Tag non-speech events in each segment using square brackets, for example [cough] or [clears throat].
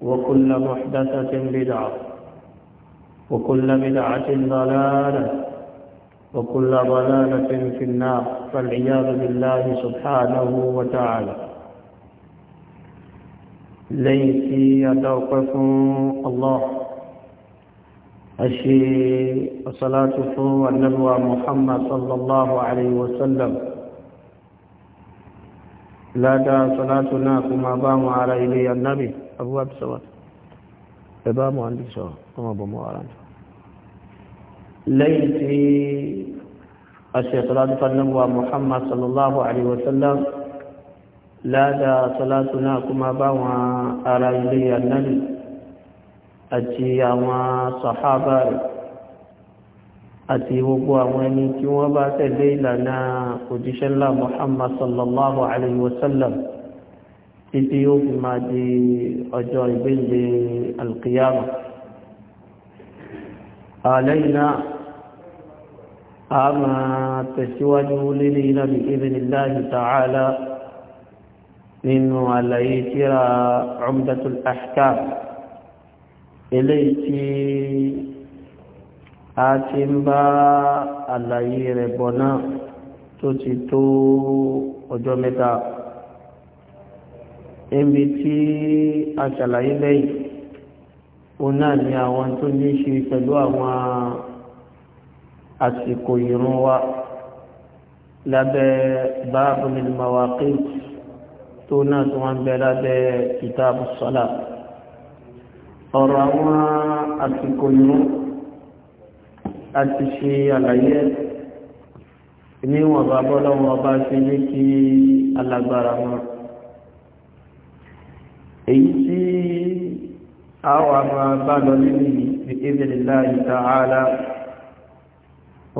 وكل محدثة بدعة وكل بدعة ضلالة وكل ضلالة في النار فالعياذ بالله سبحانه وتعالى ليس يتوقف الله أشي الصلاة والنبوة محمد صلى الله عليه وسلم لا دا صلاتنا كما بام على إلي النبي abu abdulsawad ẹ bá mọ àndì sọ ọmọ bọ mọ ara lẹ́yìn tí aṣẹ salatu fannabuwa muhammad sallallahu alaihi wasallam láàdá salatu náà kuma bá wọn ara ilé annabi àti àwọn sahaba rẹ̀ àti gbogbo àwọn ẹni tí wọ́n bá tẹ̀lé ìlànà òjíṣẹ́ ńlá muhammad sallallahu alaihi wasallam títí yóò fi máa di ọjọ́ ìgbéǹde alkiyama àlẹ́yìnà a máa tẹ̀síwájú lílé iná bí ibnillahi ta'ala nínú àlàyé tíra umdatul ahkam eléyìí tí a ti ń bá àlàyé rẹ̀ bọ̀ náà tó ti tó ọjọ́ mẹ́ta ibi tí a ṣàlàyé lẹ́yìn òun náà ni àwọn tó ní ṣe pẹ̀lú àwọn àsìkò ìrun wa lábẹ́ báàbù nínú mawaqit tó náà tó wọ́n bẹ lábẹ́ kitabu sọ́là ọ̀rọ̀ àwọn àsìkò ìrun àti ṣe àlàyé níwọ̀n bá bọ́lọ́wọ́ bá ṣe ní kí alágbára wọn èyí tí àwọn àmà bá lọ nínú bi'idhnillahi ta'ala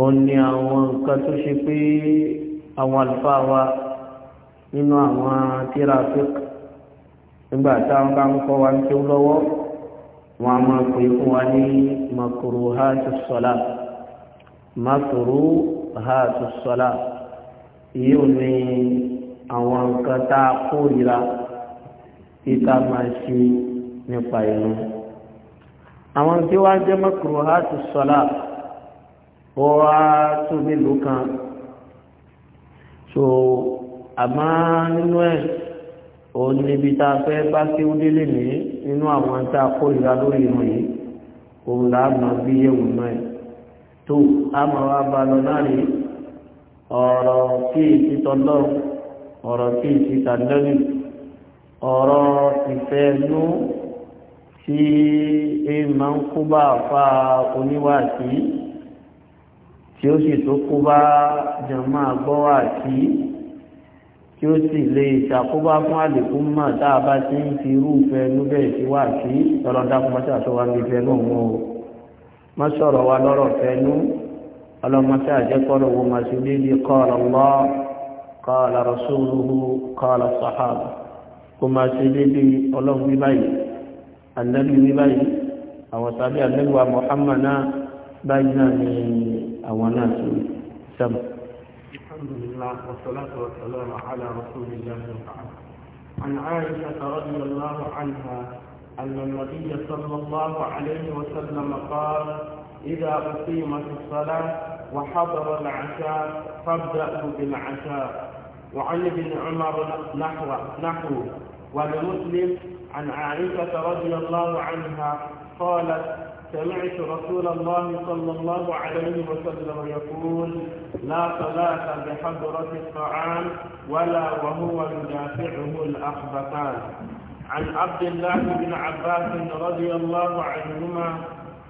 ó ní àwọn nǹkan tó ṣe pé àwọn àlùfáà wa nínú àwọn tirafik nígbà táwọn bá ń kọ́ wa ń tó lọ́wọ́ wọn a máa pè fún wa ní makruhatus salah makruhatus salah èyí ò ní àwọn nǹkan tá a kórìíra ìta máa ṣe nípa inú àwọn tí wá jẹ́ mọ́kùrù á ti sọ́lá ó wá tó mélòó kan so àmọ́ nínú ẹ̀ òun níbi tá a fẹ́ bá kí ó délé ní nínú àwọn tá a kó ìra lórí ìmọ̀ yìí òun là á mọ bí yẹ̀wò náà tó a máa wá ba lọ náà rí ọ̀rọ̀ kí ìtìtọ́ lọ ọ̀rọ̀ kí ìtìtà lẹ́rìí ọ̀rọ̀ ìfẹ́ inú tí e máa ń kó bá fa oníwàásí tí ó sì tó kó bá jàmá gbọ́wàásí tí ó sì lè ṣàkóbá fún àlékún mọ̀ tá a bá ti ń fi irú ìfẹ́ inú bẹ́ẹ̀ sí wàásí lọ́rọ̀ dákúmọ́tà tó wá ní ìfẹ́ náà mọ́ o má sọ̀rọ̀ wa lọ́rọ̀ fẹ́ inú ọlọ́mọtà àjẹkọ́rọ̀ wo màsílẹ̀ ní qala Allah qala rasuluhu qala sahaba kó máa ṣe déédéé ọlọ́run bí báyìí ànábì bí báyìí àwọn sábẹ́ àbẹ́wà Muhammad náà báyìí náà ní àwọn náà ṣe sábà. alhamdulillah wa salatu wa salam ala rasulillah عن عائشة رضي الله عنها أن النبي صلى الله عليه وسلم قال إذا أقيمت الصلاة وحضر العشاء فابدأوا بالعشاء وعن ابن عمر نحو نحو ولمسلم عن عائشة رضي الله عنها قالت سمعت رسول الله صلى الله عليه وسلم يقول لا صلاة بحضرة الطعام ولا وهو يدافعه الأخبثان عن عبد الله بن عباس رضي الله عنهما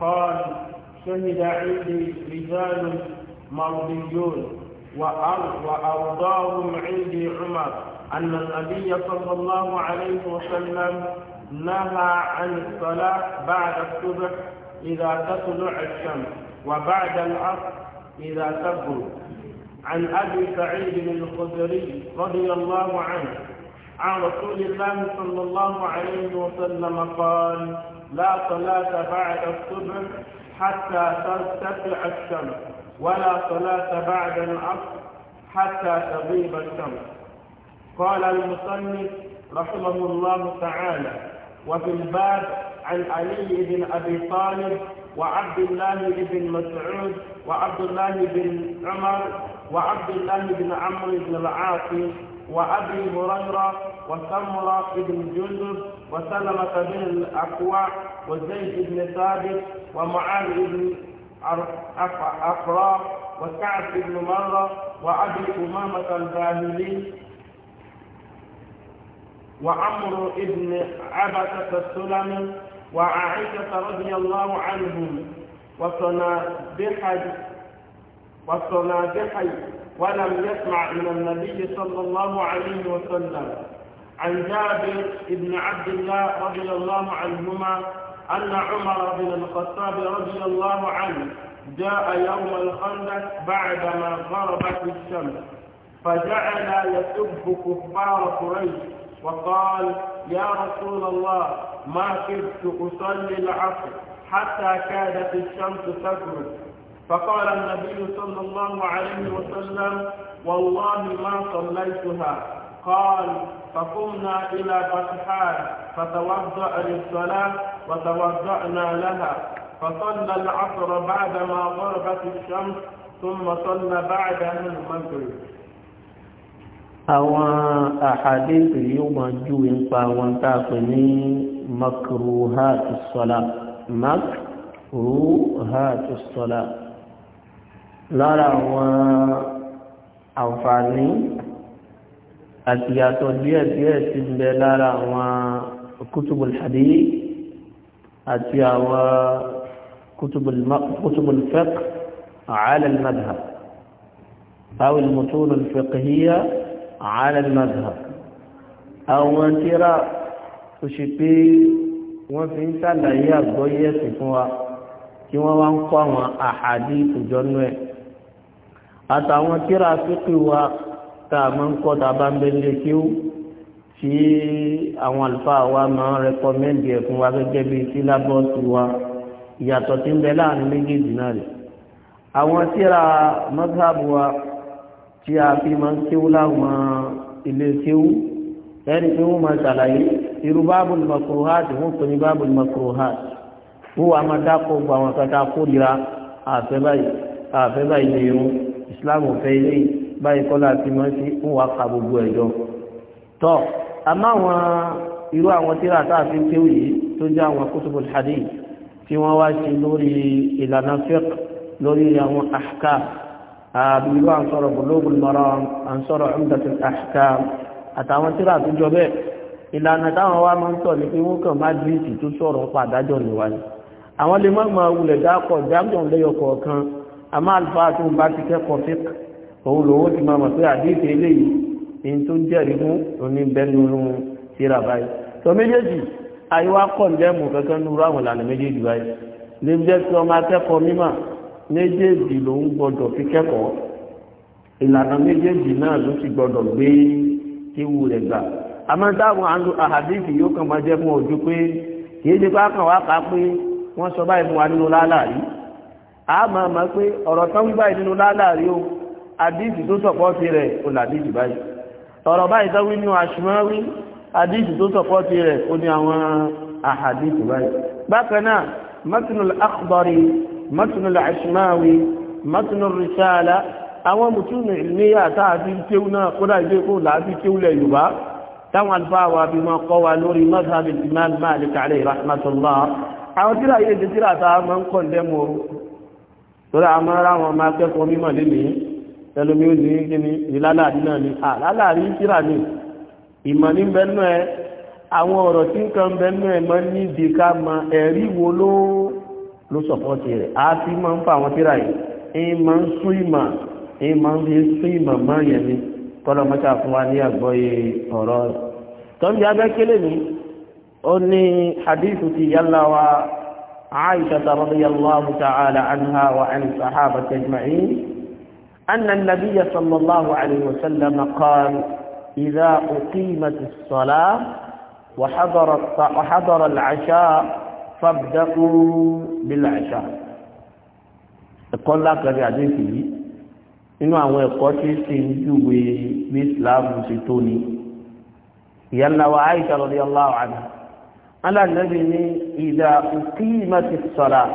قال شهد عندي رجال مرضيون وأرضاهم عندي عمر أن النبي صلى الله عليه وسلم نهى عن الصلاة بعد الصبح إذا تطلع الشمس وبعد العصر إذا تغرب عن أبي سعيد الخدري رضي الله عنه عن رسول الله صلى الله عليه وسلم قال لا صلاة بعد الصبح حتى ترتفع الشمس ولا صلاة بعد العصر حتى تغيب الشمس قال المصنف رحمه الله تعالى وفي الباب عن علي بن أبي طالب وعبد الله بن مسعود وعبد الله بن عمر وعبد الله بن عمرو بن العاص وأبي هريرة وسمرة بن جندب وسلمة بن الأكوع وزيد بن ثابت ومعاذ بن أفراء وكعب بن مرة وأبي أمامة الباهلي وعمر بن عبدة السلمي وعائشة رضي الله عنهم وصنابحي وصنابحي ولم يسمع من النبي صلى الله عليه وسلم عن جابر بن عبد الله رضي الله عنهما أن عمر بن الخطاب رضي الله عنه جاء يوم الخندق بعدما غربت الشمس فجعل يسب كفار قريش وقال يا رسول الله ما كدت أصلي العصر حتى كادت الشمس تغرب فقال النبي صلى الله عليه وسلم والله ما صليتها قال فقمنا إلى فتحان فتوضأ للصلاة وتوضأنا لها فصلى العصر بعدما غربت الشمس ثم صلى بعدها المغرب àwọn àhàdéètì yóò máa ju ipa wọn tá a pè ní makruhatu sọlá lára àwọn àǹfààní àti yàtọ̀ díẹ̀ díẹ̀ ti ń bẹ lára àwọn kútùbùl hadith àti àwọn kútùbùl fiqh ala al-madhhab aw al-mutun al-fiqhiyya ala al-madhhab àwọn tíra tó ṣe pé wọ́n fi ń sàlàyé àgbọ́yé ẹ̀sìn fún wa tí wọ́n wá ń kọ́ àwọn àhàdí ìtòjọ́nú ẹ̀ àtàwọn tíra fíkì wa tá a máa ń kọ́ tá a bá ń bẹ nílé kí ó tí àwọn àlùfáà wa máa ń rẹkọmẹ́ndì ẹ̀ fún wa gẹ́gẹ́ bíi sílábọ́ọ̀sì wa ìyàtọ̀ tí ń bẹ láàrin méjèèjì náà rẹ̀ àwọn tíra mọ́sáàbù wa tí a fi máa ń kíw láwọn ilé kíw ẹni pé wọ́n máa ṣàlàyé irú báàbùl makruhat wọ́n pè ní báàbùl wọ́n wà máa dákọ̀ gbọ́ àwọn kan kó lera àfẹ́ báyìí àfẹ́ báyìí lè rún Islam ò fẹ́ ilé báyìí kọ́lá ti mọ́ sí ń wá ka gbogbo ẹ̀jọ́ tọ́ àmọ́ àwọn irú àwọn tíra tá a fi ń kéwù yìí tó jẹ́ àwọn kutubul hadith tí wọ́n wá sí lórí ìlànà fiqh lórí àwọn ahkam àbí irú à ń sọ̀rọ̀ bulugul maram à ń sọ̀rọ̀ umdatul ahkam àtàwọn tíra tó jọ bẹ́ẹ̀ ìlànà táwọn wá máa ń tọ̀ ní pé wọ́n kàn má dìrìsì tó sọ̀rọ̀ pàdájọ́ níwájú àwọn lè má máa wulẹ̀ dákọ̀ dájọ́ lẹ́yọkọ̀ọ̀kan àmọ́ àlùfáà tó ń bá ti kẹ́kọ̀ọ́ fíkà òun lòun ti máa mọ̀ pé àdéhùn eléyìí ní tó jẹ́rìí fún oníbẹ́nulú síra báyìí tó méjèèjì àyíwá kọ̀ ń dẹ́mu kankan nuru àwọn ìlànà méjèèjì báyìí níbi jẹ́ tí ọmọ akẹ́kọ̀ọ́ mímọ̀ méjèèjì ló ń gbọ́dọ̀ fi kẹ́kọ̀ọ́ ìlànà méjèèjì náà ló sì gbọ́dọ̀ gbé kíwu rẹ̀ gbà àmọ́ táwọn àlù àhàdíìsì yóò kàn máa jẹ́ fún ojú pé kì í ṣe pé àkàn wá kà á pé wọ́n sọ báyìí fún wa nínú láàlárí àmọ́ àmọ́ pé ọ̀rọ̀ tán gbà nínú láàlárí o àdíjì tó sọ̀pọ̀tì rẹ̀ ó làdíjì báyìí ọ̀rọ̀ báyìí tó wí ní àṣùmáwí àdíjì tó sọ̀pọ̀tì rẹ̀ ó ní àwọn àhàdíjì báyìí bákan náà matnul akhdari matnul àṣùmáwí matnul risala àwọn mùtúnù ìlmíyà tààfi kéwú náà kódà ilé kó làáfi kéwú lẹ̀ yorùbá táwọn alfáwà bí wọn kọ́ wa lórí mazhabi imam malik alayhi rahmatullah àwọn tíra yìí ti máa ń mímọ̀ lé nìyí tẹlomi ó ní kíni ìlàláàrí náà ni àlàláàrí kíra ni ìmọ̀ ní bẹ́ẹ̀nú ẹ àwọn ọ̀rọ̀ tí nǹkan bẹ́ẹ̀nú ẹ mọ́ ní ìdí ká mọ ẹ̀rí wo ló ló sọ̀pọ̀tì rẹ̀ á fi máa ń fa àwọn kíra yìí ẹ̀yìn máa ń sún ìmọ̀ ẹ̀yìn máa ń fi sún ìmọ̀ mọ́ yẹn ni tọ́lọ́ mọ́ta fún wa ní àgbọ́yé ọ̀rọ̀ rẹ̀ tọ́jú abẹ́kélé ni ó ní hadithu ti yálà wa Aisha radiyallahu ta'ala anha wa an sahaba tajma'in أن النبي صلى الله عليه وسلم قال إذا أقيمت الصلاة وحضر, وحضر العشاء فابدأوا بالعشاء ẹ̀kọ́ lákàrí àdéhùn yìí nínú àwọn ẹ̀kọ́ tí ṣe ń júwe bí islam ṣe tó ní ìyáláwà Aisha radiyallahu anha alánàbí ní idha uqimatis salat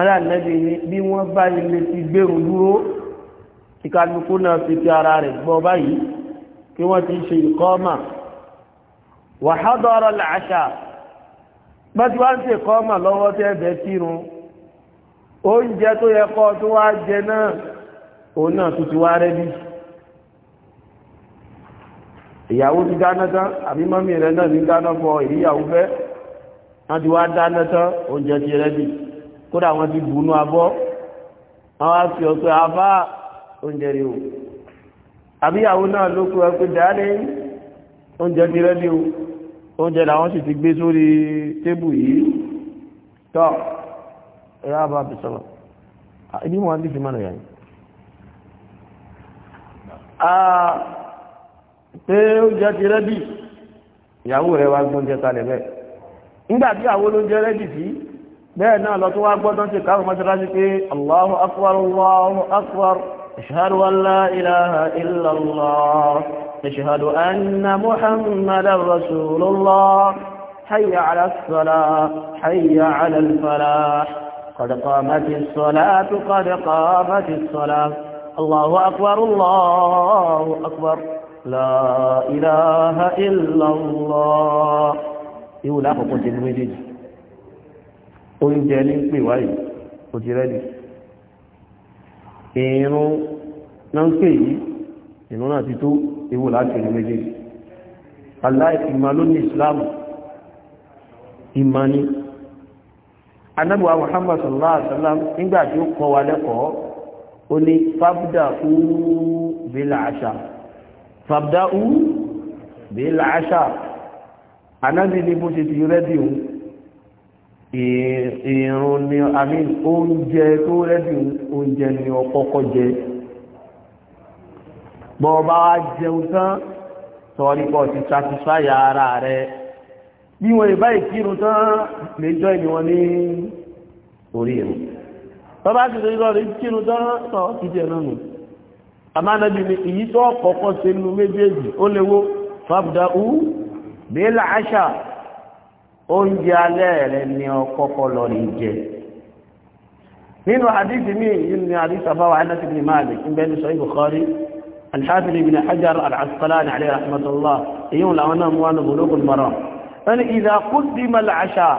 aláàlẹ́bí ni bí wọ́n bá ilé ti gbérun dúró tí kálukú náà fi ti ara rẹ̀ gbọ́ báyìí kí wọ́n ti ṣe ìkọ́ọ̀mà wàhádọ́rọ̀ làṣà bọ́tí wá ń ṣe ìkọ́ọ̀mà lọ́wọ́ tẹ́ ẹ̀bẹ̀ tírun oúnjẹ tó yẹ kọ́ tó wá jẹ náà òun náà tó ti wá rẹ́bí ìyàwó ti dáná tán àbí mọ́mí rẹ̀ náà ní dáná fọ ìyàwó fẹ́ wọ́n ti wá dáná tán oúnjẹ ti rẹ́bí kódà wọ́n ti bùnú abọ́ wọ́n wá fi ọ̀pẹ́ afá oúnjẹ rẹ̀ o àbíyàwó náà ló kó ẹgbẹ́ dáadé oúnjẹ ti rẹ́lé o oúnjẹ làwọn sì ti gbé sórí tébù yìí tọ́ ẹ̀yà bá bẹ̀ sọ́lọ̀ ibi wọn ti fi mọ́nà yàrá pé oúnjẹ ti rẹ́bì ìyàwó rẹ̀ wá gbóúnjẹ kalẹ̀ bẹ́ẹ̀ nígbà tí àwọn olóúnjẹ rẹ́bì sí bẹ́ẹ̀ náà lọ tó wá gbọ́dọ̀ ti káwọn mọ́sálásí pé Allahu akbar Allahu akbar ashhadu an la ilaha illa Allah ashhadu anna Muhammadan rasulullah hayya ala as-salah hayya ala al-falah qad qamatis salatu qad qamatis salah Allahu akbar Allahu akbar la ilaha illa Allah ìwòlá àkọ́kọ́ ti ní méjèèjì oúnjẹ ní pè wáyìí kò ti rẹ́dì ìrún náà ń pè yìí ìrún náà ti tó ewu láti rí méjèèjì aláìkìmá ló ní ìsìláàmù ìmání anábùwà Muhammad sallallahu alaihi wasallam nígbà tí ó kọ́ wa lẹ́kọ̀ọ́ ó ní fábúdà ú bílà àṣà fábúdà ú bílà àṣà anábì ní bó ṣe ti rẹ́dì òun ìrún ni àmì oúnjẹ tó rẹ́dì oúnjẹ ni ọkọ́kọ́ jẹ bọ́ọ̀bá jẹun tán sọ̀rí pọ̀ ti satisfy ara rẹ̀ bí wọ́n ìbá ìkírun tán lè jọ ìní wọn ní orí ìrún tọ́bá ti lè lọ́rí kírun tán sọ ti jẹ náà nù àmánàbí ni èyí tó kọ́kọ́ sínú méjèèjì ó léwó fábùdá ú bí oúnjẹ alẹ́ rẹ ni ọkọ́kọ́ lọ rí jẹ nínú hadithi mi yìí ni hadithi àbáwà anas ibn malik ń bẹni sọ Bukhari alhafiz ibn hajar al-asqalani alayhi rahmatullah èyí wọn làwọn náà wọn bulugul maram ẹni idha quddima al-asha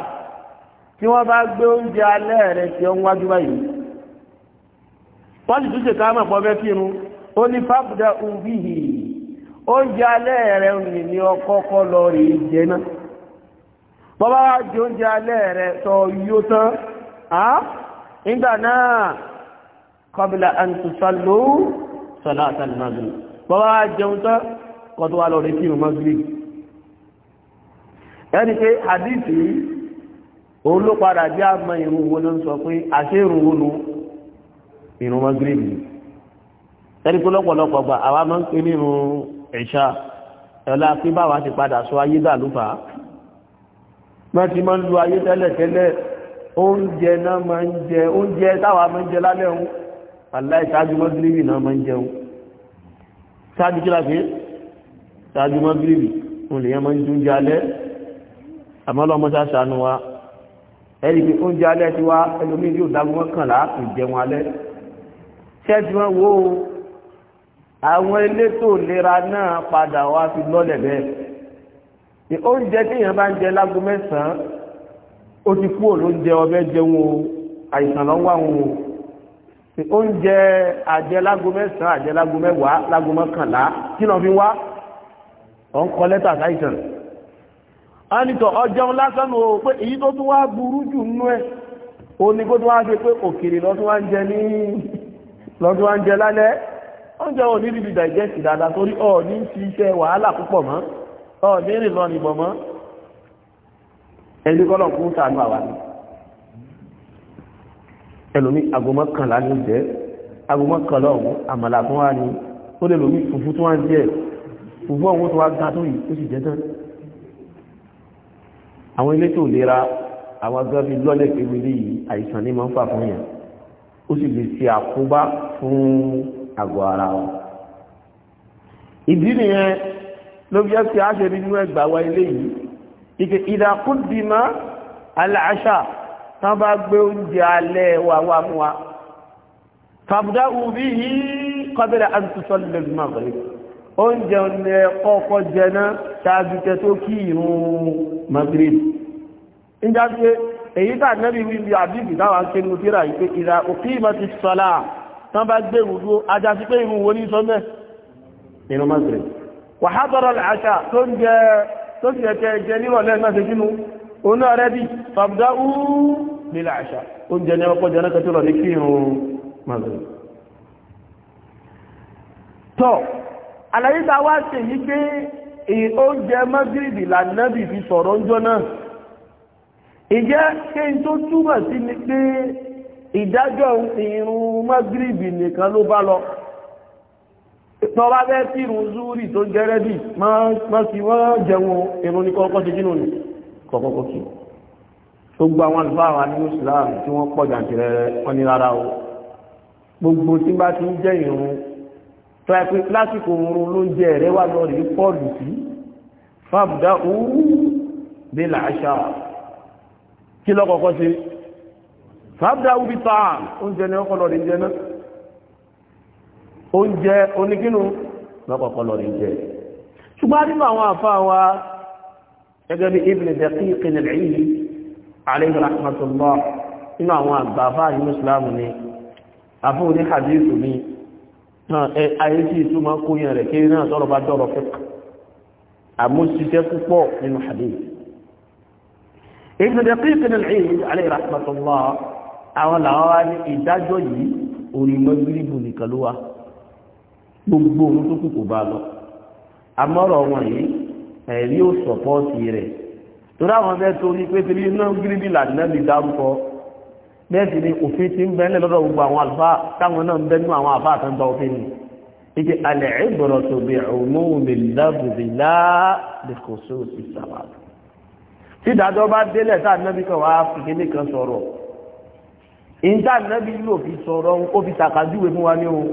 tí wọ́n bá gbé oúnjẹ alẹ́ rẹ tí ó ń wájú báyìí wọ́n ti bọ́bá wá jí oúnjẹ alẹ́ rẹ̀ sọ yíó tán nígbà náà kọbílà àǹtùsọ́lù sọ̀lá àtàlùmọ́gbìn bọ́bá wá jẹun tán kọ́ tó wá lọ rí kírun mọ́gbìn ẹni pé àdìsí òun ló padà jẹ́ àmọ́ ìrun wo ló ń sọ pé àṣẹ ìrun wo nu ìrun mọ́gbìn ẹni pé lọ́pọ̀lọpọ̀ gbà àwa máa ń pè nínú ẹ̀ṣá ẹ̀la pé báwa ti padà sọ ayé dà ló Ma ti máa ń lu ayé tẹ́lẹ̀tẹ́lẹ̀ oúnjẹ náà máa ń jẹ oúnjẹ táwa máa ń jẹ lálẹ́ òun aláì ṣáájú mọ́gírìbì náà máa ń jẹun ṣáájú kí láti ṣáájú mọ́gírìbì òun lèyàn máa ń jẹ oúnjẹ alẹ́ àmọ́ lọ́mọ ṣàṣàánú wa ẹni pé oúnjẹ alẹ́ ti wá ẹlòmíì yóò dágún mọ́kànlá kò jẹun alẹ́ ṣẹ́ẹ̀tì wọn wo àwọn elétò ìlera náà padà wá fi lọ́lẹ̀ bẹ́ẹ̀ oúnjẹ téèyàn bá ń jẹ lágo mẹ́sàn-án ó ti kúrò lóúnjẹ ọbẹ̀ jẹun o àìsàn lọ́wọ́ àwọn o oúnjẹ àjẹlágo mẹ́sàn-án àjẹlágo mẹ́wàá lágo mọ́kànlá kí lọ́ọ́ fi wá ọ̀ ń kọ lẹ́tà sáìsàn ánìtọ̀ ọjọ́un lásán o pé èyí tó tún wá burú jù nú ẹ̀ o ní kó tún wá ṣe pé òkèrè lọ́tún wá ń jẹ ní lọ́tún wá ń jẹ lálẹ́ oúnjẹ ò ní ríbi digest dáadáa torí ọ̀ ní ti iṣẹ́ wàhálà púpọ̀ mọ́ ọ̀dẹ́rìn lọ nìbọn mọ́ ẹni kọ́lọ̀ kún sàánú àwà ní ẹlòmí agomọ́kànlá ní jẹ́ agomọ́kànlá ọ̀hún àmàlà tó wá ní ó lè lòmí fùfú tó wá jẹ́ fùfú ọ̀hún tó wá ga tó yìí ó sì jẹ́ tán àwọn ilé tó lera àwọn agbábí lọ́lẹ̀ pẹ̀lú ilé yìí àìsàn ní máa ń fà fún yàn ó sì lè ṣe àkóbá fún àgọ́ ara wọn ìdí nìyẹn ló bí ẹ́sì áṣẹ nínú ẹgbà wa ilé yìí ike ìdàkúndìmá aláṣà tán bá gbé oúnjẹ alẹ́ wa wá fún wa fàbùdá òbí yìí kọ́bẹ̀rẹ̀ àtúntò lẹ́gbẹ̀ẹ́ mọ́gbẹ̀rẹ̀ oúnjẹ ọ̀nà ọkọ̀ jẹná ṣáájú tẹ tó kí ìrún magrib nígbà pé èyí tà nẹ́bí wíwí àbíbì táwọn ké wàhádọ́rọ̀ àṣà tó ń jẹ tó ń jẹ jẹ nírọ̀lẹ́ náà ṣe kínú òun náà rẹ́ bí fàbdá úú nílà àṣà oúnjẹ ní ọkọ̀ jẹ́ náà kẹtọ́ lọ ní kí irun mọ̀lẹ́ tọ́ àlàyé ta wá ṣe yí pé oúnjẹ mọ́gírìbì lànàbì fi sọ̀rọ̀ ńjọ́ náà ìjẹ́ kí n tó túmọ̀ sí ni pé ìdájọ́ irun mọ́gírìbì nìkan ló bá lọ tó bá bẹ́ tí ìrùn zúrì tó gẹ́rẹ́ bí máa sí wọ́n jẹun ìrùn ní kọ́kọ́ ti jínú ní kọ̀kọ́kọ́ kí tó àwọn alfáàwà ní Islam tí wọ́n pọ̀ jàǹtìrẹ wọn ní rárá o gbogbo tí bá ti ń jẹ́ ìrùn tó ẹ pé lásìkò oorun ló ń jẹ ẹ̀rẹ́ wà lọ pọ́ọ̀lù sí fàbùdá òwú bí làáṣà kí lọ́kọ̀ọ́kọ́ ṣe fàbùdá òwú bí tàà oúnjẹ ni ọkọ̀ lọ́ọ̀rì jẹ náà oúnjẹ oníkínú lọ́pọ̀pọ̀lọ̀ rí jẹ ṣùgbọ́n nínú àwọn àfáà wa gẹ́gẹ́ bí Ibn Daqiq al-Eid alayhi rahmatullah nínú àwọn àgbà àfáà ní Islam ni àfún ní hadith ni ayé tí ìtumọ̀ kóyàn rẹ̀ kéré náà tọ́rọ àwọn làwọn wá ní ìdájọ́ yìí orí mọ́gbìrìbù nìkan ló wá gbogbo ohun tó kù kò bá lọ amọ́rọ̀ wọn yìí ẹ̀rí ò sọ̀pọ́ọ̀tì rẹ̀ torí àwọn bẹ́ẹ̀ tó ní pé torí iná gíríbì làdínà lè dárúkọ bẹ́ẹ̀ sì ni òfin ti ń bẹ́ẹ̀ lọ́dọ̀ gbogbo àwọn àlùfáà táwọn náà ń bẹ́ẹ̀ nínú àwọn àbá àtàǹtà òfin ni ike alẹ́ ìbọ̀rọ̀ tó bẹ̀ ọ̀mọ́wòmí lábùbí láàdìkòsó ti sàbàbù tí dájọ́ bá délẹ̀ tá nábì kan wá fìkéde kan sọ̀rọ̀ ìyìn tá nábì fi sọ̀rọ̀ ó fi tàkàjúwe fún wa ní ohun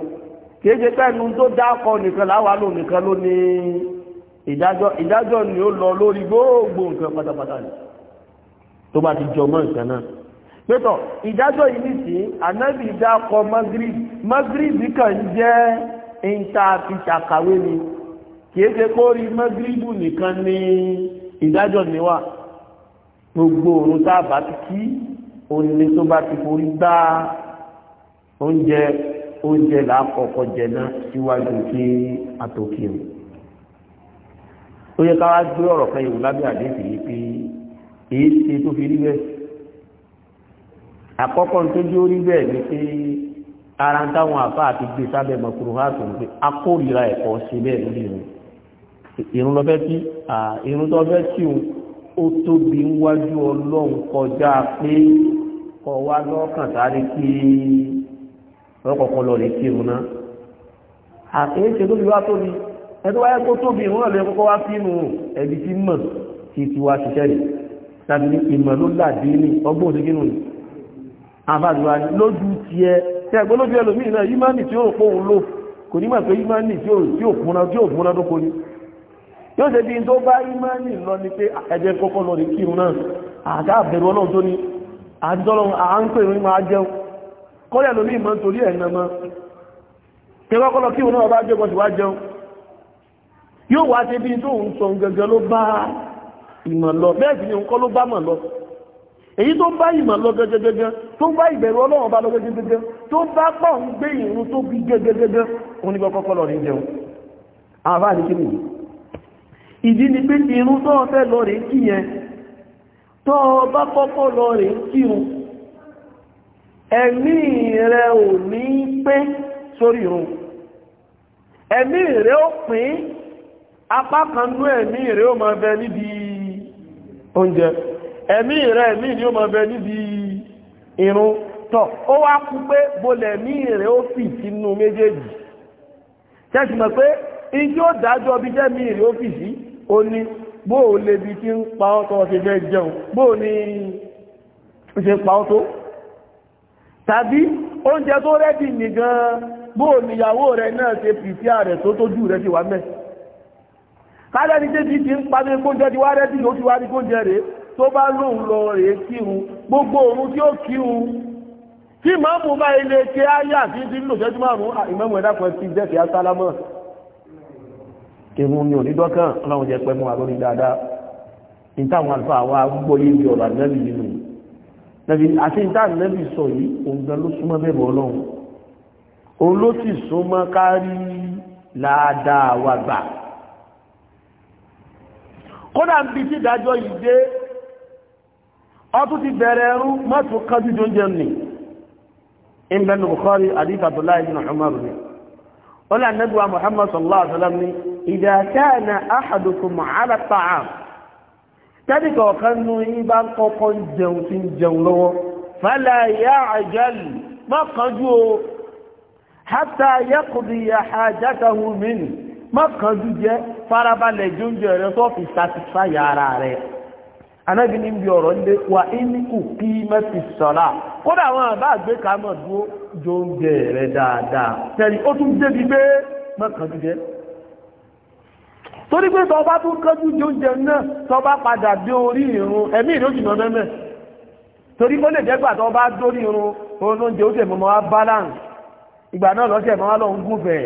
kìí ṣe pẹ́ẹ́nu tó dákọ nìkan láwa lò nìkan ló ní ìdájọ́ ìdájọ́ ni ó lọ lórí gbogbo nǹkan pátápátá ni tó bá ti jọ mọ́ nǹkan náà pétọ̀ ìdájọ́ yìí nìsí ànábì dákọ magrib magrib kan jẹ́ ìntàfìṣàkàwé ni kìí ṣe kó rí magribu nìkan ní ìdájọ́ ni wà gbogbo òun tá a bá ti kí òun ni tó bá ti forí gbá oúnjẹ oúnjẹ là á kọ́kọ́ jẹ náà síwájú kí àtòkè o ó yẹ ká wá gbé ọ̀rọ̀ kan yòó lábẹ́ àdéhùn yìí pé èyí ṣe tó fi rí bẹ́ẹ̀ àkọ́kọ́ tó dé orí bẹ́ẹ̀ ni pé ara ń táwọn àfa àti gbé sábẹ́ mọ̀kúrú wá tó ń pè akórira ẹ̀kọ́ ṣe bẹ́ẹ̀ lórí rẹ̀ irun lọ fẹ́ tí irun tó fẹ́ tí òun ó tóbi níwájú ọlọ́run kọjá pé kọ̀ wá lọ́kàn sáré kí wọ́n kọ̀kọ́ lọ lè kírun náà àkíyèsí tó fi wá tóbi ẹ̀tọ́ wáyé kó tóbi ìwọ̀n lè kọ́kọ́ wá sínú ẹ̀bí tí mọ̀ tí ti wá ṣiṣẹ́ rẹ̀ tàbí ní ìmọ̀ ló dàbí ní ọgbọ́n òṣèkínú ni àbájúwá lójú ti ẹ tẹ́gbẹ́ lójú ẹlòmíì náà ìmánì tí ó pòun lò kò ní mọ̀ pé ìmánì tí ó kúnra tí ó múra tó kóni yóò ṣe bí tó bá ìmánì lọ ni pé ẹ̀jẹ̀ kọ́kọ́ lọ ní kírun náà àdáàbẹ̀rù ọlọ́run tó ní àjọlọ́run kọ́lẹ̀ lómi ìmọ̀ torí ẹ̀ nàmọ́ tẹ́kọ́kọ́lọ kí òun ọba jẹ́gbọ́n ti wá jẹun yóò wá ṣe bí tó ń sọ gẹ́gẹ́ ló bá ìmọ̀ lọ bẹ́ẹ̀ sì ni òun kọ́ ló bá mọ̀ lọ èyí tó ń bá ìmọ̀ lọ gẹ́gẹ́gẹ́gẹ́ tó ń bá ìbẹ̀rù ọlọ́run bá lọ gẹ́gẹ́gẹ́gẹ́ tó ń bá pọ̀ ń gbé ìrun tó bí gẹ́gẹ́gẹ́gẹ́ òun ní kọ́kọ́kọ́ lọ rí jẹun àbá ní kíni ìdí ni pé ìrun tó fẹ́ lọ rí kí yẹn tó bá kọ́kọ́ lọ rí kírun ẹ̀mí rẹ ò ní pé sórí irun ẹ̀mí rẹ ó pín apá kan ní ẹ̀mí rẹ ó máa bẹ níbi oúnjẹ ẹ̀mí rẹ ẹ̀mí ni ó máa bẹ níbi irun tọ̀ ó wá kú pé bolẹ̀ ẹ̀mí rẹ ó fi sínú méjèèjì tẹ́sì pé ijó dájọ́ bí jẹ́mí rẹ ó fi sí bóò lè bi tí ń pa ọ́ ṣe fẹ́ jẹun bóò ní ṣe pa ọ́ tàbí oúnjẹ tó rẹ́dì nìgan bóò níyàwó rẹ̀ náà ṣe pìfíà rẹ̀ tó tójú rẹ̀ ti wà mẹ́ kálẹ́ni tẹ́jì ti ń pàdé kóúnjẹ ti wá rẹ́dì ló ti wá rí kóúnjẹ rẹ̀ tó bá lóun lọ rẹ̀ kírun gbogbo òun tí ó kírun tí mọ́mù bá ilé ké áyà sí ti lò ṣẹ́jú márùn-ún ìmọ̀mù ẹ̀dá kan ti jẹ́ wa lórí dáadáa ní táwọn nàbí àti ìta nàbí sọ yìí òun gan ló súnmọ́ bẹ́ẹ̀ bọ́ ọlọ́run òun ló sì súnmọ́ kárí ládàá wa gbà kódà ń bi tí ìdájọ́ yìí dé ọtún ti bẹ̀rẹ̀ ẹrú mọ́tò kájú tó ń jẹun nì ìbẹ̀nu Bukhari àdìsí Abdullahi ibn Umar ni wọ́n tẹ́lẹ̀ kọ̀ọ̀kan nú yín kọ́kọ́ jẹun sí ń jẹun lọ́wọ́ fala ya'jal má kánjú o hatta yaqdi hajatahu min má kánjú jẹ́ farabalẹ̀ jóúnjẹ rẹ tó fi satisfy ara rẹ anábì bí ọ̀rọ̀ ń wa kù kí mẹ́fì sọ̀lá kódà àwọn àbá dúró jóúnjẹ rẹ dáadáa ó tún débi jẹ́ torí pé tọba tó kánjú jẹ oúnjẹ náà tọba padà dé orí irun ẹ̀mí ìrìn òjìnà mẹ́mẹ́ torí kó lè jẹ́gbà tọba dórí irun oúnjẹ ó tẹ̀mọ́ wá balance ìgbà náà lọ́sẹ̀ máa lọ ń gúnfẹ̀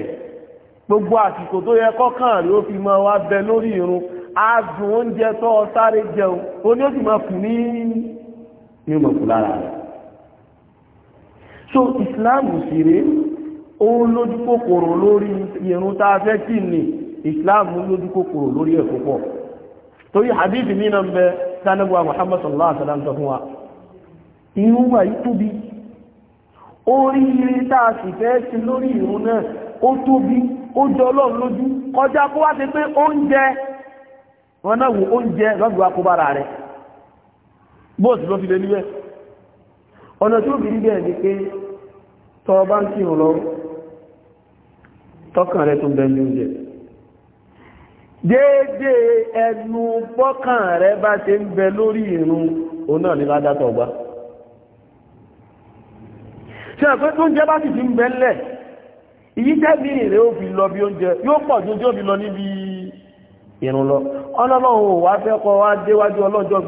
gbogbo àsìkò tó yẹ kọ́kàn rí ó fi máa wá bẹ lórí irun adùn oúnjẹ tó ọ sáré jẹun ó ní ó sì máa kù ní ní mọ̀ kù lára rẹ̀ so Islam sì rèé òun lójú kòkòrò lórí irun tá a fẹ́ kí ni islam lójú kòkòrò lórí ẹ̀ púpọ̀ torí hadithi náà bẹ muhammad sallallahu alaihi wasallam fún wa irun wa tóbi sì fẹ́ sí lórí irun kọjá kó wá ti pé oúnjẹ wọn náà wo oúnjẹ wa kó bára ló fi lè níbẹ̀ ọ̀nà tí ó fi níbẹ̀ ni pé tọ́ bá ń kírun lọ déédé ẹnu bọ́kàn rẹ bá ṣe ń bẹ lórí ìrún o náà ní ládátọ̀ ṣe ẹ̀kọ́ tó ń jẹ bá sì ti ń bẹ ńlẹ̀ ìyí rẹ̀ ó fi lọ bí oúnjẹ yóò pọ̀ ju oúnjẹ ó lọ níbi ìrun lọ ọlọ́lọ́run ò wá fẹ́ wá déwájú ọlọ́jọ́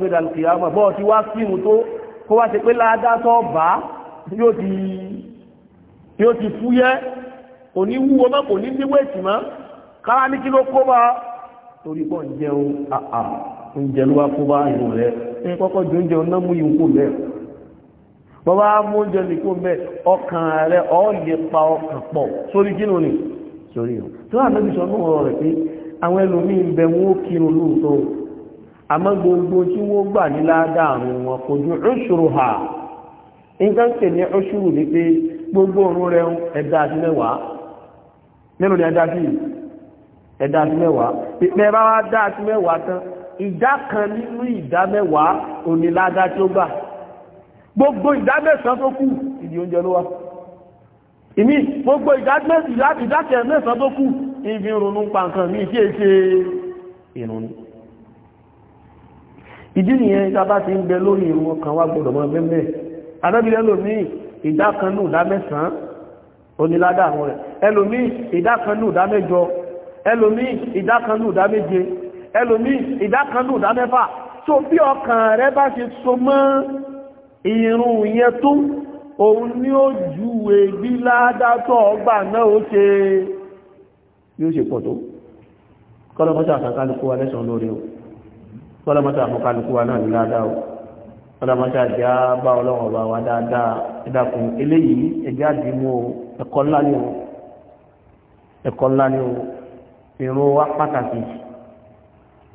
torí pọ̀ ń jẹun àà oúnjẹ ló wá kó bá ìrùn rẹ̀ kọ́kọ́ jù oúnjẹ ọ̀nà mú yìí kó bẹ́ẹ̀ bọ́bá mú ọkàn rẹ̀ ọ́ lè pa ọkàn pọ̀ sórí ni sórí tó wà lóbi sọ fún ọ̀rọ̀ rẹ̀ pé àwọn ń bẹ wọn ó kírun lóòótọ́ àmọ́ gbogbo tí wọ́n gbà ní ládàrún wọn kò ju hà nǹkan gbogbo rẹ̀ ẹ̀dá mẹ́wàá ni ẹ̀dá ẹ̀dá sí mẹ́wàá pípẹ́ bá wá dá sí mẹ́wàá tán ìdá kan nínú ìdá mẹ́wàá oníládá tí ó gbà gbogbo ìdá mẹ́sàn tó kù ìdí oúnjẹ ló wá ìmí gbogbo ìdákẹ́ mẹ́sàn tó kù ìfi ìrònú pa nǹkan mi ṣe ṣe ìrònú ìdí nìyẹn ìjábá ti ń bẹ lórí ìrún ọkàn wá gbọdọ̀ mọ́ bẹ́ẹ̀ adábìlẹ̀ lòmí ìdá kan nù ìdá mẹ́sàn oníládá àwọn rẹ̀ ìdá kan nù ìdá mẹ́jọ ẹlòmí ìdákanú ìdá méje ẹlòmí ìdákanú ìdá mẹ́fà tó bí ọkàn rẹ bá ṣe so mọ́ ìrun yẹn tó òun ní ó ju èbí ládátọ̀ ọgbà náà ó ṣe yóò ṣe pọ̀ tó kọ́lọ́mọ́ta àkàkálùkú wa lẹ́sàn lórí o kọ́lọ́mọ́ta àkàkálùkú wa náà ní ládàá o ọlọ́mọṣẹ́ àjá bá ọlọ́run ọba wa dáadáa ẹ̀dàkùn eléyìí ẹ̀já àdìmú ẹ̀kọ́ ńlá ni o ẹ̀kọ́ ńlá ni o ìrun wa pàtàkì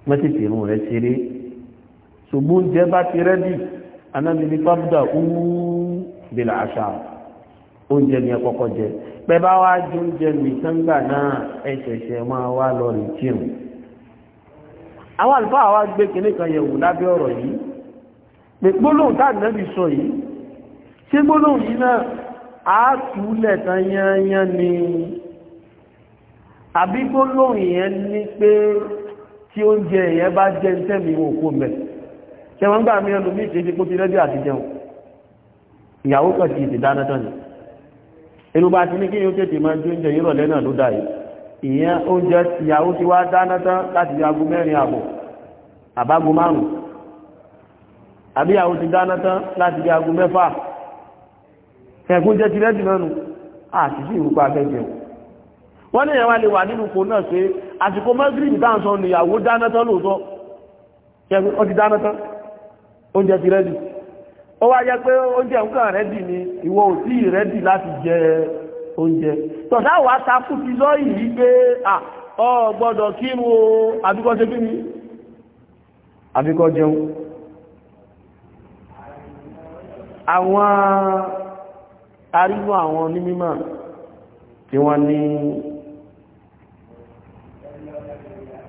wọ́n sì fi ìrun rẹ̀ ṣeré ṣùgbọ́n jẹ́ bá ti rẹ́dì anábi ní pàbùdà ooo bèèrè àṣà oúnjẹ ni ẹ kọ́kọ́ jẹ pẹ bá wá jẹ oúnjẹ mi sángbà náà ẹ̀ṣẹ̀ṣẹ̀ máa wá lọ rí kírun àwọn àlùfáà wa gbé kinní kan yẹ̀wò lábẹ́ ọ̀rọ̀ yìí pé gbólóhùn tá ànábì sọ yìí ṣé gbólóhùn yìí náà á túlẹ̀ tán yányán ni àbí tó lóhùn yẹn ní pé tí oúnjẹ yẹn bá jẹ ń tẹ́mi wọn kò mẹ́ ṣe wọ́n gbà mí ẹnu bí ìṣẹ́jẹ́ kó ti rẹ́dí àti jẹun ìyàwó kan ti ìdáná tán ni inú bá ti ní kí yóò tètè máa jó oúnjẹ ìrọ̀lẹ́ náà ló dà yìí ìyẹn oúnjẹ ìyàwó ti wá dáná tán láti di aago mẹ́rin àbọ̀ àbágo márùn àbí ìyàwó ti dáná tán láti di aago mẹ́fà ẹ̀kúnjẹ wọ́n ní ìyẹn wá lè wà nínú kò náà pé àsìkò mọ́gírìbì tá à ń sọ nìyàwó dáná tán lóòótọ́ kẹrin ó ti dáná tán oúnjẹ ti rẹ́dì ó wá jẹ́ pé oúnjẹ nǹkan rẹ́dì ni ìwọ ò tí rẹ́dì láti jẹ oúnjẹ tọ̀sá wàá takú ti lọ yìí pé ọ gbọ́dọ̀ kírun o àbíkọ́ ṣe kí àbíkọ́ jẹun àwọn arínú àwọn onímọ̀ tí wọ́n ní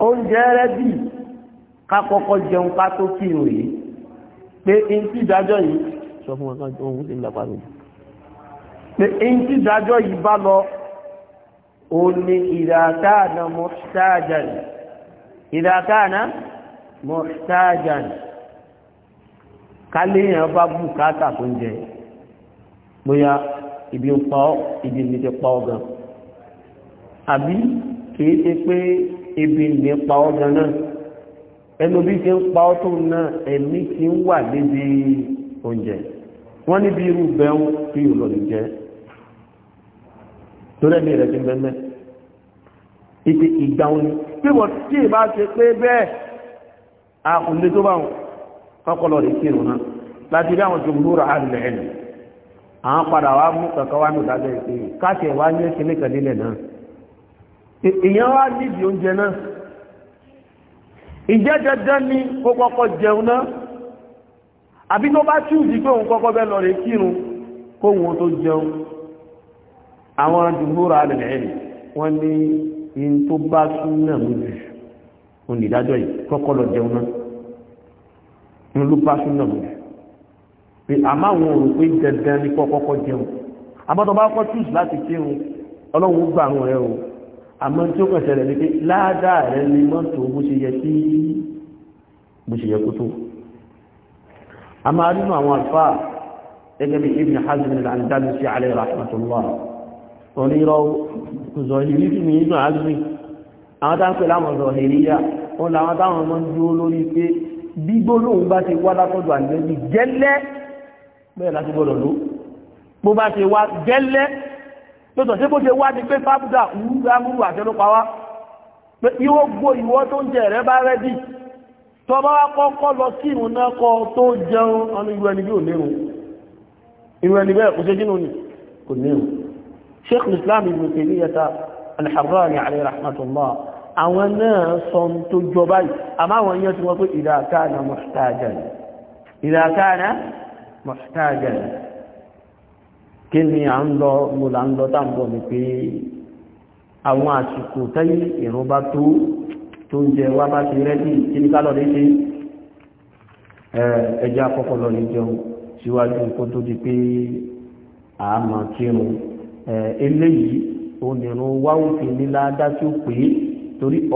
oúnjẹ rẹ bì ká kọ́kọ́ jẹun ká tó kírun yìí pé n tí ìdájọ́ yìí sọ fún wọn kan tó ń ṣe ń lápá mi pé n tí ìdájọ́ yìí bá lọ òun ni ìdàkáàna mọ́ṣáàjàn ìdàkáàna mọ́ṣáàjàn káléèyàn bá bùkátà tó ń jẹ bóyá ibi ń pa ọ́ ibi ń ti pa ọ́ gan àbí kìí ṣe pé ibi ní pa ọ́ gan náà ẹnu bí ti ń pa ọ́ tó náà ẹ̀mí ti ń wà níbi oúnjẹ wọ́n níbi irú bẹ́ẹ̀ fi ìlọ lè jẹ́ torí ẹ̀mí rẹ̀ ti ń bẹ́ẹ̀ ìpè ìgbà wọn ni pé wọ́n tí ì bá ṣe pé bẹ́ẹ̀ àkùnlé tó bá wọn kọ́kọ́ lọ rí kírun náà láti rí àwọn jùmúrò àrùlẹ̀ ẹ̀nì àwọn padà wá mú kankan wá nù dájọ́ ìpè káṣẹ̀ wá ní kíníkà nílẹ̀ náà èyàn wá níbi oúnjẹ náà ìjẹ́ dandan ní kó kọ́kọ́ jẹun náà àbí tó bá tí ìdí pé òun kọ́kọ́ bẹ́ lọ rẹ̀ kírun kó wọn tó jẹun àwọn adùnmúra alẹ́ rẹ̀ wọ́n ní in tó bá tún náà lójú onídájọ́ yìí kọ́kọ́ lọ jẹun náà ń ló bá tún náà lójú pé àmọ́ àwọn òrò pé dandan ní kọ́kọ́ jẹun àbọ́tọ̀ bá kọ́ tíùs láti kírun ọlọ́run gbà àwọn ẹ̀ àmọ́ tí ó kàn ṣẹlẹ̀ ní pé ládàá rẹ̀ ní mọ́tò bó ṣe yẹ sí bó ṣe yẹ kó tó a máa nínú àwọn alfa gẹ́gẹ́ bí Ibn Hazm al-Andalusi alayhi rahmatullah onírọ̀ zọ̀hìrí tún ní Ibn Hazm àwọn tá ń pè láwọn zọ̀hìrí yá tó tọ̀ sí bó ṣe wá ní pé fábúdà wúgbàmúrù àtẹnupawá pé yóò gbó ìwọ tó ń jẹ rẹ bá rẹ́dì tó bá wá kọ́kọ́ lọ sí ìrùn náà kọ tó jẹun ọmọ ìlú ẹni bí ò lérun ìlú ẹni bẹ́ẹ̀ kò ṣe kí ni kò lérun sheikh islam ibn taymiyyah al-harrani alayhi rahmatullah àwọn náà sọ tó jọ báyìí àmọ́ àwọn yẹn tí wọ́n pé idha kana muhtajan idha kí ni à ń lọ n'ụlọ là ń lọ táàbọ̀ ni pé àwọn àsìkò tẹ́yí ìrún bá tó tó ń jẹ wá bá ti rẹ́dì ní ká lọ ṣe ẹja kọ́kọ́ ní jẹun síwájú kó tó di pé àmọ́ eléyìí nílá dá tí ó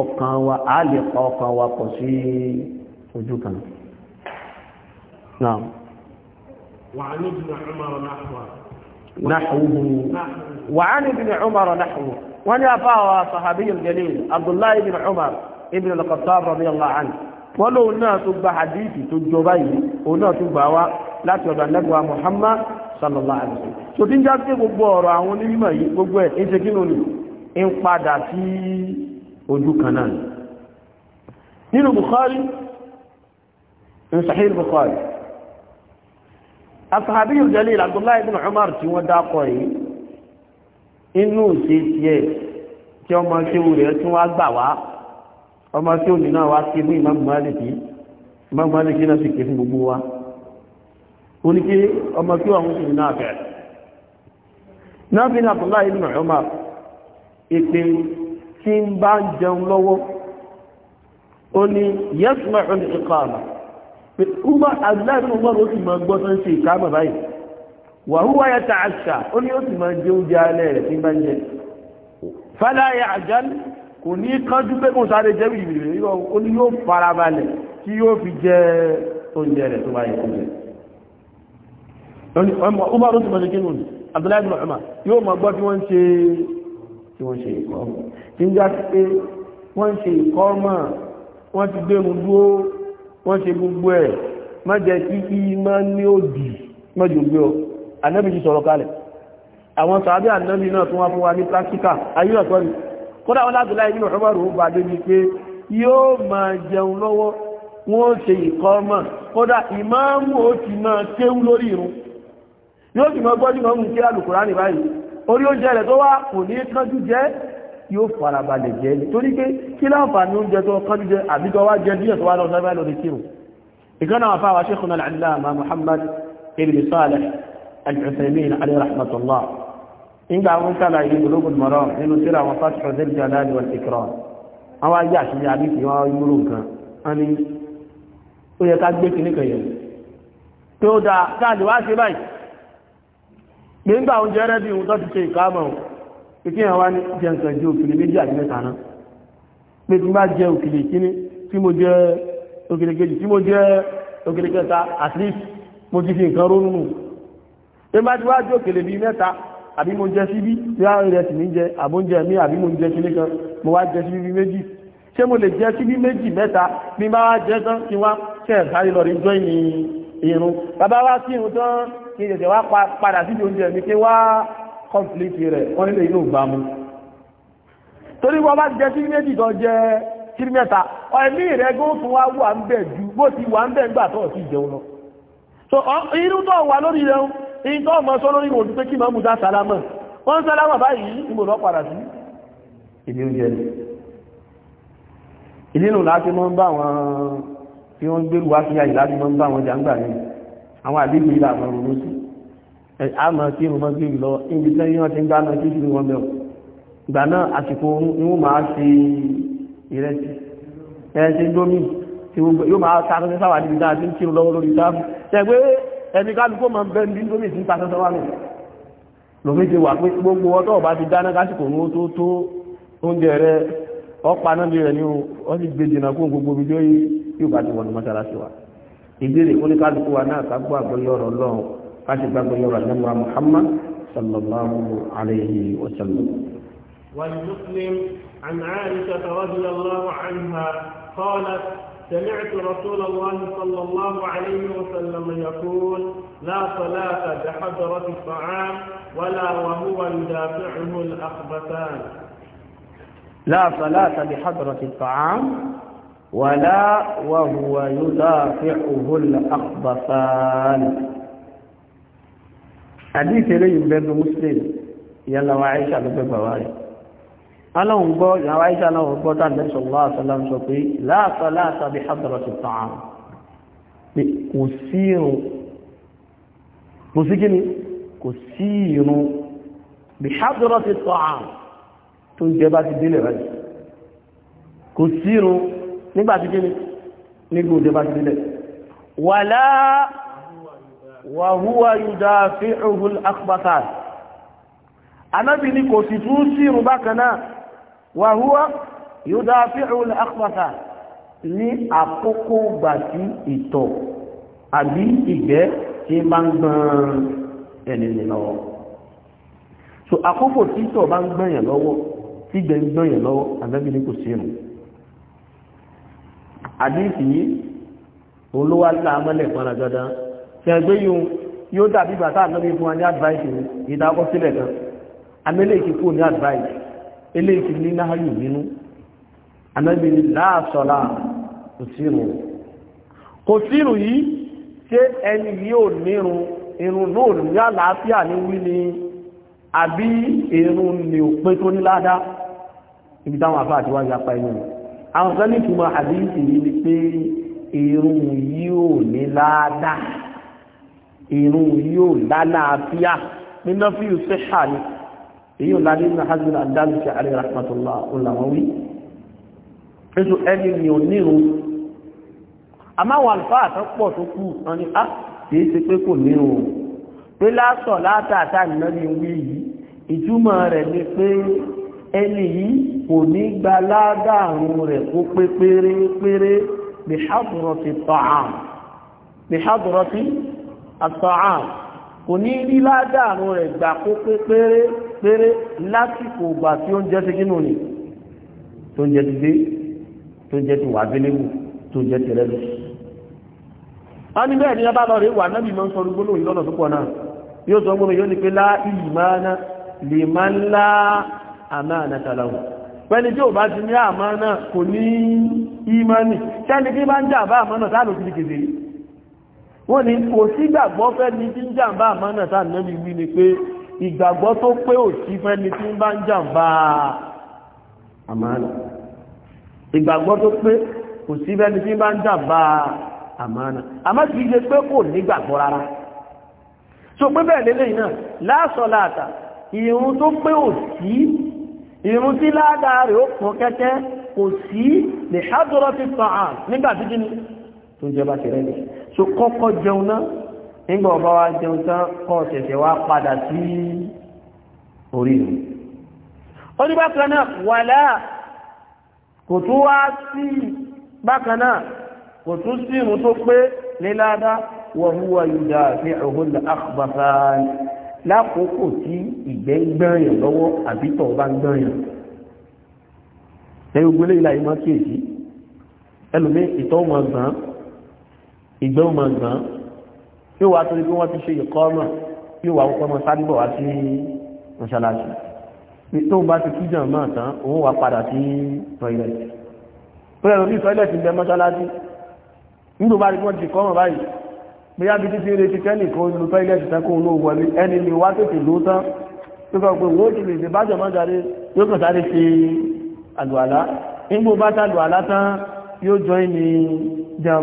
ọkàn wa ọkàn wa pọ̀ sí kan. نحوه وعن ابن عمر نحوه ونفاه صحابي الجليل عبد الله بن عمر ابن الخطاب رضي الله عنه ولو الناس بحديث تجوبي وناس بوا لا تبلغوا محمد صلى الله عليه وسلم so tin ja pé gbogbo ọ̀rọ̀ àwọn ni mimo yìí gbogbo ẹ̀ ń ṣe kinu ni ń padà sí ojú kan náà nínú bukhari in sahih bukhari asahabi yóò jẹ́lé Abdullahi ibn Umar tí wọ́n dákọ̀ yìí inú ṣe tiẹ̀ tí ọmọ kéwù rẹ̀ tí wọ́n gbà wá ọmọ kéwù nínú wa ké fún Imam Maliki Imam Maliki náà sì ké fún gbogbo wa ó abdullahi bin umar ó sì máa gbọ́ tó ń ṣe ìkámọ̀ báyìí wà húwa ya ta àṣà ó ní ó sì máa jẹ oúnjẹ alẹ́ rẹ̀ tí bá ń jẹ fáláyà àjálù kò ní kánjú pé kò sáré jẹ́ bìbìrì o ní yóò farabalẹ̀ tí yóò fi jẹ oúnjẹ rẹ̀ tó bá yẹ kó jẹ umar ó sì máa yóò máa gbọ́ tí wọ́n ṣe ìkọ́ wọ́n ṣe gbogbo ẹ̀ má jẹ́ kí ìmọ̀ ní òdì mọ́jọ gbé ọ anábì ti sọ̀rọ̀ kalẹ̀ àwọn sàábí anábì náà tún wá fún wa ní pásíkà ayé ọ̀tọ́ ni kódà wọn láti láì nínú ọmọ rò bá débi pé yóò máa jẹun lọ́wọ́ wọn ó ṣe ìkọ́mọ̀ kódà ìmáàmù ó ti máa kéwú lórí irun yóò sì máa gbọ́jú mọ́mù kí alùkùránì báyìí orí oúnjẹ rẹ̀ tó wá kò ní kánjú jẹ́ yóò farabalẹ̀ jẹ́ ní torí pé kí láǹfààní oúnjẹ tó kọjú jẹ àbíjọ wá jẹ díẹ̀ tó wá lọ sẹ́fẹ́ lórí kírù ìkánà wà fáwà ṣe kùnà al-allama Muhammad ibn Salih al-Uthaymin alayhi rahmatullah ìgbà wọn kàlà yìí Bulughul Maram nínú síra wọn Fathu Dhil Jalali wal ìkí yàn wá ní jẹ nǹkan jẹ òkèlè méjì àti mẹ́ta náà pé tí máa jẹ òkèlè kíní tí mo jẹ òkèlè kejì tí mo jẹ òkèlè kẹta at least mo ti fi nǹkan rónú nù pé máa ti wá jẹ òkèlè bíi mẹ́ta àbí mo jẹ síbí tí á rẹ̀ sì ní jẹ àbóúnjẹ mi àbí mo jẹ kíní kan mo wá jẹ síbí méjì ṣé mo lè jẹ síbí méjì mẹ́ta bí máa jẹ tán kí wá ṣe ẹ̀sáré lọ rí jọ́ìn irun bàbá wá sí irun tán kí ìjẹ̀jẹ̀ wá padà síbi oúnjẹ mi kí wá kọ́ǹpìlìtì rẹ̀ wọ́n nílé inú ìgbàmú torí wọ́n bá jẹ́ kírímẹ́tì tó jẹ́ kírímẹ́ta ẹ̀mí rẹ̀ góòtù wá wà ń bẹ̀ ju bó ti wà ń bẹ̀ gbà tó ti jẹun lọ so irú tó wà lórí rẹ̀ in tó mọ́ sọ lórí òjú pé kí mọ́ múta sálámà wọ́n sálámà báyìí ìmò lọ padà sí ìlú oúnjẹ ni ìlú láti mọ́ ń bá wọn tí wọ́n gbérù wá sí àyè láti mọ́ ń bá wọn jàǹgbà ní àwọn àdébìlà àwọn ọmọ sí àmọ́ kí irun mọ́gbé lọ níbi tẹ́ yíyan ti ń gbá náà kí ìṣúrí wọn bẹ̀rù ìgbà náà àsìkò ni wọ́n máa ṣe ìrẹsì ẹ̀ṣẹ̀ lómi tí yóò máa sáré sí sáwà níbi dáa tí ń kírun lọ́wọ́ lórí sáà ṣẹgbẹ́ ẹni kálukú máa ń bẹ́ ní lómi tí ń ta sọ́sọ́ láti gbàgbọ́ yọrọ àlẹ́mọ́ra Muhammad sallallahu alayhi wa sallam. والمسلم عن عائشة رضي الله عنها قالت سمعت رسول الله صلى الله عليه وسلم يقول لا صلاة بحضرة الطعام ولا وهو يدافعه الأخبثان لا صلاة بحضرة الطعام ولا وهو يدافعه الأخبثان àdíìsì eléyìí bẹ́nu muslim ìyànláwà aisha ló gbẹ́gbà wá rẹ̀ aláwọn gbọ́ ìyàwó aisha náà gbọ́ dáadẹ́ sọ̀rọ̀ àṣàlám sọ pé láàtọ̀ láàtọ̀ bí hadrọ̀ ti tàn án pé kò sí irun kò sí kíni kò sí irun bí hadrọ̀ ti tàn án tó ń jẹ bá ti délé rẹ̀ kò sí irun nígbà tí kíni nígbà òde bá ti wàlá wàhúwà yúdá fi ọ̀hùl akpata anábì ni kò sì tún sírù bákanáà wàhúwà yúdá fi ọ̀hùl akpata ní àkókò gbà sí ìtọ̀ àbí ìgbẹ́ tí bá ń gbọ́n ẹni lọ́wọ́ so àkókò tí ìtọ̀ bá ń gbọ́n yẹn lọ́wọ́ tí gbẹ̀ ń gbọ́n yẹn lọ́wọ́ anábì ni kò sírù àdínsì yìí olówó alẹ́ àmọ́lẹ̀ fọ́nà dandan tẹ̀gbé yóò yóò dàbí ìgbà táà lọ́bí fún wa ní advice ní ìdákọsílẹ̀ kan amẹ́lẹ̀ ìkí kúrò ní advice eléyìí ní náhàyù nínú amẹ́bí ní láàṣọ́lá kò sírù kò sírù yìí ṣé ẹni yóò nírun irun náà ní àlàáfíà ní wí ni àbí irun ni ò pé tó ní ládá ibi táwọn àfáà ti wá yapa inú àwọn kan ní ìtumọ̀ àdéhìsì yìí ni pé irun yìí ò ní ládàá irun yóò lálàáfíà nínú fi ṣe ṣà ní èyí ò lálé ní hajjúra dáàbì ṣe àrí rahmatullah olàwọ́wí ètò ẹni mi ò nírun àmáwọn àlùfáà tó pọ̀ tó kú wọn ni a ah, kìí ṣe pé kò nírun pé lásọ̀ látàtà nínú ni wí yìí ìtumọ̀ rẹ̀ ni pé ẹni yìí kò ní gba ládàrún rẹ̀ kó pé pérépéré bí hàdùrọ̀ ti tọ̀ àm bí hàdùrọ̀ ti àtọ̀hàn kò ní rí ládàánú rẹ̀ gbà kó pé péré péré lásìkò ìgbà tí ó ń jẹ́ síkínú ni tó ń jẹ́ ti dé tó ń jẹ́ ti wà abẹ́lẹ́wò tó ń jẹ́ ti rẹ́lú. wọ́n ní bẹ́ẹ̀ ni ọba lọ rí wà nábì máa ń sọ gbóló yìí lọ́nà tó pọ̀ náà yóò sọ gbóló yóò ní pé lá ìmánà lè máa ń lá àmánà tàlàwò pẹ́ni tí ò bá ti ní àmánà kò ní ìmánì sẹ́ni tí bá ń jà bá àmánà tá wọ́n ní kò sí ìgbàgbọ́ fẹ́ ní tí ń jàǹbá àmánà tá nẹ́bí wí ni pé ìgbàgbọ́ tó pé ò sí fẹ́ ní tí ń bá ń jàǹbá àmánà ìgbàgbọ́ tó pé kò sí fẹ́ ní tí ń bá ń jàǹbá àmánà àmọ́ kì í ṣe pé kò nígbàgbọ́ rárá so pé bẹ́ẹ̀ lélẹ́yìn náà láàsọ̀ láàtà ìrun tó pé ò sí ìrun tí ládàá rẹ̀ ó pọ̀ kẹ́kẹ́ kò sí lè ṣàdúrà fi tàn án nígbà tí ni tó jẹ bá ti rẹ̀ lẹ̀ so kọ́kọ́ jẹun náà nígbà ọba wa jẹun tán kọ́ ṣẹ̀ṣẹ̀ wá padà sí orí rẹ̀ ó ní bákan náà wàlá kò tún wá sí bákan náà kò tún sí irun tó pé léláadá wọ̀húwà yúdà àti ọ̀hún àkùbàfà lákòókò tí ìgbẹ́ gbẹ̀yàn lọ́wọ́ àbítọ̀ bá gbẹ̀yàn ẹgbẹ́gbẹ́lẹ́ ìlà ìmọ̀ kíyèsí ẹlòmí ìtọ́ ọmọ gbọ́n ìgbẹ́ òmò gbọ́n yóò wá torí pé wọ́n ti ṣe ìkọ́ ọmọ yóò wá kọ́kọ́ mọ́ sárébọ̀ wá sí mọ́ṣáláṣí tó bá ti kí jàn máa tán òun wá padà sí tọ́ìlẹ̀tì pẹ̀lú ẹ̀rọ bí tọ́ìlẹ̀tì bẹ mọ́ṣáláṣí nígbò bá rí wọ́n ti kọ́ ọmọ báyìí bí yá bí títí retí kẹ́lì kan lu tọ́ìlẹ̀tì tán kó ló wọlé ẹni lè wá tètè ló tán tó kọ pé wọ́n ti lè ṣe bájọ̀ mọ́ jáde yóò kàn sáré ṣe àlùalá nígbò bá tàlùalá jọ ìní jàn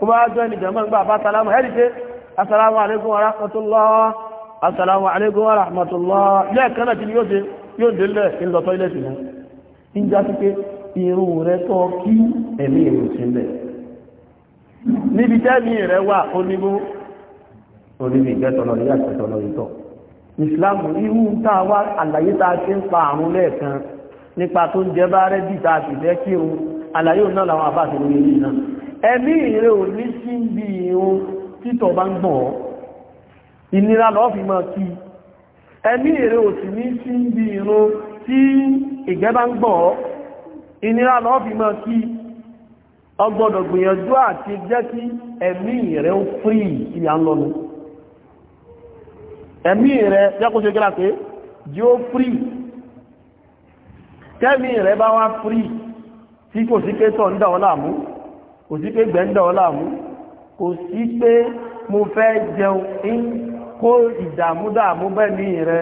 kó bá jọ ní jẹmọ́ nígbà salamu asalamu alaikum wa rahmatullah asalamu alaikum wa rahmatullah lẹ́ẹ̀kan náà kí ni yóò ṣe yóò délẹ̀ ìlọtọ́ ilẹ̀ ìsìnkú ń re sí pé irun rẹ tọ́ kí ẹ̀mí ìrùn sí ń bẹ̀ wa tẹ́mi rẹ wà oníbó oníbi ìgbẹ́tọ̀lọ́ ní àtẹ̀tọ̀lọ́ ìtọ̀ ìsìláàmù irú a wá a ṣe pa a ẹ̀mí ìrẹ́ ò ní sí bí irun títọ̀ bá ń gbọ̀n ìnira lọ́ fi máa kí ẹ̀mí ìrẹ́ ò sì ní sí bí irun tí ìgbẹ́ bá ń gbọ̀n ìnira lọ́ fi máa kí o gbìyànjú àti jẹ́ kí ẹ̀mí ìrẹ́ ó fírí ìyà ń lọ́nu ẹ̀mí ìrẹ́ jẹ́kúnṣe tẹ́mí kò sí pé gbẹ̀ndà ọláàmú kò sí pé mo fẹ́ jẹun ń kó ìdàmúdàmú bẹ́ẹ̀ni rẹ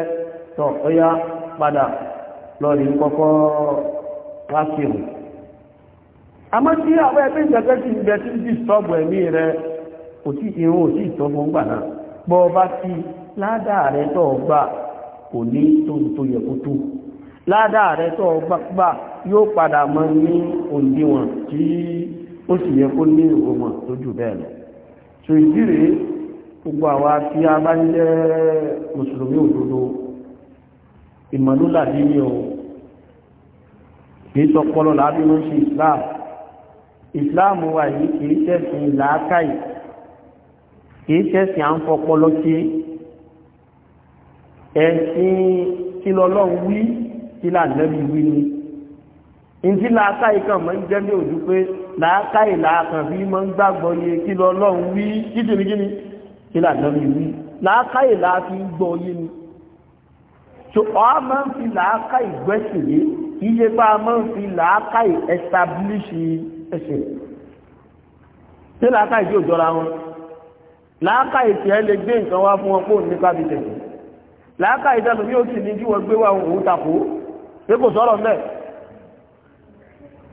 tọ̀ ọya padà lọ́rí kọ́kọ́ lásìrò àmọ́ tí àwọn ẹgbẹ́ ìjọgbẹ́ sí tí ti sọ́bù ẹ̀mí rẹ kò sí irun ò sí ìtọ́gbọ́n gbà bọ́ ọba sí ládàá rẹ tọ́ ọgbà kò ní tó ó sì yẹ kó ní ìwòmọ̀ tó jù bẹ́ẹ̀ lọ so ìdí rèé gbogbo àwa tí a bá ń jẹ́ mùsùlùmí òdodo ìmọ̀lúlà bí ní kìí sọpọlọ láàbí ló ṣe islam islam wa yìí kìí ṣẹ̀sìn làákàyè kìí ṣẹ̀sìn à ń fọpọlọ ṣe ẹ̀sìn kí lọ́lọ́run wí kí làdẹ́bí wí ni ìdí làákàyè kan mọ́ ń jẹ́ ní òjú pé làákàyè làákàn fi máa ń gbàgbọ́ yé kí lọ lọ́run wí kíkì ní kíni kí làdán mi wí làákàyè làáfi ń gbọ́ yé ni so ọ́ máa ń fi làákàyè gbẹ́sìn yé iye bá a máa ń fi làákàyè establish ẹsẹ̀ tí làákàyè tí ò jọra wọn làákàyè tí ẹ lè gbé nǹkan wá fún wọn kó ní kábíyèsí làákàyè dáná yóò sì ní kí wọ́n gbé wá òun takò pé kò sọ̀rọ̀ mẹ́ẹ̀.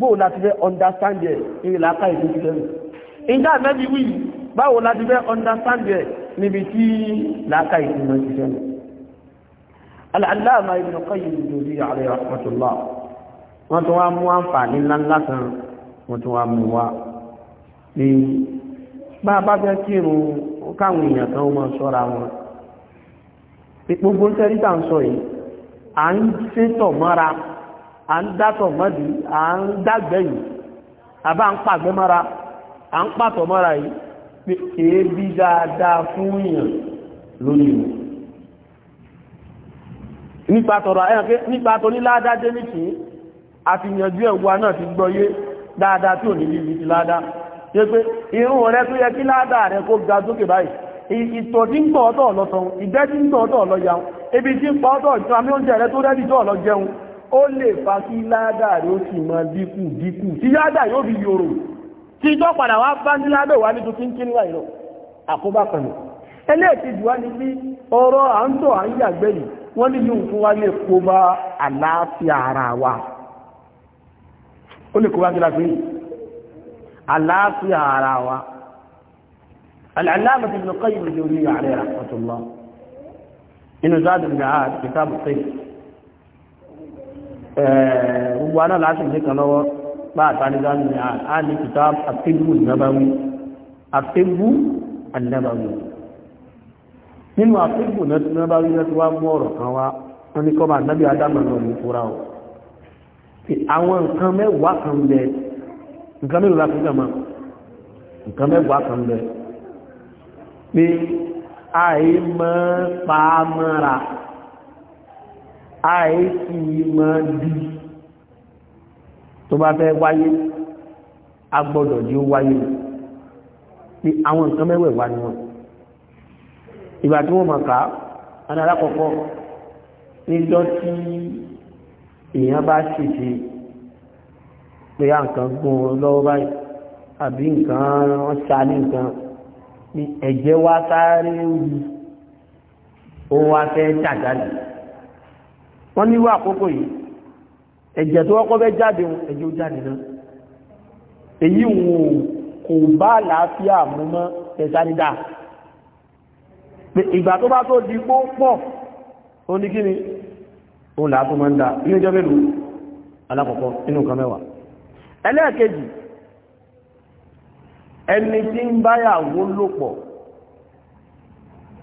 bóò láti fẹ́ understand ẹ̀ ní ìlàkà ìlú ti lẹ́nu ìjà mẹ́bí wí báwo láti fẹ́ understand ẹ̀ níbi tí ìlàkà ìlú mọ́ ti lẹ́nu Al-Allama Ibn Qayyim al-Jawziyya alayhi rahmatullah wọ́n tún wá mú àǹfààní ńláńlá kan wọ́n tún wá mú wá ní bá bá fẹ́ kírun káwọn èèyàn kan mọ́ sọ́ra wọn gbogbo ń tẹ́rí tà ń sọ yìí à ń ṣètò mọ́ra à ń dátọ̀ mọ́dì à ń dágbẹ́ yìí àbá ń pàgbẹ́ mọ́ra à ń pàtọ̀ mọ́ra yìí pé èébí dáadáa fún èèyàn lórí ìwò nípa tọ̀rọ̀ ẹ̀yàn pé nípa tó níláàdá dé nìkí àti ìyànjú ẹ̀wà náà ti gbọ́yé dáadáa tí ò ní bíbi ti láàdá ṣe pé irun rẹ tó yẹ kí láàdá rẹ kó ga sókè báyìí ìtọ̀ tí ń gbọ́ ọ̀tọ̀ ọ̀lọ́tọ̀ ìgbẹ́ tí ń gbọ́ ọ̀tọ̀ ọ̀lọ́ ó lè fa kí ládàá rẹ̀ ó sì máa dínkù díkù tí ládàá yóò fi yòrò tí ìjọ padà wá bá ní ládàá wà nítorí tí ń kí níwà ìlọ àkóbá wá ní sí ọrọ̀ à ń à ń yàgbẹ́ yìí wọ́n ní yóò fún wa lè kó bá àlàáfíà ara wa ó Eh, gbogbo aná láti ní kan lọ́wọ́ bá a ní àní kìtà àfẹ́gbù nàbàwí àfẹ́gbù ànàbàwí nínú àfẹ́gbù nàbàwí náà ti wá mú ọ̀rọ̀ kan wá wọn ní kọ́ba ànábì adámà náà ní fúra o àwọn nǹkan mẹ́wàá kan bẹ nǹkan mẹ́wàá láti gbàmọ́ nǹkan mẹ́wàá kan bẹ pé àìmọ́ pa mọ́ra àìsí máa di tó bá fẹ́ wáyé a gbọ́dọ̀ jí ó wáyé ní àwọn nǹkan mẹ́wẹ̀ wá ní wọn ìgbà tí wọ́n màkà alákọ̀ọ́kọ́ níjọ́ tí èèyàn bá ṣèṣe pé à nǹkan gún ọ lọ́wọ́ báyìí àbí nǹkan wọ́n ṣá ní nǹkan ní ẹ̀jẹ̀ wá sáré ó wá fẹ́ jàjálì wọ́n ní wá àkókò yìí ẹ̀jẹ̀ tó wọ́kọ́ fẹ́ jáde wọn ẹ̀jẹ̀ ó jáde náà èyí wọn kò bá àlàáfíà mú mọ́ ẹ̀sánídà ìgbà tó bá tó di pọ́pọ̀ ó ní kíni ó làátó máa ń da ilé ìjọ mélòó alákọ̀ọ́kọ́ inú nǹkan mẹ́wàá ẹlẹ́ẹ̀kejì ẹni tí ń báyàwó lò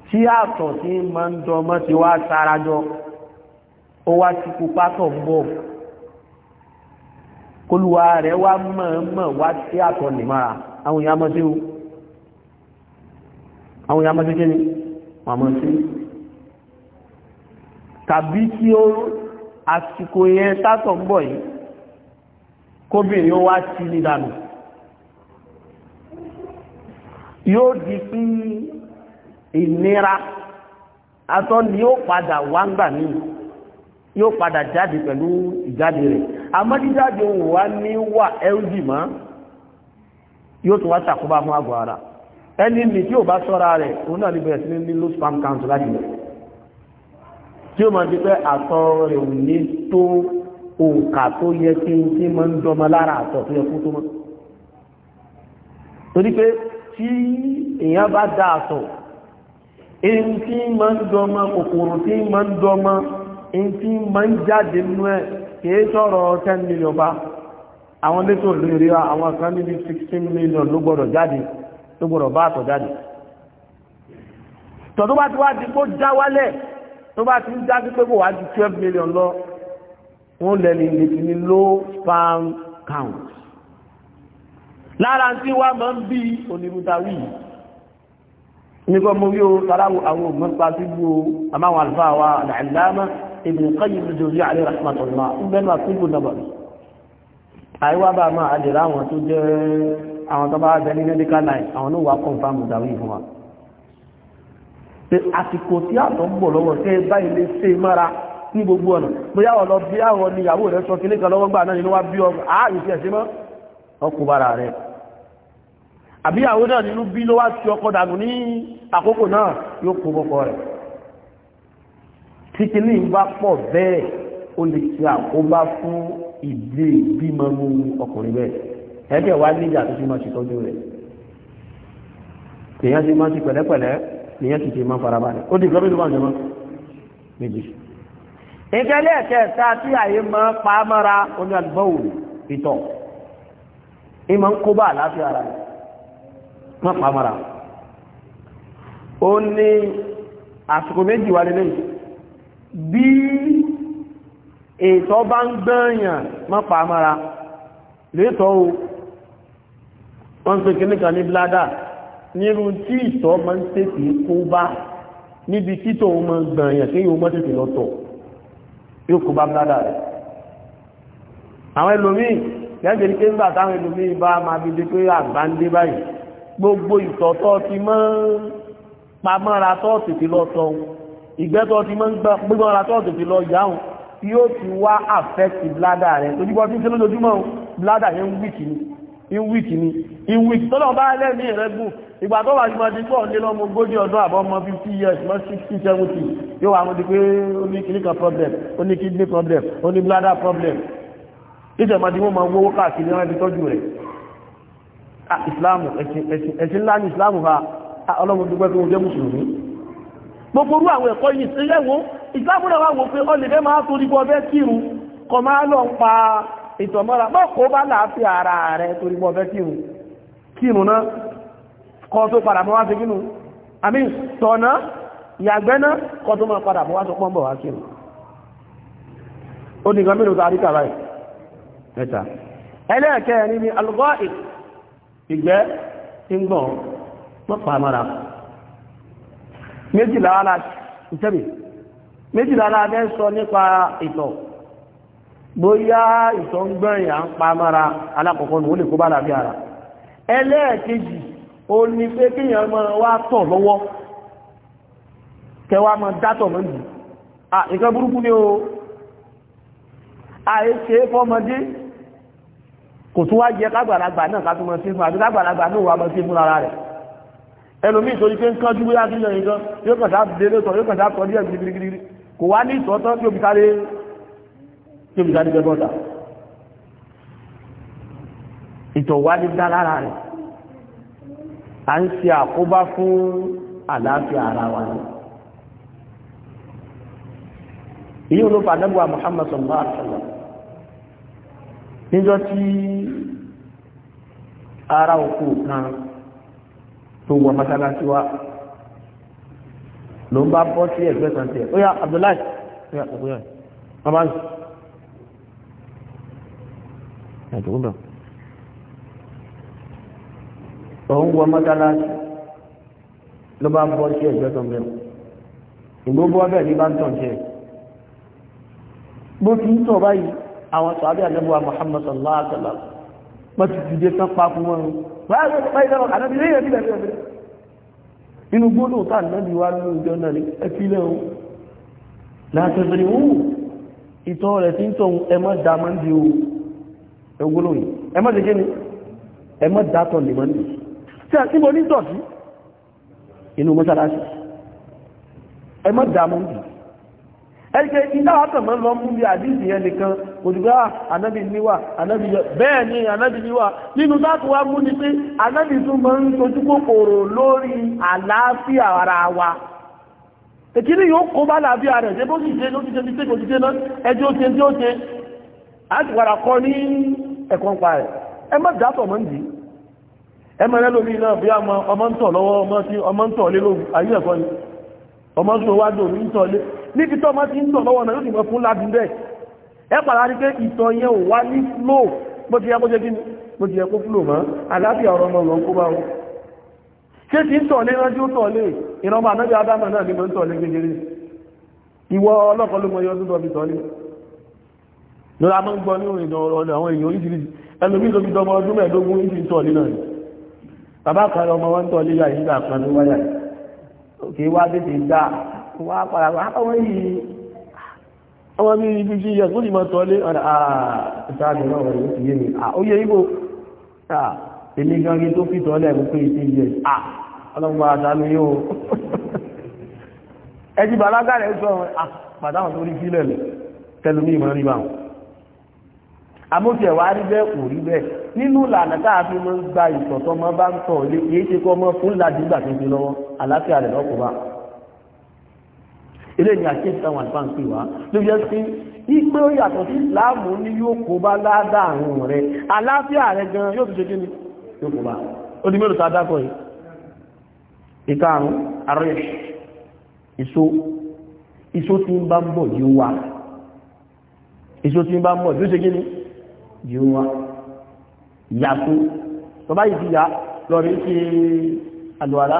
tí àtọ̀ tí máa ń jọ mọ́ ti wá sarajọ ó wá ti pupa tó ń bọ̀ kólúwa rẹ̀ wá mọ̀ọ́mọ̀ wá sí àtọ̀ nìmọ́ra àwọn èèyàn mọ́sí o àwọn èèyàn mọ́sí kíni wọ́n mọ́ sí tàbí tí ó àsìkò yẹn sátọ̀ ń bọ̀ yìí kóbìnrin ó wá sí ní dànù yóò di pí ìnira atọ́ ni ó padà wá ń gbà níyìí yóò padà jáde pẹ̀lú ìjáde rẹ̀ àmọ́ jíjáde òun wá ní wà ẹ́rùjì mọ́ yóò tún wá ṣàkóbá fún àgọ́ ara ẹni mi tí ò bá sọ́ra rẹ̀ òun náà ní bẹ̀rẹ̀ sí ní low spam count láti rẹ̀ tí ó máa di pé àtọ̀ rẹ̀ ò ní tó òǹkà tó yẹ kí n tí máa ń dọmọ lára àtọ̀ tó yẹ kó tó mọ́ torí pé tí èèyàn bá dá àtọ̀ èyí tí máa ń dọmọ kòkòrò tí máa ń dọmọ in tí ma ń jáde nínú ẹ̀ kìí sọ̀rọ̀ 10 million bá àwọn lẹ́tọ̀ lórí wa àwọn kan níbi 16 million ló gbọ́dọ̀ jáde ló gbọ́dọ̀ bá àtọ̀ jáde tọ̀ tó bá ti wá di kó já wálẹ̀ tó bá ti ń já sí pé kò wá ju 12 million lọ wọ́n lẹ́ni ìrètí ní low farm count lára tí wá máa ń bí onírútawí nígbà mo rí o sára àwọn òmùpá síbú o àmáwọn àlùfáà wa àdáìláàmá ibn qayyim al-jawziyya alayhi rahmatullah ibn wa kullu nabawi ai wa ba ma adira wọn tó jẹ́ àwọn tó bá jẹ́ ní medical line àwọn no wa confirm da wi fún wa pé àsìkò tí a to gbo lọ́wọ́ se ba ile se mara ní gbogbo ọ̀nà bóyá o lọ bí àwọn ni yàwó rẹ̀ sọ kini kan lọ́wọ́ gba na ni wa bi o ah yi se se mo oku bara rẹ̀ àbí àwọn náà nínú bí ló ti ọkọ̀ dànù ní àkókò náà yóò kó bọ́kọ̀ rẹ̀ tí kìíní bá pọ̀ bẹ́ẹ̀ ó lè ṣe àkóbá fún ìdílé ìbímọ mú ọkùnrin bẹ́ẹ̀ ẹ̀ẹ́dẹ̀ wá níjà tó fi máa ṣètọ́jú rẹ̀ kèèyàn ti máa ti pẹ̀lẹ́pẹ̀lẹ́ kèèyàn ti ti máa farabalẹ̀ ó di nǹkan mélòó máa jọmọ́ méjì. ìkẹlẹ́ ẹ̀kẹta tí àyè máa pa á mọ́ra oní àdúgbò ìtọ̀ ìmọ̀ ń kó bá àlàáfíà ara rẹ̀ wọ́n pa á mọ́ra. ó ní àsìkò méjì wà lélẹ́yìn bí ètò bá ń gbẹ́yàn mọ́pa amára létọ́ o wọ́n ń pè kí níkan ní bládà nírú tí ìtọ̀ máa ń tètè kó bá níbi títọ̀ o máa gbẹ̀yàn tí yóò mọ́ tètè lọ́tọ̀ yóò kó bá bládà rẹ̀ àwọn ẹlòmíì lẹ́gbẹ̀ẹ́ ní pé ń bà táwọn ẹlòmíì bá máa bí dé pé àgbà ń dé báyìí gbogbo ìtọ̀tọ̀ ti mọ́ pamọ́ra tọ́ tètè lọ́tọ̀ ìgbẹ́tọ̀ ti mọ́ ń gbígbọ́n ara tọ́ọ̀tù fi lọ yáhùn tí ó ti wá affect bladder rẹ̀ tó jígbọ́ tí ń ṣe lójoojúmọ́ bladder yẹn ń wíkì ni in wíkì ni in wíkì tọ́lọ̀ bá lẹ́mí rẹ̀ gùn ìgbà tó wà ní ọdún pọ̀ ní lọ́mọ ogójì ọdún àbọ̀ ọmọ 50 years mọ́ 60 70 yóò wà mọ́ di pé ó ní clinical problem ó ní kidney problem ó ní bladder problem ìjọmọdé wọn máa wówó káàkiri wọn ti tọ́jú rẹ̀ ìsìláàmù ah, ẹ̀sìn ńlá ní ìsìláàmù ha ah, ọlọ́mọdé pẹ́ tó jẹ́ mùsùlùmí gbogbo orú àwọn ẹ̀kọ́ yìí ṣe yẹ̀wò ìsìláàmù náà wà wò pé ọ lè fẹ́ máa torí bọ́ fẹ́ kírun kọ máa lọ ń pa ìtọ̀mọ́ra má kó bá láàfin ara rẹ̀ torí bọ́ fẹ́ kírun kírun náà kọ́ tó padà bọ́ wá sí kírun àmì tọ̀nà ìyàgbẹ́ náà kọ́ tó máa padà bọ́ wá sọ pọ́n bọ̀ wá kírun ó ní nǹkan mélòó tàbí kàrá ẹ̀ mẹ́ta méjìlá aláàbẹ́ sọ nípa ìtọ̀ bóyá ìtọ̀ ń gbẹ̀yìn à ń pa mára alákọ̀ọ́kọ́ ní ó lè kó bá làbí ara ẹlẹ́ẹ̀kejì ó ní pé kíyàn mọ́ wá tọ̀ lọ́wọ́ kẹwàá mọ́ dátọ̀ mọ́ jù à nǹkan burúkú ni o àìṣe fọ́mọdé kò tún wá jẹ kágbàlagbà náà ká mọ́ sí fún àti kágbàlagbà náà wà mọ́ sí fún ara rẹ̀ ẹlòmíì torí pé ń kánjú bóyá sí yàn nǹkan yóò kàn sá délé sọ yóò kàn sá tọ́ díẹ̀ gidigidi kò wá ní ìsọ́tọ́ tí òbí sáré tí òbí sáré bẹ́bọ́ta ìtọ̀wádé dá lára rẹ̀ a ń ṣe àkóbá fún àlàáfíà ara wa ni èyí ló fà nẹ́bùwà Muhammad sallallahu alaihi wasallam níjọ́ tí ara òkú kan tó wọ mọ́sálásí wa ló ń bá bọ́ sí ẹgbẹ́ kan tiẹ̀ ó yá Abdullahi ó yá òkú yẹn wọ́n bá ń sùn ẹ̀dùn bẹ̀. òun wọ mọ́sálásí ló bá bọ́ sí ẹgbẹ́ kan bẹ̀rù ìgbó bọ́ bẹ́ẹ̀ ní bá ń tàn jẹ́ bó ti ń tọ̀ báyìí àwọn sàbẹ̀ àdẹ́bùwà Muhammad sallallahu alaihi wa wọ́n ti dìde tán pa fún wọn inú gbóòdò tàà náàbí wá ní ìjọ náà ní ẹfílẹ̀ ohun látẹ̀bẹ̀rẹ̀ ohun ìtọ́ rẹ̀ tí ń tọ́ ẹmọ́ dá máa ń di ohun ẹgbóòdò yìí ẹmọ́ dẹ̀jẹ́ ni ẹmọ́ dátọ̀ lè máa ń di tí a tíbo ní tọ̀sí inú mọ́sálásí ẹmọ́ dá máa ń di ẹgbẹ́ iná àtàmọ́ lọ mú bí àdíjì yẹn nìkan òdìgbà ànábì níwà ànábì yọ bẹ́ẹ̀ ni ànábì níwà nínú sáàtùwà mú ni pé ànábì tún mọ́ ń sojú kòkòrò lórí àlàáfíà ara wa èkìrí yóò kó bá làáfíà rẹ̀ ṣe bó sì ṣe ló ti ṣe ti ṣe kò ti ṣe náà ẹjọ́ ó ṣe tí ó ṣe á ti wàrà kọ́ ní ẹ̀kọ́ pa rẹ̀ ẹ má dàtọ̀ mọ́ ń ẹ má lẹ́lómi náà bí ọmọ ń tọ̀ lọ́wọ́ ọmọ ń tọ̀ lé lóògùn ayé ni ọmọ ń tọ̀ wá dòmí ń tọ̀ lé níbi tó ọmọ ti ń tọ̀ lọ́wọ́ náà yóò sì mọ̀ fún lábí rẹ̀ ẹ pàdà rí pé ìtàn yẹn ò wá ní flow bó ti yẹ kó ṣe kí ni bó ti yẹ kó flow mọ́ àlàáfíà ọ̀rọ̀ ọmọ ọ̀rọ̀ kó bá wọn. ṣé ti ń tọ̀lé ránjú tọ̀lé ìrànmọ́ ànábì ádámà náà ni mo ń tọ̀lé kékeré ìwọ ọlọ́kọ̀ ló mọ iye ọdún tó fi tọ̀lé. lọ́la máa ń gbọ́ ní òrìn ọ̀rọ̀ àwọn èèyàn oríṣiríṣi ẹlòmíì tó fi dọmọ ọdún mẹ́ẹ̀ẹ́dógún ní ti ń tọ̀lé náà bàbá kan ọmọ wọn ń tọ̀lé yà yìí kan ló wáyà kì wá tètè dáa wá parapọ̀ àwọn yìí ọmọ bí i fífí yẹ tó lè mọ́ tọ́lé ọ̀nà àtàdé náà wọ̀nyí ti yé mi ó yẹ ibò ah, èmi gangi tó fi tọ́lẹ̀ mú pé ìsìn yẹ ọlọ́gbà àdánú yóò ẹjí bàlágà rẹ̀ sọ pàdáwọn ah, tó rí sílẹ̀ lẹ̀ tẹlumí ìmọ̀ rí báwọn amóṣẹ̀ wá rí bẹ́ẹ̀ kò rí bẹ́ẹ̀ nínú ìlànà káàfi mọ́ gba ìtọ̀tọ́ mọ́ bá ń tọ̀ lé kìí ṣe kọ́ mọ́ fún ládìgbà tó fi lọ́wọ́ àlàáfíà rẹ̀ lọ́kùnrin ilé ni àkíyèsí àwọn àlùfáà ń pè wá ló yẹ sí ipe ó yàtọ̀ sí ìsìláàmù ní yóò kó bá ládàá àrùn rẹ àlàáfíà rẹ gan yóò tún ṣe kí ni yóò kó bá ó di mélòó tá a dákọ̀ yìí ìkarùn ààrẹ ìṣó ìṣó tí ń bá ń bọ̀ yóò wá ìṣó tí ń bá ń bọ̀ yóò ṣe kí ni yóò wá yàtọ̀ tó bá yìí ti yá lọ ṣe àlùwàlá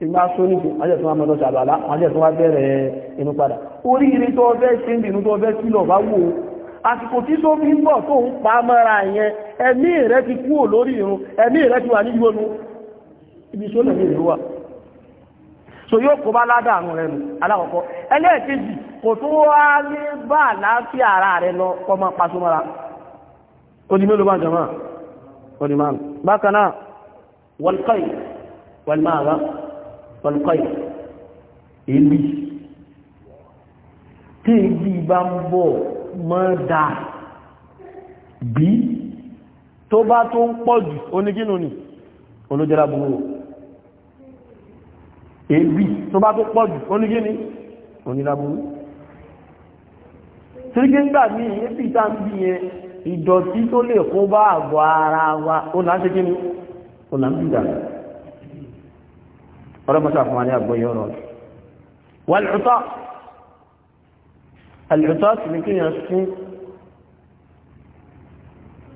ìgbà tó níbi ajẹ́ tó wá mọ́ lọ́sà ajẹ́ tó wá bẹ̀rẹ̀ inú padà oríire tó ọbẹ̀ ṣe ń bínú tó ọbẹ̀ sí lọ bá wò àsìkò tí tó fi ń bọ̀ tó ń pa mọ́ra yẹn ẹ̀mí ti lórí irun ẹ̀mí ti wà ní ibi lẹ̀mí wa so yóò kó bá nù alákọ̀ọ́kọ́ ẹlẹ́ẹ̀kejì kò tó wá ara lọ kọ́ máa pa súnmọ́ra ó di mélòó bá jọmọ́ ó di bákan náà pọ̀lùkọ́ì èlì tí èlì bá ń bọ̀ mọ́ dà bí tó bá tó ń pọ̀ jù onígínú ni olójẹ́ra búrú èlì tó bá tó pọ̀ jù onígíní onílá búrú tírígíngbà ní èsì tá ń bí yẹn ìdọ̀tí tó lè kó bá àgọ́ ara wa ó láti kí ni ó láti dàgbà ọlọ́mọsá fún wa ní àgbọ́yọ̀ ọ̀rọ̀ wàlùtọ́ àlùtọ́ sì ní kíyàn sí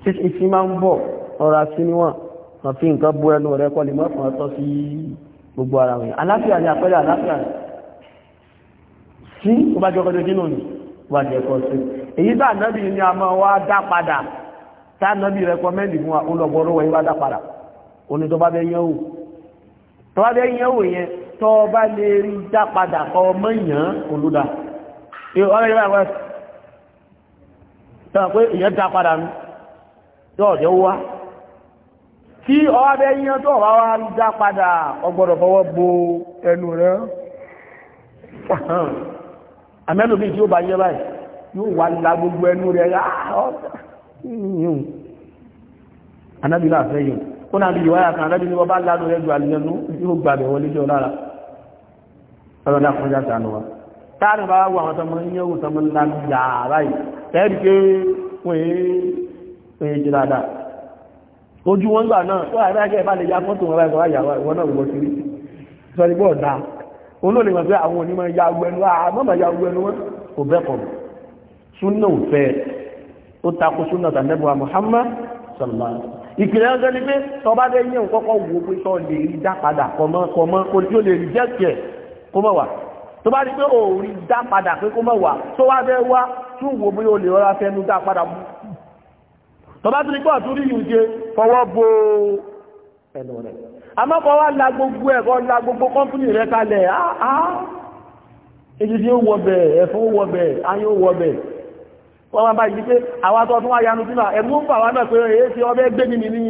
tí ìsí máa ń bọ̀ ọ̀rọ̀ sí níwọ̀n wọ́n fi nǹkan bú ẹnu rẹ kọ́ lè mọ́ fún ọtọ́ sí gbogbo ara wọn aláfíà ni àpẹẹrẹ aláfíà sí ó bá jẹ́ ọkọ̀ jẹ́jẹ́ náà ni ó bá jẹ́ ẹ̀kọ́ sí èyí tá ànábì ni a máa wá dá padà tá ànábì rẹ kọ́ mẹ́lì fún wa ó lọ bọ́ lọ́wọ́ yín wá dá padà ó ní tó bá bẹ́ yẹ́ òun tọ́wádé yẹn wò yẹn tọ́ bá lè rí dá padà kọ ọmọ èèyàn olúdá ọ̀rẹ́ ìwà ìwà tọ́wọ́ pé èèyàn dá padà nù yọ́ jẹ́ wá tí ọwádé yẹn tọ́ padà ọgbọ́dọ̀ fọwọ́ bo ẹnu rẹ̀ àmẹ́lò bí tí ó bá yẹ báyìí yóò wá la gbogbo ẹnu rẹ̀ yá ọ́ ó náà bí ìwáyà kan lẹ́bí ní wọ́n bá lánú ẹgbẹ̀ àlìyànú yóò gbàbẹ̀ wọlé jọ lára ọlọ́dá fún jáde àlọ́wà táàrí bá wà àwọn tọmọ yẹ́wò tọmọ lánú yàrá yìí tẹ́rì wọ́n èé ya fọ́tò wọn báyìí wọ́n yàwó ìwọ náà wọ́n ti rí sọ ní bọ́ọ̀ dáa olóòlì wọn pé àwọn onímọ̀ ya gbẹnu àmọ́mọ̀ ya gbẹnu wọn kò bẹ́ kọ̀ ó takò súnà tàbí Muhammad sallallahu alaihi ìpìlẹ̀ ọjọ́ ni pé tọba dé yẹn kọ́kọ́ wo pé tọ́ lè rí dá padà kọmọ kọmọ kò tí ó lè rí jẹ́kì ẹ̀ kó mọ̀ wá tó bá rí pé ò rí dá padà pé kó mọ̀ wá tó wá fẹ́ wá tún wo bí ó lè rọra fẹ́nu dá padà mú tọba tó ní pọ̀ tó rí yìí ṣe fọwọ́ bo ẹnu rẹ̀ àmọ́ kọ́ wá la gbogbo ẹ̀ kọ́ la gbogbo kọ́mpúnì rẹ̀ kalẹ̀ áá èyí tí ó wọ bẹ̀ ẹ̀fọ́ wọ bẹ̀ ayé ó wọ bẹ̀ wọ́n wá báyìí pé àwọn atọ́ tún wá yanu sínú ẹ̀mú ń pàwà náà pé èyí tí ọbẹ̀ gbé nínú ní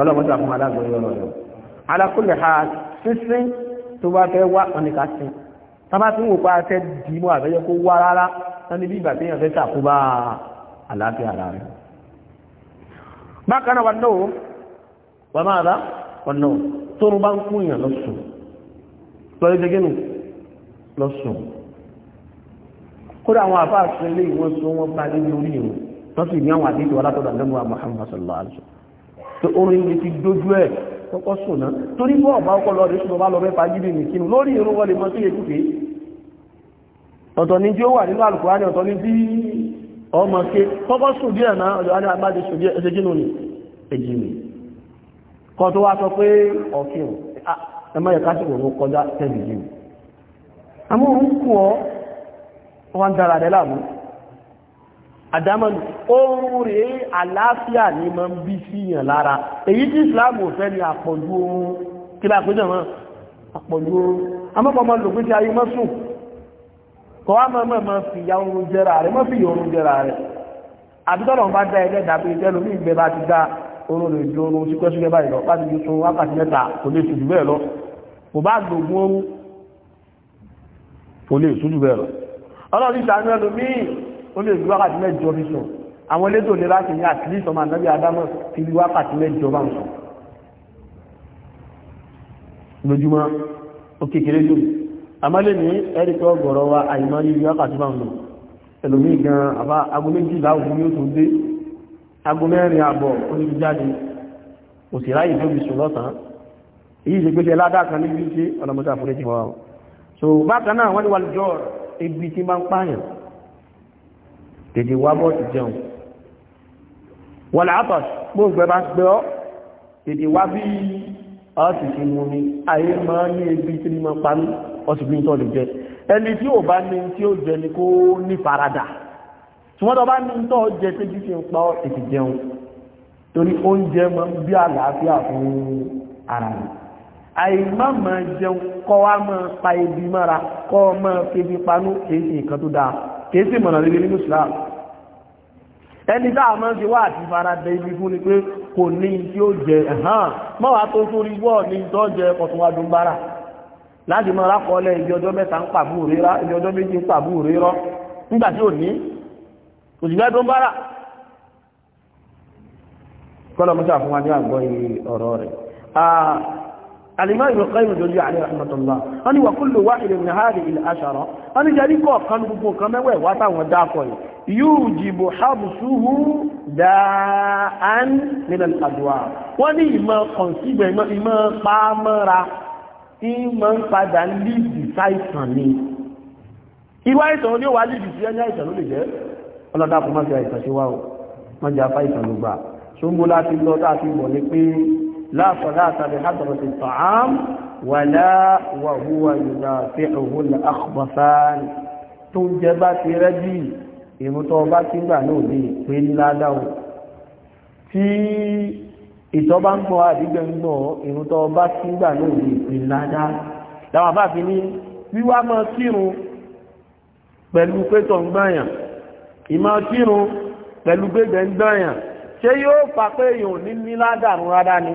ọlọ́mọdé àfún aláàgbọ̀ yọ lọ́dọ̀ alákùnlé ha sínsín tó bá fẹ́ wá ọ̀nìkà sí tábà tí wò pa afẹ́ dì mọ́ àfẹ́yẹ kó wá rárá wọ́n kódà àwọn àfáà sí ilé ìwọ́n sọ wọ́n bá lé lórí ìrùn wọ́n sì ní àwọn àdéjọ alátọ́dọ̀ àdẹ́mù Muhammad sallallahu alaihi wasallam tó orin ni ti dójú ẹ̀ kọ́kọ́ sùn náà torí bọ́ ọ̀bá ọkọ̀ lọ́ọ̀dẹ́ sùn bá lọ mẹ́fà jíde nìkinu lórí ìrùn wọlé mọ́ sí èkúfèé ọ̀tọ̀ ni tí ó wà nínú Al-Qur'ani ọ̀tọ̀ ni tí ọmọ ké kọ́kọ́ sùn díẹ̀ náà ọ̀dọ̀ ní agbáde sùn díẹ̀ ẹsẹ̀ jínú ni èjì ni kọ́ tó wá sọ pé ọ̀kí ah, ẹ̀ mọ́ ẹ̀ká sì kò kọjá tẹ̀lé jù àmọ́ òun kù ọ́ wọ́n dára rẹ̀ láàmú àdámọ́nù oorun rẹ̀ àlàáfíà ní ma ń bí síyàn lára èyí tí Islam fẹ́ ni àpọ̀jù oorun kí bá pẹ́jọ mọ́ àpọ̀jù oorun amọ́pọ̀ mọ́ lòpin tí ayé mọ́ sùn kọ́ wá mọ́ mọ́ fìyà oorun jẹra rẹ̀ mọ́ fìyà oorun jẹra rẹ̀ àbítọ́lọ̀ bá dá ẹgbẹ́ dàbí ìtẹ́lu ní ìgbẹ́ bá ti dá oorun rẹ̀ ju ọlọ́run ìṣàánú ẹlòmíì ó lè ju wákàtí mẹ́jọ fi sùn àwọn elétò ní láti ní àtìlí ìsọmọ ànábì adámọ̀ fi rí wákàtí mẹ́jọ bá ń sùn lójúmọ́ ó kékeré jù àmọ́ lè ní ẹ̀rí pé ọgọ̀rọ̀ wa àìmọ́ rí wákàtí bá ń lò ẹlòmíì gan àbá aago méjìlá òun ni ó tún ṣe pé ṣe ládàá kan so bákan náà wọ́n ni wà lójọ́ ọ̀rọ̀ ibi tí máa ń pààyàn tètè wá bọ́ọ̀sì jẹun wọ́n látọ̀ gbóògbé bá gbé ọ́ tètè wá bí ọ́ ti mú mi ayé máa ní ibi tí máa pa mí ọ́ sì tọ́ lè jẹ ẹni tí ò bá ní tí ó jẹ ni kó ní faradà ṣùgbọ́n tó bá ní tọ́ jẹ tẹ́jú fi ń pa ọ́ tètè jẹun torí oúnjẹ máa ń bí àlàáfíà fún ara rẹ̀ àìmọ́ máa jẹun kọ́ wá máa pa ebi mọ́ra kọ máa febi panú kìí sí nǹkan tó dáa kìí mọ̀nà líle nínú Islam ẹni máa ṣe wá àti fara ibi fún ni pé kò ní tí ó jẹ ẹ̀hán mọ́wàá tó rí tó jẹ ọ̀túnwádùn bára láti ibi ọjọ́ mẹ́ta ń pàbú ibi ọjọ́ méjì ń pàbú nígbà tí ò ní òṣìṣẹ́ bára ní ọ̀rọ̀ ah, الإمام القيم الجوزي عليه رحمة الله أنا وكل واحد من هذه العشرة أنا جاليكو كان بوكو كما وي واتا وداكو يوجب حبسه داء من الأدواء واني ما كونسيبر ما ما بامرا إما padà lídì sáìsàn ni ìwà ìsàn ní ó wà lídì sí ẹni àìsàn ló lè jẹ́ ọlọ́dàkùn má fi àìsàn ṣe wá o má jẹ́ afá ìsàn لا صلاة بحضرة الطعام ولا وهو يدافعه الأخبثان تنجبات رجي ìmútọ́ọ̀bá tí gbà náà lè pé níládáwò tí ìtọ́bá ń gbọ́ àdígbẹ̀ngbọ̀ ìmútọ́ọ̀bá tí gbà náà lè pé níládá láwọn àbá fi ní wíwá mọ́ kírun pẹ̀lú pétọ̀ ń gbáyàn ìmọ̀ kírun pẹ̀lú gbẹ̀gbẹ̀ ń gbáyàn ṣé yóò fà pé èèyàn ní níládà rárá ni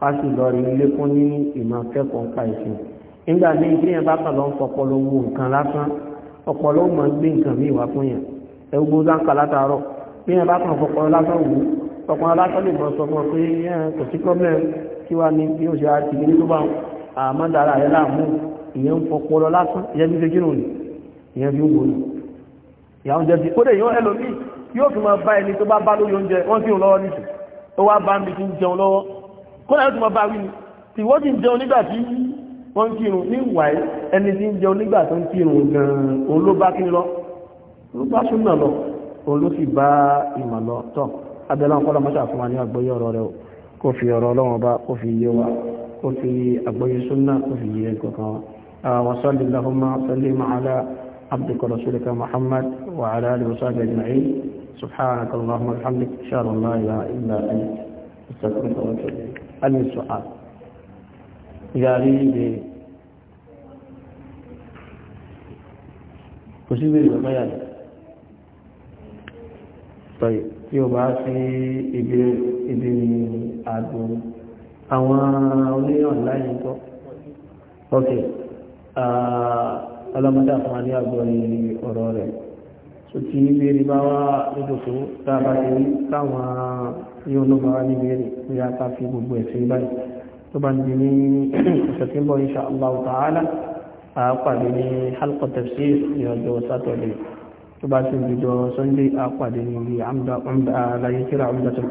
kásì lọ rí lékún ní ìmọ̀ akẹ́kọ̀ọ́ nípa ìsìn nígbà míì tí yẹn bá kàn lọ ń fọpọlọ wo nǹkan lásán ọpọlọ ó máa gbé nǹkan míì wá fún yẹn ẹ gbogbo sáńkà látàárọ̀ bí yẹn bá kàn fọpọlọ lásán wò ó ọpọlọ lásán lè mọ̀ sọ fún ọ pé kò sí problem kí wàá ní bí ó ṣe àti ní tó bá àmọ́ dára rẹ láàmú ìyẹn ń fọpọlọ lásán ìyẹn fi ṣe kí ìyẹn fi ń wò ìyàwó jẹ kọ́lá yóò tún máa bá wí ni tí wọ́n ti ń jẹun nígbà tí wọ́n ń kírun ní ìwà ẹni tí ń jẹun nígbà tó ń kírun gan-an òun ló bá kí lọ ló bá súnmọ̀ lọ òun ló sì bá ìmọ̀ lọ tọ́ abẹ́lá ń kọ́lá mọ́ṣà fún wa ní àgbọ́yé ọ̀rọ̀ rẹ̀ kó fi ọ̀rọ̀ ọlọ́run bá kó fi yé wa kó fi àgbọ́yé súnà kó fi yé kankan wa wa salli allahumma sallim ala abdika muhammad wa ala alihi wa sahbihi ajma'in subhanaka allahumma wa bihamdika ashhadu an la ilaha illa anta عن السؤال ياري بي كسي بي بيان طيب Yorùbá sí ibi àdùn àwọn oníyàn láyé tó. Ok, ọlọ́mọdé àfọwà ní àgbọ̀ ọ̀rọ̀ rẹ̀ sòtì ìbéèrè bá wá lójòkó dáadáa ní táwọn yóò ló bá wá ní ìbéèrè ní ata fi gbogbo ẹ̀sìn báyìí tó bá ń ní [clears throat] ọ̀sẹ̀ tí ń bọ̀ insha Allah ta'ala àápàdé ní halqa tafsir ní ọjọ́ sátọ̀dẹ̀ tó bá ti ń dìjọ sunday àápàdé ní ilé àlàyé kíra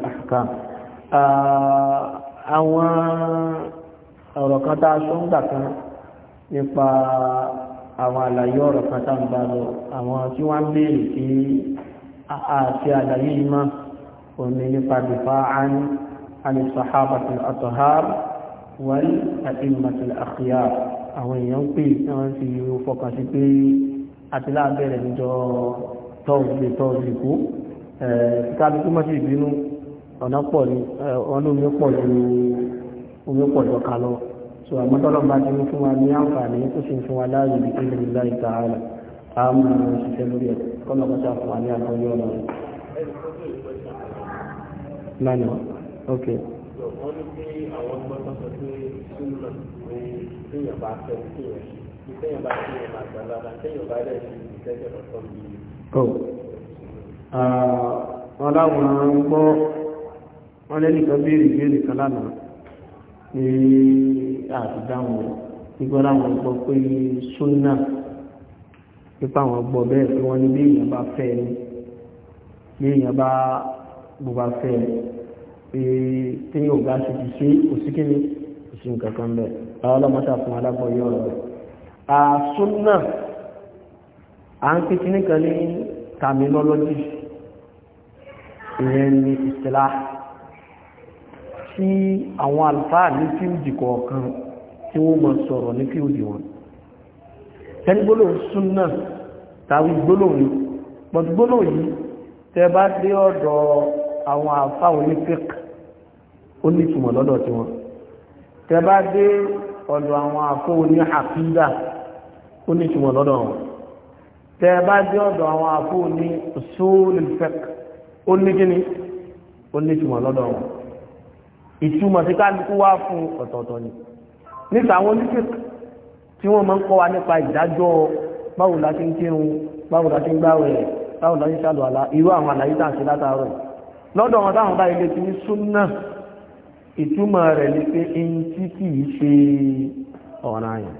Ahkam àwọn ọ̀rọ̀ kan tá a àwọn àlàyé ọ̀rọ̀ kan tá ń bá lọ àwọn tí wọ́n béèrè sí àti àlàyé ìmá omi nípa bìfà án alìsàhábàtì àtọ̀hár wal àtìmọ̀tì àkíyà àwọn èèyàn pè tí wọ́n fi fọkàn sí pé àti láàbẹ̀rẹ̀ níjọ tọ́ọ̀sì so àmọ́ tọ́lọ́ bá ti ní fún wa ní àǹfààní tó sì ń fún wa láàyè bí kíndìn ilá ìta ààlà a máa ń ṣiṣẹ́ lórí ẹ̀ kọ́nà kó sá fún wa ní àkọ́jú ọ̀nà rẹ̀. lánàá ok. Oh. Ah, wọ́n láwọn ń gbọ́ wọ́n lẹ́nìkan bí ìrìbí ní àtìdáhùn nígbà láwọn gbọ́ pé súnà nípa àwọn gbọ́ bẹ́ẹ̀ pé wọ́n ní bí bá fẹ́ ni bí èèyàn bá bó bá fẹ́ pé téèyàn ò bá ṣe ti ṣe kò sí kíni kò sí nǹkan kan bẹ́ẹ̀ àwọn ọlọ́mọta fún alágbọ̀yé ọ̀rọ̀ rẹ̀ àsúnà à ń kékeré kan ní terminology ìyẹn ní ìsìláà tí àwọn àlùfáà ní fíúdì kọ̀ọ̀kan tí wọ́n mọ̀ sọ̀rọ̀ ní fíúdì wọn tẹ́ni gbólóhùn súnnà tàbí gbólóhùn pọ̀tù gbólóhùn yìí tẹ́ bá dé ọ̀dọ̀ àwọn àlùfáà onífíkì ó ní ìtumọ̀ lọ́dọ̀ tí wọn tẹ́ bá dé ọ̀dọ̀ àwọn àfọ́ oní àkídà lọ́dọ̀ wọn tẹ́ bá dé ọ̀dọ̀ àwọn àfọ́ oní usulul fiqh ó lọ́dọ̀ wọn ìtumọ̀ tí kálukú wá fún ọ̀tọ̀ọ̀tọ̀ ni nípa àwọn oníṣègùn tí wọ́n máa ń kọ́ wa nípa ìdájọ́ báwo la ti ń kírun báwo la ti ń gbáwẹ̀ báwo la ti ń ṣàlù àlá irú àwọn àlàyé tá à ń ṣe látàárọ̀ lọ́dọ̀ wọn táwọn báyìí lè ti ní súnà ìtumọ̀ rẹ̀ ni pé ẹni tí kìí ṣe ọ̀ràn àyàn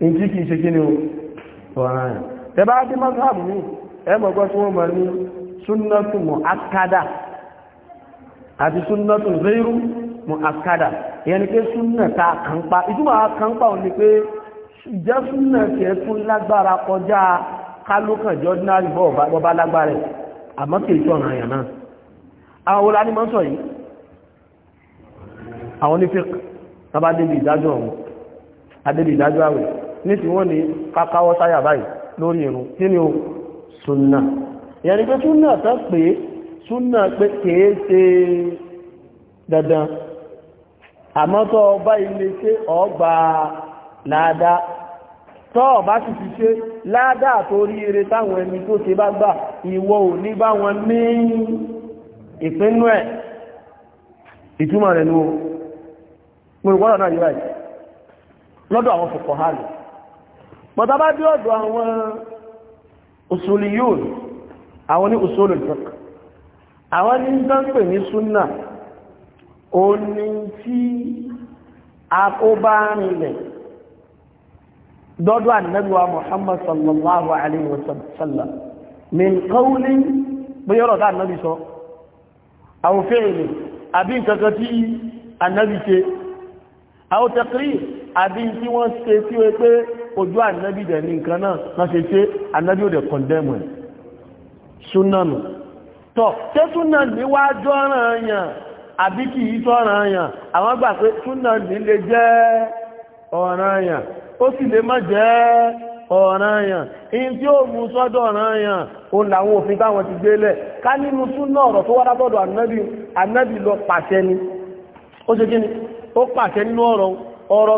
ẹni tí kìí ṣe kí ni ọ̀ràn àyàn tẹ bá dé mọ́sáàbù mi ẹ mọ̀ gbọ́ tí wọ́n mọ̀ ní súnà tùmọ̀ ákádà àti súnà tó zéírù mọ̀ àkádà ìyẹn ni pé súnà ta kànpá ìtumọ̀ kànpá ò ní pé ìjẹ́ súnà tí ẹ tún lágbára kọjá kálókàn jọ ordinary bọ́ bá lágbára ẹ̀ àmọ́ kìí tọ́ ọ̀ràn àyàn náà àwọn olá ní mọ́ sọ yìí àwọn onífẹ́ tàbá débi ìdájọ́ ọ̀hún adébi ìdájọ́ àwẹ̀ nítorí wọ́n ní kákáwọ́ sáyà báyìí lórí irun kí ni ó súnà ìyẹn ni pé súnà tán pé súnà pé kèé ṣe dandan àmọ́ tó ọba ilé ṣe ọgbà láàdá tó ọba ti fi ṣe láàdá àtórí eré táwọn ẹni tó ṣe bá gbà ìwọ ò ní bá wọn ní ìpínú ẹ̀ ìtumọ̀ rẹ̀ ló gbogbo náà yóò ráyìí lọ́dọ̀ àwọn fòkọ̀ hálù pọ̀tàbá bí ọ̀dọ̀ àwọn usuliyun àwọn ní usulul fiqh àwọn ní dánpè ní súnà ó ní tí ó bá rìnlẹ̀ dọ́dọ̀ ànẹ́gbà Muhammad sallallahu alaihi wasallam min qawli bóyọ́rọ̀ tá ànẹ́bì sọ àwọn fẹ́ẹ̀lì àbí nǹkankan tí ànẹ́bì ṣe àwọn tẹ̀kìrì àbí tí wọ́n ṣe tí ó pé ojú ànẹ́bì dẹ̀ ní nǹkan náà tọ̀ ṣé súnà ní wá jọ́ràn yàn àbí kì í sọ́ràn àwọn gbà pé súnà ní lè jẹ́ ọ̀ràn yàn ó sì lè má jẹ́ ọ̀ràn yàn in tí ó mú sọ́dọ̀ ọ̀ràn làwọn òfin táwọn ti gbélẹ̀ ká nínú ọ̀rọ̀ tó lọ pàṣẹ ni ó ṣe kí ni pàṣẹ nínú ọ̀rọ̀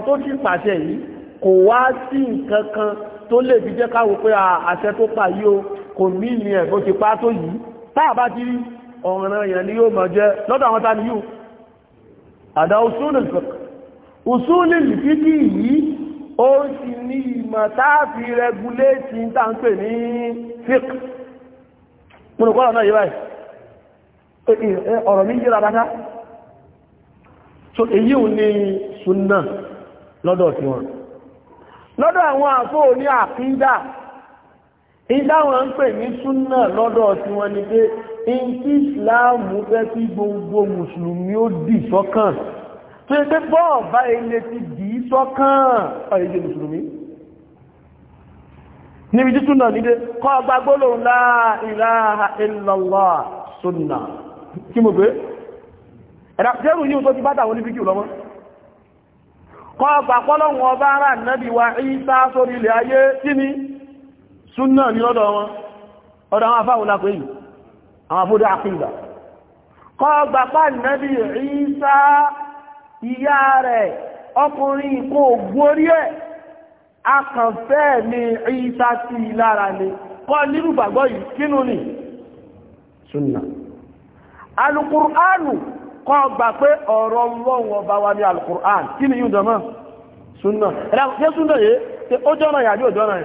wá sí nǹkan kan tó lè fi jẹ́ pé pa yìí o kò ní ìní ti pa tó táàbá ti rí ọ̀ràn èèyàn ni yóò mọ̀ jẹ́ lọ́dọ̀ àwọn tàbí yóò àdá òṣùlù ìfẹ́kù òṣùlù ìfíkì yìí ó sì ní ìmọ̀ táàfi rẹguléètì tàǹpẹ̀ ní fík múnukọ́lọ̀ náà yíwáì ọ̀rọ̀ mi yíra dáká so èyí ò ní sunna lọ́dọ̀ tí wọn lọ́dọ̀ àwọn àfóò ní àkídà ìdáwọn ń pè ní súnà lọ́dọ̀ tí wọ́n ní pé in tí ìsìláàmù fẹ́ kí gbogbo mùsùlùmí ó dì sọ́kàn tó yẹ pé bọ́ọ̀ bá ilé ti dì sọ́kàn ọ̀yẹ́jẹ́ mùsùlùmí níbi tí súnà nílé kọ́ la ilaha illallah súnà kí mo gbé ẹ̀dà jẹ́rù yíò tó ti bá tàwọn oníbíkì lọ́mọ́ kọ́ gbàpọ́lọ́wọ́n ọba ara nàbí wa súnnà ní lọ́dọ̀ wọn ọ̀dọ̀ àwọn afáwọlá pé yìí àwọn afúdá àfíìdà kọ́ gbapá nẹ́bí Ìsá ìyá rẹ̀ ọkùnrin kò gbórí ẹ̀ akànfẹ́ ni Ìsá sí lára ni kọ́ nírú gbàgbọ́ yìí kínú ni súnnà alukur'anu kọ́ gbà pé ọ̀rọ̀ lọ́wọ́ ọba wa ní alukur'an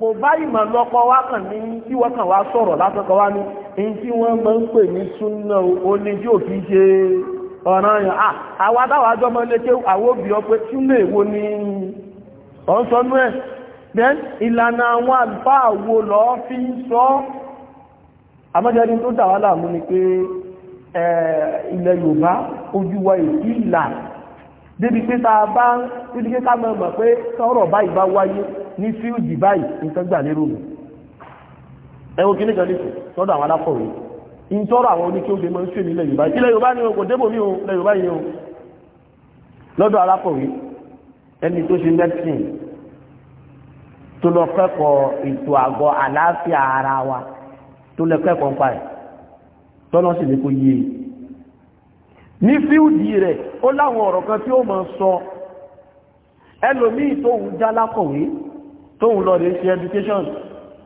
kò bá ìmọ̀ lọ́pọ̀ wá kàn ní tí wọ́n kàn wá sọ̀rọ̀ wá ní èyí tí wọ́n máa ń pè ní súnà oníjó kì í ṣe ọ̀ràn à àwọn adáwà àjọmọ́ lékè àwọn òbí pé súnà pé débi pé tá a bá débi pé ká mọ̀ mọ̀ pé sọ̀rọ̀ báyìí bá wáyé ní fíìdì báyìí nǹkan gbà lérò mi ẹ̀wọ̀n kìíní kan nìkan sọ́dọ̀ àwọn alákọ̀wé ìtọ́rọ̀ àwọn oníkéwòde máa ń ṣe nílẹ̀ Yorùbá ilẹ̀ Yorùbá ni kò débò mí o ilẹ̀ Yorùbá yìí o lọ́dọ̀ alákọ̀wé ẹni tó ṣe mẹ́tìn tó lọ kẹ́kọ̀ọ́ ètò àgọ́ àlàáfíà ara wa tó lọ kẹ́kọ̀ọ́ nípa ẹ̀ tọ́lọ́sì ní kò yé e ní fíúdì rẹ̀ ó láwọn ọ̀rọ̀ kan tí ó máa sọ ẹlòmíì tóun jálákọ̀wé tóun lọ rẹ̀ ṣe education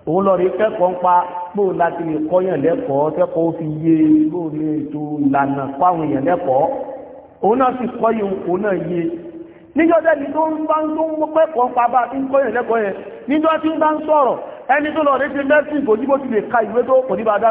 òun lọ rí kẹ́kọ̀ọ́ ń pa pò láti lè kọ́yàn lẹ́kọ̀ọ́ kẹ́kọ̀ọ́ fi yé lóòrè ètò ìlànà fáwọn èèyàn lẹ́kọ̀ọ́ òun náà sì kọ́ yóò kó náà yé níjọ́ tẹ́ni tó ń bá ń tó ń kẹ́kọ̀ọ́ pa bá ń kọ́yàn lẹ́kọ̀ọ́ yẹn níjọ́ tí ń bá ń sọ̀rọ̀ ẹni tó lọ rí ti mẹ́sìn kò jíbó ti lè ka ìwé tó kò ní bá dá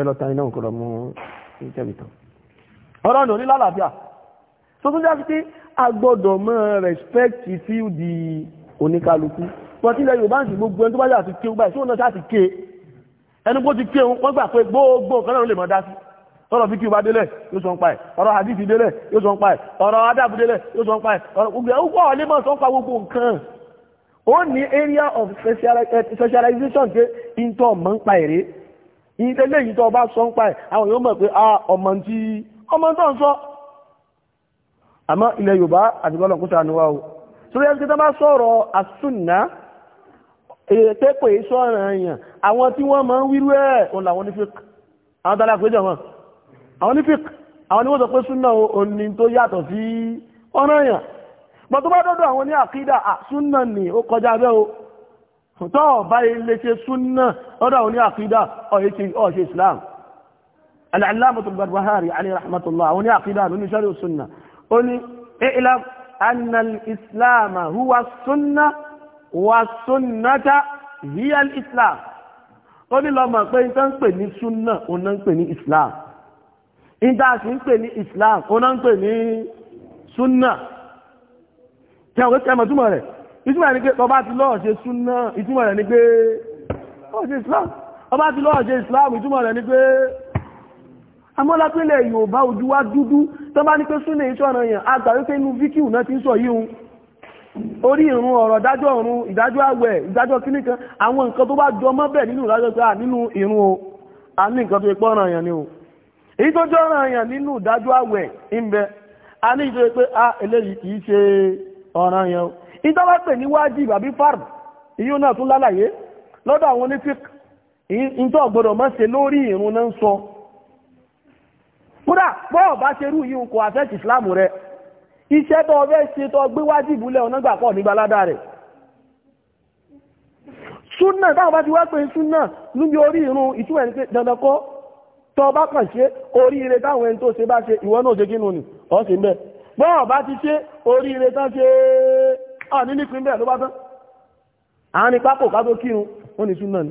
ẹlọ́ta iná nǹkan lọ́mú ìjẹ́bìtàn ọ̀rọ̀ ọ̀nà onílàlàáfíà tó tún jásí pé a gbọ́dọ̀ mọ́ respect fíìdì oníkálukú wọ́n tí ilẹ̀ Yorùbá ń sì gbogbo ẹni tó bá yà sí ké gbáyìí tí wọ́n náà sáà ti ké ẹni bó ti ké wọ́n gbà pé gbogbo nǹkan náà lè mọ̀ dá sí ọ̀rọ̀ fíkì bá délẹ̀ yóò sọ ń pa ẹ̀ ọ̀rọ̀ hadith délẹ̀ yóò sọ ń pa ẹ̀ ọ̀rọ̀ adáàbò délẹ̀ yóò sọ ń pa ẹ̀ ọ̀rọ̀ gbogbo ẹ̀ ó wọ́ ọ̀lẹ́ mọ̀ sọ ń pa gbogbo nǹkan ó ní area of eh, specialization pé ìtọ̀ mọ̀ ń pa èrè ilé lẹ́yìn tó bá sọ ń pa ẹ̀ àwọn yóò mọ̀ pé a ah, ọmọ tí ọmọ tó ń sọ àmọ́ ilẹ̀ Yorùbá àdìgbọ́lọ̀ kó sànúwà o sórí ẹgbẹ́ tó bá sọ̀rọ̀ àsùnà ètè pé sọ̀rọ̀ èèyàn àwọn tí wọ́n máa ń wírú ẹ̀ òun làwọn onífik àwọn tálá péjọ wọn àwọn onífik àwọn ni wọ́n sọ pé súnà òní tó yàtọ̀ sí ọ̀rọ̀ èèyàn mọ̀ tó bá dọ́dọ̀ àwọn ní àkídà àsùnà ah, ni ó kọjá bẹ́ẹ̀ o tó bá ilé ṣe súnnà ọ́dá òní àkídá ọ̀ṣe islam al'alamatul barbahari alayhi rahmatullah òní àkídá nínú ṣarí súnnà ó ní ilam annal islam huwa súnnà wa súnnata hiya islam ó ní lọ́mọ̀ pé in tán pè ní súnnà òná ń pè ní islam in ń pè ní ìtumọ̀ ní pé ọba ti lọ́ọ̀ ṣe súnà ìtumọ̀ rẹ̀ pé ọba ti lọ́ọ̀ ṣe islam ìtumọ̀ pé amọ́lápínlẹ̀ ojú dúdú tó bá ní pé súnà ìṣọ́nà yẹn àgbà wípé inú fíkìú náà ti ń sọ yíhun orí ìrun ọ̀rọ̀ dájọ́ ìrun ìdájọ́ àwẹ̀ ìdájọ́ kíní ọrụ àwọn nǹkan tó bá jọ nínú ìdájọ́ pé à nínú o a ní nǹkan ìjọba pè ní wájib àbí farb ìyún náà tún lálàyé lọ́dọ̀ àwọn onífík ìjọ gbọ́dọ̀ má ṣe lórí ìrun náà ń sọ kúrà bọ́ọ̀ bá ṣe rú yíò kò àfẹ́sì ìsìláàmù rẹ iṣẹ́ tó ọfẹ́ ṣe tó gbé wájìbù lẹ́ ọ̀nà gbàpọ̀ nígbà ládá rẹ̀ súnà táwọn bá ti wá pé súnà níbi orí ìrun ìtumọ̀ ní pé bọ́ọ̀ bá ti ṣe oríire tán ṣe é Ọ ah, ní nípin bẹ́ẹ̀ ló bá tán àwọn ní pákó ká tó kírun ní súnà ni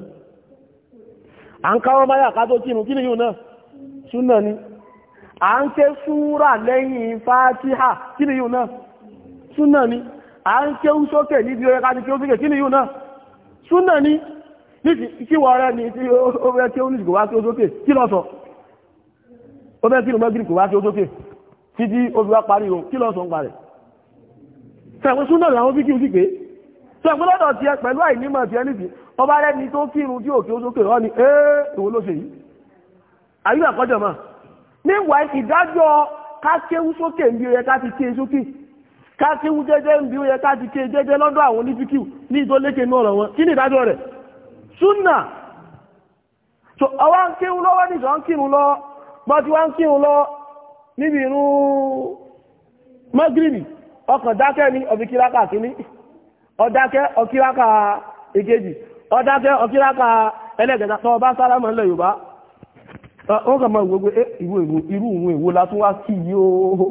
à ń káwọn báyà ká tó kírun kí ni yóò náà súnà ni à ń ké súúrà lẹ́yìn fátíhà kí ni yóò náà súnà ni à ń ké sókè ní ti kí ni náà súnà ni kí wọ́n ni tí ó fẹ́ sókè kí lọ sọ ó fẹ́ kí lọ kò wá sókè títí ó fi wá parí o kí lọ tẹ̀wọ́n súnà làwọn bí kí n sì pé tẹ̀wọ́n lọ́dọ̀ tiẹ̀ pẹ̀lú àìnímọ̀ tiẹ̀ nìsí ọba rẹni tó kírun tí òkè oṣù kèrò ni ee ìwọ ló ṣe yìí àyíká àkọ́jọ mọ́ níwà ìdájọ́ kákéwú sókè ń bí ó yẹ ká ti ké sókè kákéwú jẹ́jẹ́ so ọwá ń kírun lọ́wọ́ nìkan ń kírun lọ bọ́ ti wá ń níbi irun mọ́gírìbì ọkàn dákẹ́ ní ọbí kíláka kìíní ọdákẹ́ ọkíláka èkejì ọdákẹ́ ọkíláka ẹlẹ́gẹ̀ta tọ́ ọba sálámà ńlẹ̀ yorùbá wọ́n kàn máa gbogbo ìwò ìwò irú ìwò ìwò látún wá sí yìí ooo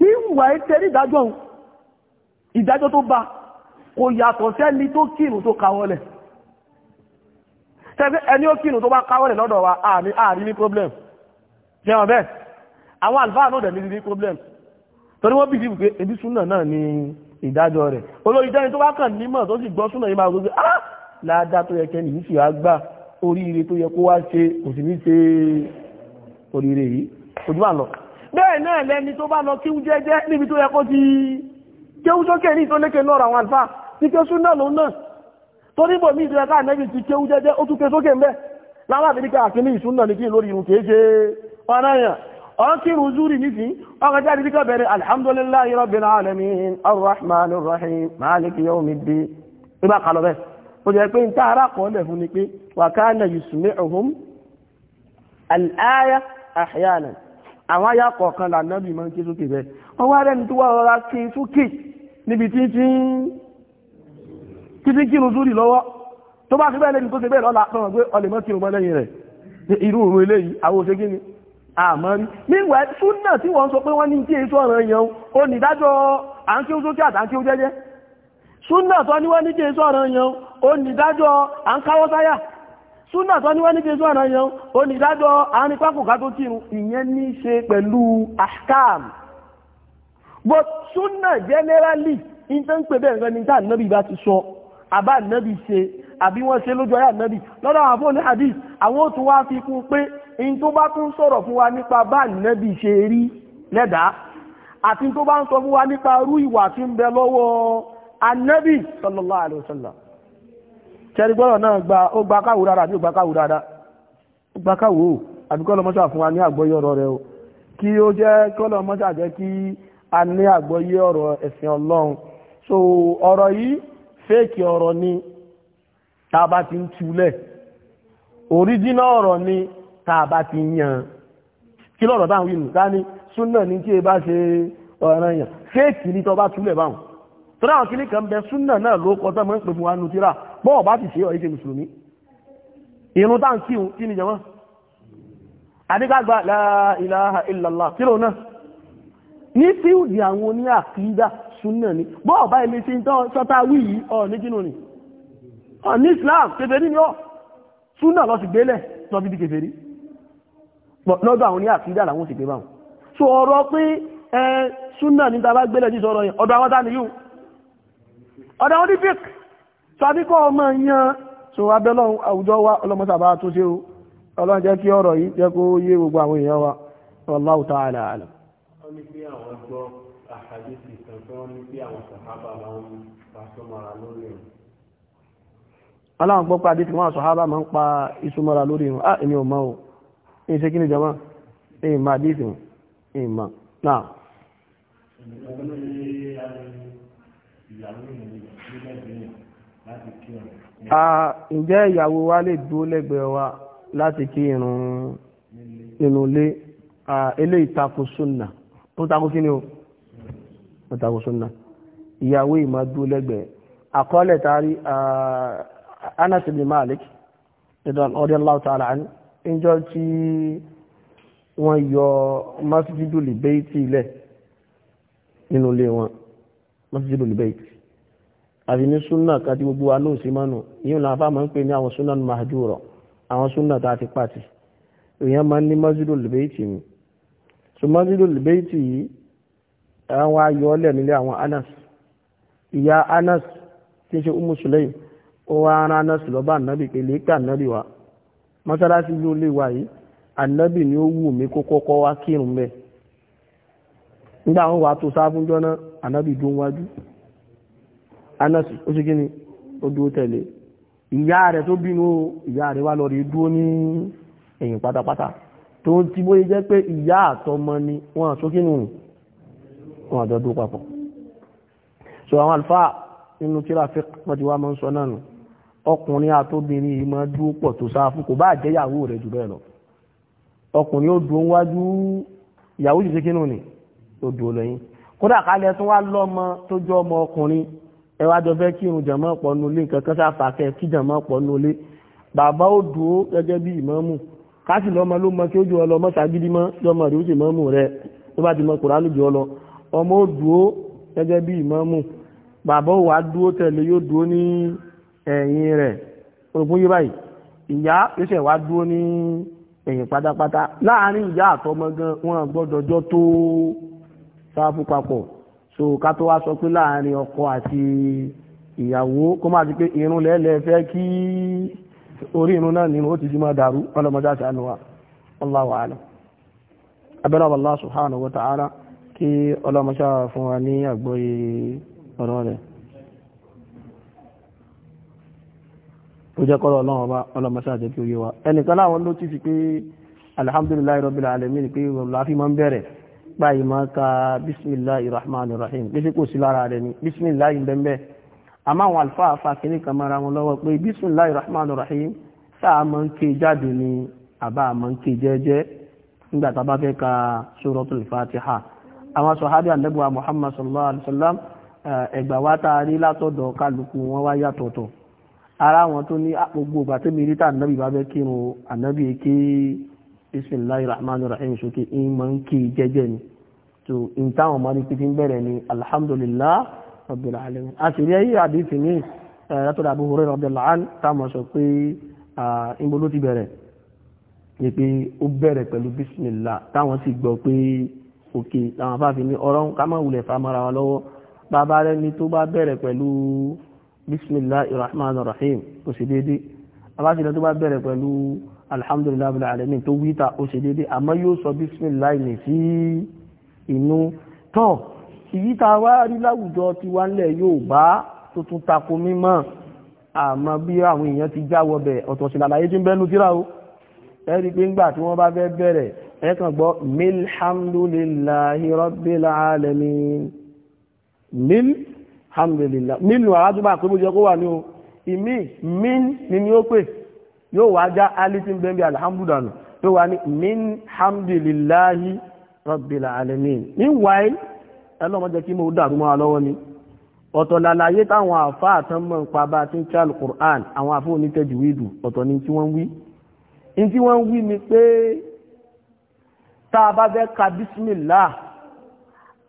ní ìwà ìtẹ́rí ìdájọ́ ìdájọ́ tó bá kò yàtọ̀ sẹ́ni tó kírun tó kawọ́lẹ̀ problem jẹun bẹ́ẹ̀ àwọn àlùfáà problem torí wọ́n bí sí pé ebi súnà náà ni ìdájọ́ rẹ̀ olórí jẹ́ni tó bá kàn nímọ̀ tó sì gbọ́ súnà yìí máa gbogbo ah láàdá tó yẹ kẹ́ni yìí sì wá gbà oríire tó yẹ kó wá ṣe kò sì ní ṣe oríire yìí ojú bá lọ bẹ́ẹ̀ náà lẹ́ni tó bá lọ kíwú jẹ́jẹ́ níbi tó yẹ kó ti kéwú sókè ní ìtọ́lékè náà ra àwọn àlùfáà ti ké súnà lòun náà torí bòmí ìdílé káà nẹ́bí ti kéwú jẹ́jẹ́ ó tún ké sókè ń bẹ́ẹ̀ láwọn àbíríkà àkíní ìsúnà ní kí lórí irun kèéje ọ̀nà yàn ọ̀n kí rùzúrì nífi ọkọ̀ jáde bí kọ́bẹ̀rẹ̀ alhamdulillahi rabbil alamin arrahmanir rahim maliki yawmiddin ibà kalọ̀ bẹ́ẹ̀ ó jẹ́ pé níta ara kọ́ lẹ̀ fún ni pé wa kana yusmi'uhum al-aya ahyana àwọn ayá kọ̀ọ̀kan là nábì máa ń ké sókè wá rẹ́ni tó wá rọra ké sókè níbi tí kí rùzúrì lọ́wọ́ tó bá fi bẹ́ẹ̀ lẹ́ni tó ṣe bẹ́ẹ̀ lọ́la pẹ̀lú ọlẹ́mọ́ kírun mọ́ lẹ́yìn rẹ̀ irú òun eléyìí àwọn òṣèkí ni àmọ́rí níwẹ̀ súnà tí wọ́n sọ pé wọ́n ní tí èso ọ̀rọ̀ èèyàn ó ní dájọ́ àǹkí ó sókè àtàǹkí ó jẹ́jẹ́ súnà tó ní wọ́n ní tí èso ọ̀rọ̀ èèyàn ó ní dájọ́ àǹkáwọ́ sáyà súnà tó ní wọ́n ní tí èso ọ̀rọ̀ èèyàn ó ní dájọ́ àárínkpákùnká tó kírun ìyẹn ní ṣe pẹ̀lú ahkam but súnà generally in tó ń pè bẹ́ẹ̀ nǹkan ní tá ànábì bá ti sọ àbá ànábì ṣe àbí wọ́n ṣe lójú ayé ànábì lọ́dọ̀ àwọn àfọ́ ní hadith àwọn ó tún wá fi kún pé in tó bá tún sọ̀rọ̀ fún wa nípa bá nẹ́bì ṣe rí lẹ́dà àti tó bá ń sọ fún wa nípa rú ìwà tí ń bẹ lọ́wọ́ anẹ́bì sallallahu alaihi wasallam ṣẹ́rí gbọ́rọ̀ náà gba ó gba káwò rárá àbí ó gba káwò rárá ó gba káwò àdúgbọ́lọ mọ́ṣà fún wa ní àgbọ́yé ọ̀rọ̀ rẹ̀ o kí so ọ̀rọ̀ yìí fẹ́ẹ̀kì ọ̀rọ̀ ni tá a ọ̀rọ̀ ni tá a bá ti yan kí lọ́rọ̀ bá ń wínú ká ní súnà ní tí e bá ṣe ọ̀ràn yàn fẹ́ẹ̀kì ní tọba túlẹ̀ báhùn tó dáwọn kìíní kan bẹ súnà náà ló kọjá mọ́ ń pè fún wa nù tíra bọ́ọ̀ bá ti ṣe ọ̀ ìṣe mùsùlùmí ìrún tá ń kí òun kí ni jẹmọ́ àdígbàgbà la ilaha illallah kí lóun náà ní tí ò di àwọn oní àkídá súnà ni bọ́ọ̀ bá ilé ṣe ń tán sọ́tà wí yìí ọ̀ ní kínú ni ọ̀ ní Islam kèfèrí ni ọ̀ lọ́dọ̀ àwọn ní àfídà làwọn sì pé báwọn so ọ̀rọ̀ pé ẹ súnà ní tàbá gbélẹ̀ sí sọ́rọ̀ yẹn ọ̀dọ̀ àwọn tàbí yóò ọ̀dọ̀ àwọn dípìk tàbí kọ́ ọmọ yan so abẹ́lọ́run àwùjọ wa ọlọ́mọsàbá tó ṣe o ọlọ́run jẹ́ kí ọ̀rọ̀ yìí jẹ́ kó yé gbogbo àwọn èèyàn wa wallahu ta'ala alam àkàdésì kan tí wọ́n ní pé àwọn sàhábà máa ń pa ah èmi ò mọ̀ in kí ni jama in ma dífin in ma náà a ǹjẹ́ ìyàwó wa lè dúó lẹ́gbẹ̀ẹ́ wa láti kí irun inú ilé ilé ìtakò súnà tó takò kí o tó ìyàwó ìmá dúó lẹ́gbẹ̀ẹ́ àkọọ́lẹ̀ tari Anas ibn Malik radiyallahu ta'ala anhu níjọ́ tí wọ́n yọ masjidu libeiti ilẹ̀ nínú ilé wọn masjidu libeiti àti ní súnà kàti gbogbo wa náà sí mọ́nà yíò náà fáwọn ń pè ní àwọn súnà mahjura àwọn súnà tá a ti pàtì èèyàn máa ń ní masjidu libeiti mi so masjidu libeiti yìí àwọn ayọ́lẹ̀ nílé àwọn anas ìyá anas tí ń ṣe umu sulaim ó wá rán anas lọ́ba ànábì pé lè kà ànábì wa mọ́sálásí ló lè wà yìí ànábì ni ó wù mí kó kọ́kọ́ wá kírun bẹ́ẹ̀ nígbà wọn wà tó sáfúnjọ́ náà ànábì dún wájú anasi ó sì kí ni ó dúró tẹ̀lé ìyá rẹ̀ tó bínú ìyá rẹ̀ wá lọ rí dúró ní ẹ̀yìn pátápátá tó ń ti bóyé jẹ́ pé ìyá àtọmọ ni wọ́n àsókè nù wọ́n àjọ dó papọ̀ so àwọn àlùfáà nínú kíra wọ́n ti wá máa ń sọ náà nù ọkùnrin àtobìnrin yìí máa dúró pọ̀ tó sáfún kò bá jẹ́yàwó rẹ̀ jù bẹ́ẹ̀ lọ ọkùnrin ó dúró wájú ìyàwó yìí ṣe kínú ni ó dúró lẹ́yìn kódà kálẹ̀ tún wá lọ́mọ tó jọ ọmọ ọkùnrin ẹ wá jọ fẹ́ kírun jàmọ́ pọ̀ nulẹ̀ nǹkan kan sáfà kẹ́ kí jàmọ́ pọ̀ nulẹ̀ bàbá ó dúró gẹ́gẹ́ bí ìmámù káàsì lọ́mọ ló mọ kí ó jọ ọlọ mọ́sàgídí mọ́ bàbá ó dúró tẹ̀lé yóò dúró ní ẹ̀yìn rẹ̀ orogún yí báyìí ìyá yóò wá dúró ní ẹ̀yìn pátápátá láàárín ìyá àtọmọ gan wọn gbọ́dọ̀ jọ tó sáfù papọ̀ so ká tó wá sọ pé láàárín ọkọ àti ìyàwó kó má ti pé irun lẹ́lẹ̀ fẹ́ kí orí irun náà nínú ó ti fi máa dàrú ọlọ́mọdé àti àánú abẹ́rẹ́ ta'ala kí fún wa ní tó jẹ́ kọ́rọ̀ ọlọ́run ọba ọlọ́mọṣẹ́ àjẹ́ kí ó yé wa ẹnìkan láwọn ló ti fi pé alhamdulilayi rabbil alamin pé láfi máa ń bẹ̀rẹ̀ báyìí máa ka bisimilayi rahman rahim pé kò sí lára rẹ̀ ni bisimilayi bẹ́ẹ̀ àmọ́ àwọn àlùfáà fa kínní kan mara wọn lọ́wọ́ pé bisimilayi rahman rahim sáà máa ń ké jáde ni àbá máa ń ké jẹ́jẹ́ nígbà tá sọ̀hábí àdẹ́gbà muhammad sallallahu alayhi wa sallam rí látọ̀dọ̀ kálukú wọn wá yàtọ̀tọ̀ ara wọn tó ní ah, gbogbo ìgbà tó mìírí tá ànábì bá fẹ́ kírun ànábì èké bismillahir rahmanir rahim sókè ń máa ń kí jẹ́jẹ́ ni tó ń táwọn máa ní pété ń bẹ̀rẹ̀ ni alhamdulillah rabbil alamin a sì rí ayé àdéhùn ní eh, látọ̀dọ̀ Abu Hurairah radiyallahu anhu táwọn sọ pé ìgbó ló ti bẹ̀rẹ̀ ni pé ó bẹ̀rẹ̀ pẹ̀lú bismillah táwọn sì gbọ́ pé òkè làwọn afáfin ní ọ̀rọ̀ ká má wulẹ̀ fa mara wa lọ́wọ́ bàbá rẹ̀ ni tó bá bẹ̀rẹ̀ pẹ̀lú bisimilahi rahman rahim ó ṣe déédé abáṣẹ́lẹ̀ tó bá bẹ̀rẹ̀ pẹ̀lú alhamdulilayi abu alamin tó wíta ó ṣe déédé àmọ́ yóò sọ bisimilahi ní sí inú tọ́ èyí tá a wá rí láwùjọ tiwa ńlẹ̀ yóò bá tó tún tako mímọ́ àmọ́ bí àwọn èèyàn ti jáwọ́ bẹ̀ ọ̀tọ̀ sí làlàyé tí ń bẹ́nu tíra o ẹ rí i pé tí wọ́n bá fẹ́ bẹ̀rẹ̀ ẹ gbọ́ milhamdulilahi rabbil alamin mil alhamdulillah mílù àádúgbà pé bó jẹ kó wà ní o ìmí mín ni ni ó pè yóò wá já alítí ń bẹ́ẹ̀ alhamdulillah tó wà ní mín hamdulillahi rabbil alamin meanwhile ẹlọ́mọdé kí mo dàrú mọ́ lọ́wọ́ ni ọ̀tọ̀ làlàyé táwọn àfá àtọ́mọ̀ pa bá ti ń kí alukur'an àwọn àfó ní tẹ̀júwìdù ọ̀tọ̀ ni tí wọ́n wí in tí wọ́n wí ni pé tá a bá fẹ́ ka bismillah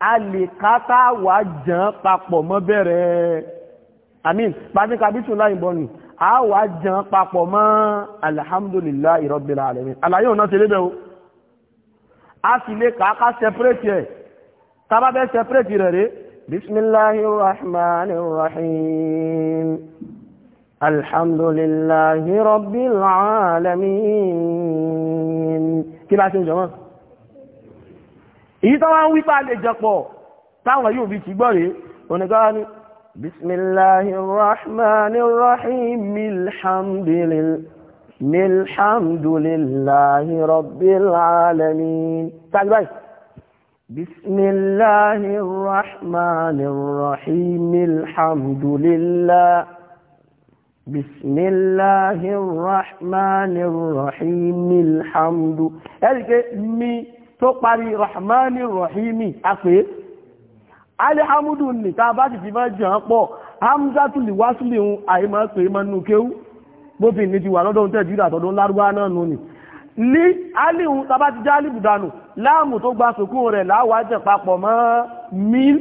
a lè kátà wà jàn papọ̀ mọ́ bẹ̀rẹ̀ amin pàtíkà bí tún láìbọn ni a wà jàn papọ̀ mọ́ alhamdulillahi rabbil alamin alayé ọ̀nà tẹ́lẹ̀ bẹ̀ o a sì lè kàákà sẹpẹrẹtì ẹ̀ tàbábẹ́ sẹpẹrẹtì rẹ̀ rẹ̀ bismillahir rahmanir rahim alhamdulillahi rabbil alamin kí bá ṣe jọmọ́ èyí tó wá ń wípé a lè jọpọ̀ táwọn yóò fi ti gbọ́ rèé oníkàwá ní bisimilahi rahmani rahim milhamdulilahi rabbil alamin tàbí bisimilahi rahmani rahim milhamdulilah bisimilahi rahmani rahim milhamdu ẹ̀rí pé tó parí rahmani rahimi a apé alihamudu ní ta bá ti fi máa jẹ́ pọ̀ hamzatul wasli ń àìmọ́ pé mọ́nú kéwú bóbi ní ti wà lọ́dọ̀ tẹ́jú àtọ́dún lárúbá náà nù ní ní alihun tàbá ti já alìbùdánù láàmù tó gba sòkún rẹ̀ láwájẹ̀ papọ̀ mọ́ mil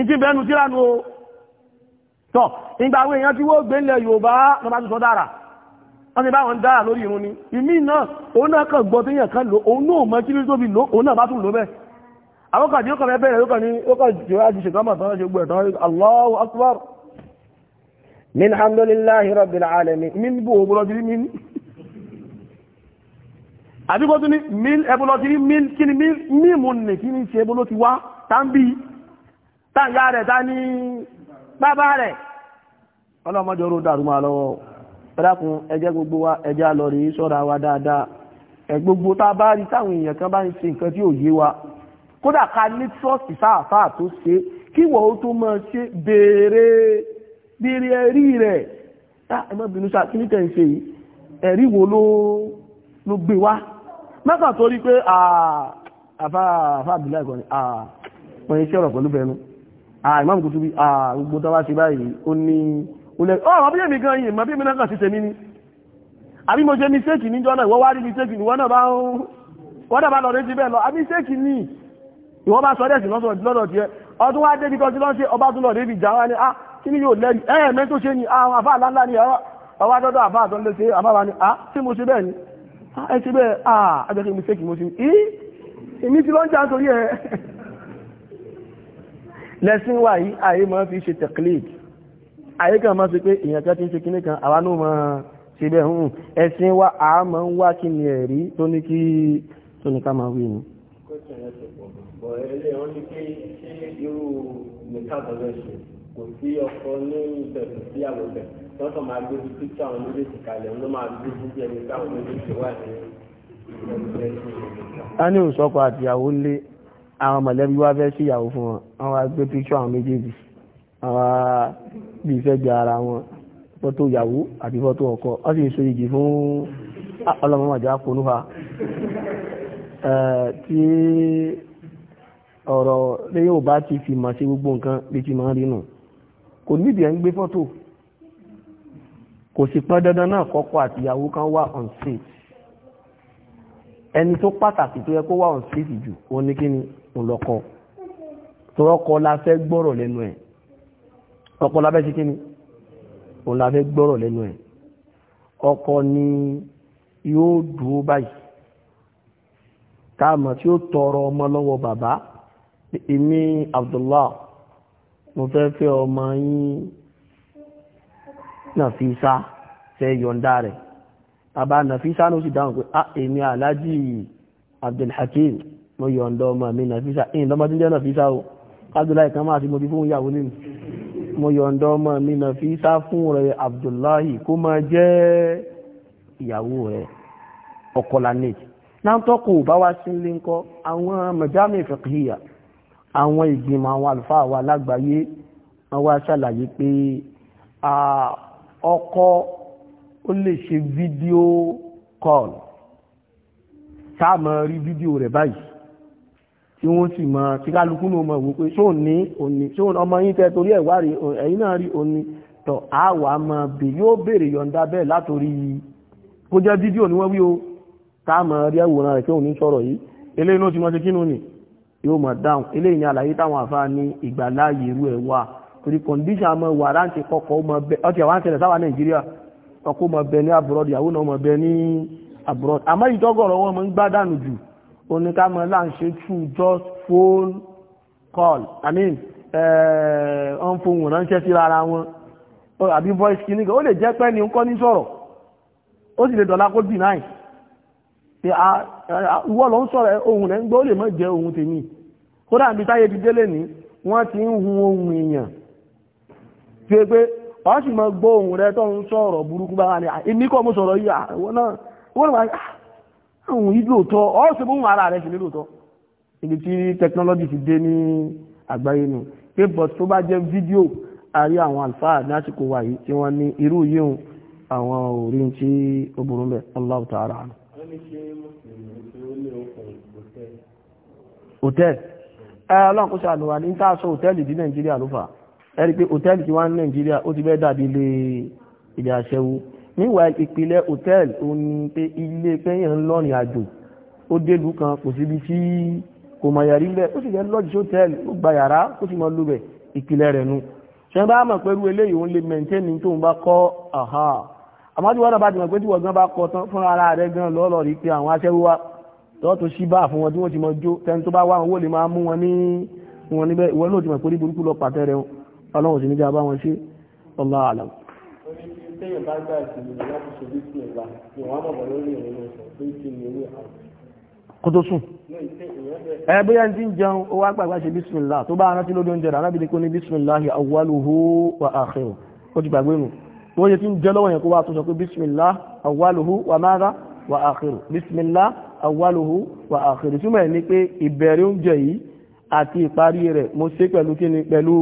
ìtí bẹnu tíránu o tọ́ ìgbàwó èèyàn tí wó gbé ilẹ̀ Yorùbá lọ́bá tó sọ dára wọ́n ti báwọn dára lórí irun ni ìmí náà òun náà kàn gbọ́ téèyàn kan lò òun náà mọ kílí tóbi lò òun náà bá tún lò bẹ́ẹ̀ àwọn kàdí ó kàn fẹ́ bẹ̀rẹ̀ ó kàn ní ó kàn jù á ti ṣètò ọmọ tán ṣe gbẹ̀tán Allahu akbar min hamdulillahi rabbil alamin min bò ó bọ́lọ́ ti rí min àbí kó tún ní mil ẹbọ́lọ́ ti rí mil kí ni mil mú nì kí ni ṣe ẹbọ́lọ́ ti wá tá ń bí tá ń yá rẹ̀ tá ní bàbá rẹ̀ ọlọ́mọdé ẹ̀dàkùn ẹjẹ́ gbogbo wa ẹjẹ́ lọ rí sọ́ra wa dáadáa ẹ̀gbogbo tá a bá rí táwọn èèyàn kan bá ń ṣe nǹkan tí ò yé wa kódà ká ní trọ́ọ̀sì sáàfáà tó ṣe kí wọ́n ó tó máa ṣe béèrè béèrè ẹ̀rí rẹ̀ tá ah, ẹ má bínú sáà kí ní tẹ̀ ń ṣe yìí ẹ̀rí wo ló gbé wá mẹ́fà torí pé àfà àfà àbílẹ̀ ìkọ́ni wọ́n iṣẹ́ ọ̀rọ̀ pẹ̀lú bẹ̀rù àìmọ́ olè ọ̀rọ̀ oh, bí èmi gan yìí mọ̀ bí èmi náà kàn sí tèmi ni àbí mo ṣe mistake ní jọ́nà ìwọ́n wá rí mistake ní wọ́n náà bá lọ rétí bẹ́ẹ̀ lọ àbí mistake ní ìwọ́n bá sọ́dẹ̀ sí lọ́sọ̀ lọ́dọ̀ tí ẹ ọdún wá dé kíkọ́ sí lọ́sẹ̀ ọba tún lọ rí ìjà wá ní á ah, kí ni yóò lẹ́rì eh, ẹ̀ mẹ́ tó ṣe ni ah, àwọn àfá àlá ní ọwá dọ́dọ̀ àfá àtọ́ lé ṣe àbáwa ni á ah, tí mo ṣe bẹ́ẹ̀ ni ẹ ṣe bẹ́ẹ̀ à ajọ́ kí mistake mo ṣe ní èmi ti lọ́n jà sórí ẹ lẹ́sìn [laughs] wà yìí àyè máa fi ṣe tẹ̀klíìkì àyíká máa ṣe pé èèyàn kan ti ń ṣe kinní kan àwa náà máa ṣe bẹ́ẹ̀ hùn ẹ̀sìn wa a máa ń wá kí ni ẹ̀rí tó ní kí tó ní ká máa wí ni. kò ní ìbẹ̀rù sí àwòbẹ̀ lé àwọn mọ̀lẹ́bí wá fẹ́ síyàwó fún wọn àwọn agbé píṣọ́ àwọn méjèèjì àwọn bí ìfẹ́ jẹ ara wọn fọ́tò ìyàwó àti fọ́tò ọkọ wọ́n sì so igi fún ah, ọlọ́mọmọ̀já ponúfa tí ọ̀rọ̀ lẹ́yìn ò bá ti fi mọ̀ sí gbogbo nǹkan bí ti máa ń rínú kò nídìí ẹ̀ ń gbé fọ́tò kò sì pọ́n dandan náà kọ́kọ́ àti ìyàwó kan wà on stage ẹni tó pàtàkì tó yẹ kó wà on stage jù ó ní kí ni òun lọ́kọ tó la fẹ́ gbọ́rọ̀ lẹ́nu ẹ̀ ọkọ lábẹ́ sí kíni òun lábẹ́ gbọ́rọ̀ lẹ́nu ẹ̀ ọkọ ni yóò dúró báyìí táàmà tí ó tọrọ ọmọ lọ́wọ́ bàbá èmi Abdullah mo fẹ́ fẹ́ ọmọ yín Nàfísà fẹ́ yọ̀ǹda rẹ̀ bàbá Nàfísà ló sì dáhùn pé a èmi Aláàjì Abdulhakeem mo yọ̀ǹda ọmọ mi Nàfísà èyí lọ́mọdé jẹ́ Nàfísà o kájúláì kan máa ti mo ti fún ìyàwó nínú mo yọ̀ǹda ọmọ mi nà fi sá fún rẹ Abdullahi kó máa jẹ́ ìyàwó rẹ ọkọ lanẹ́jì náàtọ́kù bá wá sílé ńkọ́ àwọn mẹjámì fiqhiyya àwọn ìgbìmọ̀ àwọn àlùfáà wa lágbàáyé wọ́n wá ṣàlàyé pé ọkọ ó lè ṣe fídíò kọ́ọ̀lù sáà máa rí fídíò rẹ̀ báyìí tí wọ́n sì máa tí kálukú náà mọ̀ wípé ṣó ní òní ṣó ọmọ yín tẹ́ torí ẹ̀ wá rí ẹ̀yin náà rí òní tọ̀ á wà máa bè yóò béèrè yọ̀ǹda bẹ́ẹ̀ látòrí kó jẹ́ fídíò ni wọ́n wí o tá a máa rí ẹ̀wòrán rẹ̀ kí òun ní sọ̀rọ̀ yìí eléyìí náà ti mọ̀ ṣe kínú nì yóò mọ̀ dáhùn eléyìí ni àlàyé táwọn àfa ní ìgbàláàyè irú ẹ̀ wà torí kọ̀ǹdíṣàn ọmọ wà láǹtì kọkọ̀ ọtí àwọn àṣẹlẹ̀ sáwà nàìjíríà abroad ìyàwó náà mọ̀ abroad àmọ́ ìtọ́gọ̀rọ̀ wọn mọ̀ ń gbádànù oníkàmọ́ là ń ṣe true just phone call i mean ọ̀n fún wọn ránṣẹ́ sí ara wọn àbí voice clinic ó lè jẹ́ pẹ́ ni ń kọ́ ní sọ̀rọ̀ ó sì lè dọ̀la kó deny pé ah, ah, ìwọ ló ń sọ̀rọ̀ ohun rẹ̀ ń gbọ́ ó lè mọ́ jẹ́ ohun tèmi kódà níbi táyé ti délé ní wọ́n ti ń hun ohun èèyàn tí ó pé wọ́n sì mọ́ gbọ́ ohun rẹ̀ tó ń sọ̀rọ̀ burúkú bá wà ní ah, èmi kọ́ mo sọ̀rọ̀ yìí àwọn náà wọ́n náà àwọn ìlòótọ́ ọ́sẹ̀ bóhùn ara rẹ̀ sí lélòótọ́ ibi tí technology fi dé ní àgbáyé nù pé bọ̀t tó bá jẹ́ fídíò àrí àwọn àlfáà ní àsìkò wà yìí tí wọ́n ní irú yíhun àwọn orí tí ó burú mẹ́ Allahu ta'ala àánú. hòtẹ́ẹ̀lì ẹ ọlọ́run kó ṣàlùwà ní tá a sọ hòtẹ́ẹ̀lì di nàìjíríà ló fà ẹ rí i pé hòtẹ́ẹ̀lì tí wọ́n ní nàìjíríà ó ti bẹ́ẹ̀ dàbí ilé ilé aṣẹ́wó meanwhile ìpìlẹ̀ hòtẹ́ẹ̀lì ó ní pé ilé kẹ́yìn ń lọ́rin àjò ó délùú kan kò síbi tí kò mọ̀ yàrí bẹ́ẹ̀ ó sì jẹ́ lọ́jì hòtẹ́ẹ̀lì ó gba yàrá ó sì mọ lúbẹ̀ ìpìlẹ̀ rẹ̀ nu ṣe bá mọ̀ pẹ̀lú eléyìí òun lè maintain tó ń bá kọ́ àhá àmọ́ tí wọ́n náà bá ti mọ̀ pé tí wọ́n gan bá kọ tán fúnra ara rẹ̀ gan lọ́ọ̀lọ́ rí pé àwọn aṣẹ́wó wa tọ́tù sí bá fún wọn tí wọ́n ti mọ̀ jó tẹni tó bá wá owó lè máa mú wọn ní wọn níbẹ̀ ìwọ́n náà ti mọ̀ pé orí burúkú lọ pàtẹ́ rẹ̀ ọlọ́run sì ní jà bá wọn ṣe Allahu alam téèyàn bá gbà sí ìlú láti ṣe bí sí ìwà ni wọ́n á mọ̀ lórí ìrìn ọ̀sán pé kí ni owó àwọn. kó tó sùn. ẹ bóyá ní ti ń jẹun ó wá gbàgbà ṣe bísímìlá tó bá rántí lórí oúnjẹ rà lábìlí kó ní bísímìláhi awwaluhu wa akhiruhu ó ti gbàgbé nù tó yẹ ti ń jẹ lọ́wọ́ yẹn kó wá tó pé bísímìlá awwaluhu wa madha wa akhiruhu bísímìlá awwaluhu wa akhiruhu túmọ̀ ẹ̀ ní pé ìbẹ̀rẹ̀ oúnjẹ yìí àti ìparí rẹ̀ mo ṣe pẹ̀lú kíni pẹ̀lú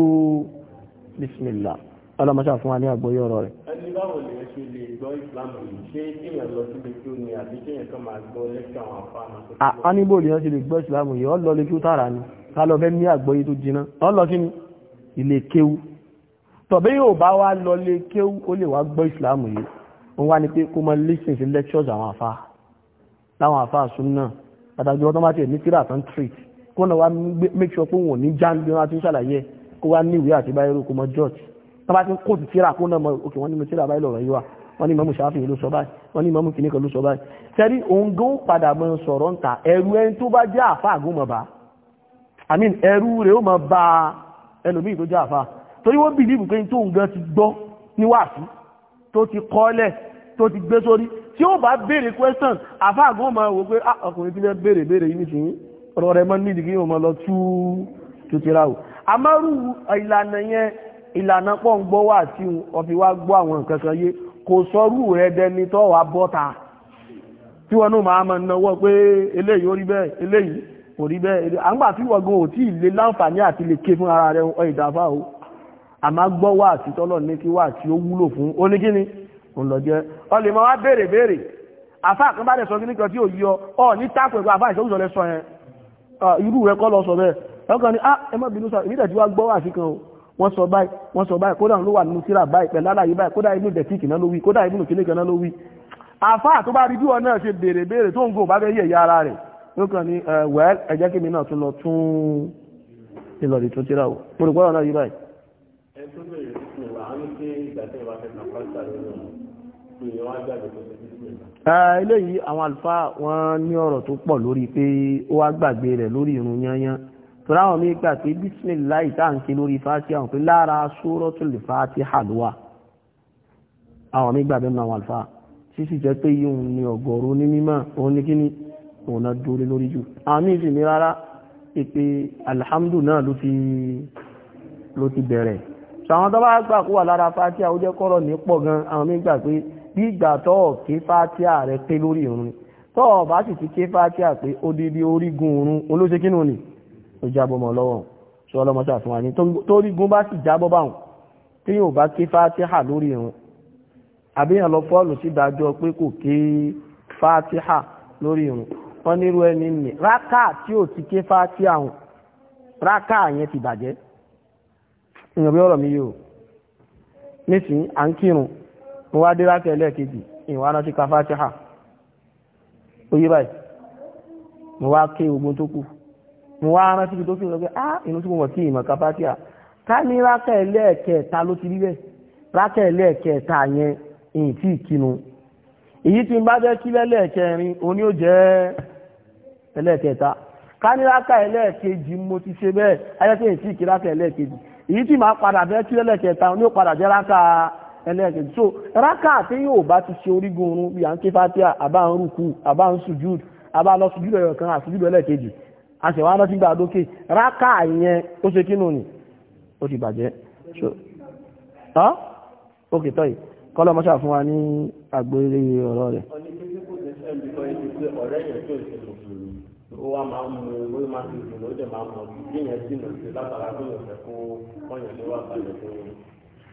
bísímìlá ọlọ́mọṣà fún wa ní àgbóyọ̀ báwo lè ṣe lè gbọ́ Islam ṣé kéèyàn lọ sí lẹ́kí ni àbí kéèyàn kan máa gbọ́ lẹ́kí àwọn afáàmà tó. a ní bò lèyàn ṣe lè gbọ́ Islam yìí ọ lọ lè kí ó tààrà ni ká lọ fẹ́ ní àgbọ́yé tó jiná ọ lọ kí ni ilé kéwú tọ̀bẹ́ yóò bá wá lọ lè kéwú ó lè wá gbọ́ Islam yìí wọ́n wá ní pé kó máa listen sí lectures àwọn afá tọ́ba ti ń kó ti tíra kó náà mọ òkè wọ́n ní mo tíra báyìí lọ̀rọ̀ yìí wà wọ́n ní mọ́mú ṣáfihàn ló sọ báyìí wọ́n ní mọ́mú kìnnìkan ló sọ báyìí sẹ́rí òun gan padà mọ sọ̀rọ̀ ń ta ẹ̀rù ẹni tó bá jẹ́ àfa àgún mọ̀ bá i mean ẹ̀rù rẹ̀ ó mọ̀ bá ẹlòmíì tó jẹ́ àfa torí wọ́n bìlíìbù pé tó ń gan ti gbọ́ ní tó ti kọ́lẹ̀ tó ti gbé sórí tí ó bá béèrè question àfa àgún mọ̀ wò pé ah, ọkùnrin ti fẹ́ béèrè béèrè yìí nìsín ọ̀rọ̀ rẹ̀ mọ́ nídìí kí wọ́n mọ̀ lọ tú tó ra o àmọ́rù ìlànà yẹn ìlànà pọ̀ ń gbọ́ wà tí ọ̀fi wá gbọ́ àwọn nǹkan kan yé kò sọ́rú rẹ dẹni tó wà bọ́ta tí wọn náà máa máa náwó pé eléyìí ó rí bẹ́ẹ̀ eléyìí kò rí bẹ́ẹ̀ à ń gbà tí wọ́n gan ò tí ì lè láǹfààní àti lè ké fún ara rẹ ọ ìdáfà o àmọ́ gbọ́ wà tí tọ́lọ̀ ní kí wà tí ó wúlò fún ó kíni òun lọ jẹ́ wá béèrè béèrè àfa àkànbá rẹ̀ sọ kíní tí ò yí ọ ní táàpù ẹ̀kọ́ àfa ìṣòwò sọ irú rẹ kọ́ lọ sọ bẹ́ẹ̀ lọ́kàn ni ah ẹ má bínú sọ ìbí tẹ̀síwá gbọ́ wà sí kan o wọ́n sọ báyìí wọ́n sọ báyìí kódà ló wà nínú síra báyìí pẹ̀lú aláyé báyìí kódà inú dẹ̀tíkì náà ló wí kódà inú kíní kan náà ló wí àfáà tó bá rí bí wọn náà ṣe béèrè béèrè tó ń gò bá fẹ́ yẹ̀ ya ara rẹ̀ ló kàn ní wẹ́l ẹ jẹ́ kí mi náà tún lọ tún ìlọ̀dì tó tíra o mo rò pé ọ̀nà yìí báyìí. ẹ tó bèrè fún wa á ní pé ìgbà tẹ́lẹ̀ wá fẹ́ nà pásítà lónìí eléyìí àwọn tọ́láwọn mi gbà pé bísímìláì táǹkì lórí fàtíà wọn pé lára sóòrọ́tù lè fàtíà ló wà àwọn mi gbà bẹ́ẹ̀ náà wà fà sísì jẹ́ pé yíò ní ọ̀gọ̀rọ̀ ní mímọ̀ òun ní kíní òun náà dúró lórí jù àwọn míì sì ní rárá pé alhamdu náà ló ti ló ti bẹ̀rẹ̀ ṣàwọn tó bá gbà kó wà lára fàtíà ó jẹ́ kọ́rọ̀ ní pọ̀ gan àwọn mi gbà pé bí ìgbà tó ké fàtíà rẹ pé lórí ìrun tó bá sì ti ké fàtíà pé odidi orígun òrun olóṣèkínú ni tó jábọ́ mọ́ lọ́wọ́ ṣe ọlọ́mọṣà fún wa ní torí gun bá sì jábọ́ báwọn tí yóò bá ké fátíhà lórí irun àbíyàn lọ fọ́ọ̀lù sí ìdájọ́ pé kò ké fátíhà lórí irun wọ́n nírú ẹni nì rákà tí ò ti ké fátíhà hùn rákà yẹn ti bàjẹ́ èèyàn bí ọ̀rọ̀ mi yóò nísìnyí à ń kírun mo wá dé rákà ẹlẹ́ẹ̀kejì ìwọ̀n aná ti ka fátíhà ó yé báyìí mo wá ké ogun tó kù mo wá rántí ibi tó fi ń pé ah inú tí mo mọ̀ sí ìmọ̀ kápátíà ká ní rákẹ́ ẹlẹ́ẹ̀kẹta ló ti rí bẹ́ẹ̀ rákẹ́ ẹlẹ́ẹ̀kẹta yẹn èyí tí ìkinu èyí tí n bá fẹ́ kí lẹ́lẹ́ẹ̀kẹrin òní ó jẹ́ ẹlẹ́ẹ̀kẹta ká ní rákẹ́ ẹlẹ́ẹ̀kejì mo ti ṣe bẹ́ẹ̀ ayé pé èyí tí ìkí rákẹ́ ẹlẹ́ẹ̀kejì èyí tí màá padà fẹ́ kí lẹ́lẹ́ẹ̀kẹta òní ó padà jẹ́ rákà ẹlẹ́ẹ̀kejì so rákà tí yóò bá ti ṣe orígun oorun bí à ń ké fátíà àbá ń rúkú àbá ń sùjúd àbá lọ sùjúd a sì wá rántí gbà dókè rákà yẹn ó ṣe kínú ni ó ti bàjẹ́ ókè tọ́ yìí kọ́lọ̀ mọ́ṣà fún wa ní àgbèrè ọ̀rọ̀ rẹ̀ ó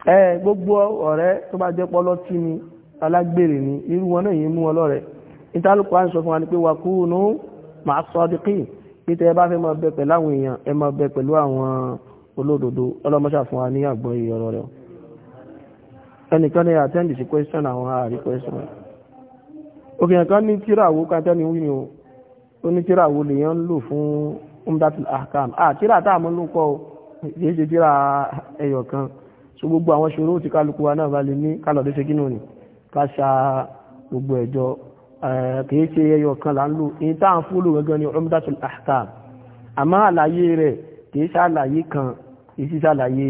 wá ẹ gbogbo ọ̀rẹ́ tó bá jẹ́ pọ́lọ́tì ni alágbèrè ni irú wọn náà yìí mú wọn lọ́rẹ̀ẹ́ ìtàlùkọ́ à fún wa ni pé wàkúùnù màá sọ ọ́ kíì pété ẹ bá fẹ́ máa bẹ pẹ̀lú àwọn èèyàn ẹ máa bẹ pẹ̀lú àwọn olódodo ọlọ́mọṣà fún wa ní àgbọ̀ yìí ọ̀rọ̀ rẹ̀ ẹnìkan ní attend sí question àwọn ààrí question òkè kan ní tíràwó kájọ́ ni wí ni o ó ní tíràwó lèèyàn ń lò fún umdatul ahkam ah tírà tá a mọ́ ló kọ́ o kìí ṣe tírà ẹyọ kan so gbogbo àwọn ṣòro ti kálukú wa náà bá lè ní kálọ̀dé ṣe kí Eh, kìí ṣe ẹyọ kan là ń lò ní tá à ń fúlò gẹ́gẹ́ ní umdatul ahkam àmọ́ àlàyé rẹ̀ kìí ṣàlàyé kan kìí ṣàlàyé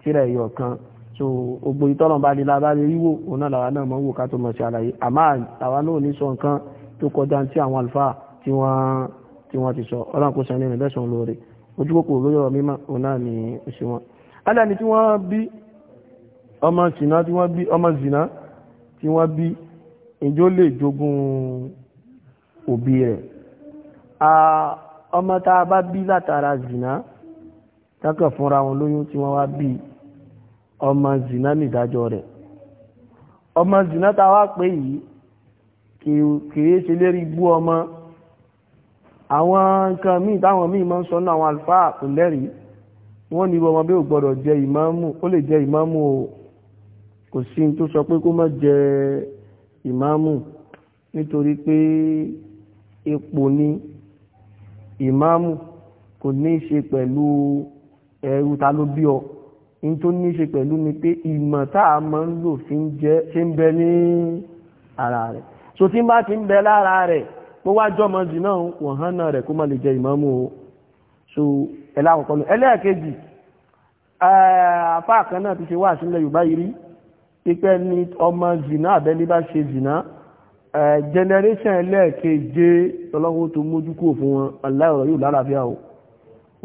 tírà ẹyọ kan so gbogbo ìtọ́nà bá lè lábá lè ríwò òun náà làwa náà mọ̀ wò ká tó mọ̀ sí àlàyé àmọ́ àwa náà ní sọ nǹkan tó kọjá tí àwọn àlùfáà tí wọ́n tí wọ́n ti sọ ọlọ́run kò sẹ́ni rẹ̀ lẹ́sàn-án ojú kòkòrò lórí mímọ́ òun náà ní oṣù wọn. alẹ́ ni tí wọ́n bí ọmọ zina tí wọ́n bí ọmọ zina tí wọ́n bí ìjó lè jogún òbí rẹ̀ ọmọ tá a bá bí látara zìnà tákàn fúnra wọn lóyún tí wọ́n wá bí ọmọ zìnà nìdájọ́ rẹ̀ ọmọ zìnà tá a wá pé yìí kìí ṣe lérí gbú ọmọ àwọn nǹkan míì táwọn míì máa ń sọ náà àwọn àlùfáà kò lẹ́rìí wọ́n ní ọmọ bí ò gbọ́dọ̀ jẹ ìmáàmù ó lè jẹ ìmáàmù o kò sí tó sọ pé kó má jẹ ìmáàmù nítorí pé ipò ni ìmáàmù kò ní í ṣe pẹ̀lú ẹ̀rù ta ló bí ọ ní tó ní í ṣe pẹ̀lú ni pé ìmọ̀ tá a máa ń lò fi ń bẹ ní ara rẹ̀ so tí n bá ti ń bẹ lára rẹ̀ pé wá jọmọ jù náà wọ̀n hàn rẹ̀ kó má lè jẹ ìmáàmù o so ẹlẹ́àkọ́kọ́ lọ ẹlẹ́ẹ̀kejì àfáà kan náà ti ṣe wá sílẹ̀ Yorùbá yìí pípẹ́ ní ọmọ zina àbẹ́ni bá ṣe zina generation ẹlẹ́ẹ̀keje ọlọ́run tó mójú kúrò fún wọn aláìrọ̀ yóò lálàáfíà o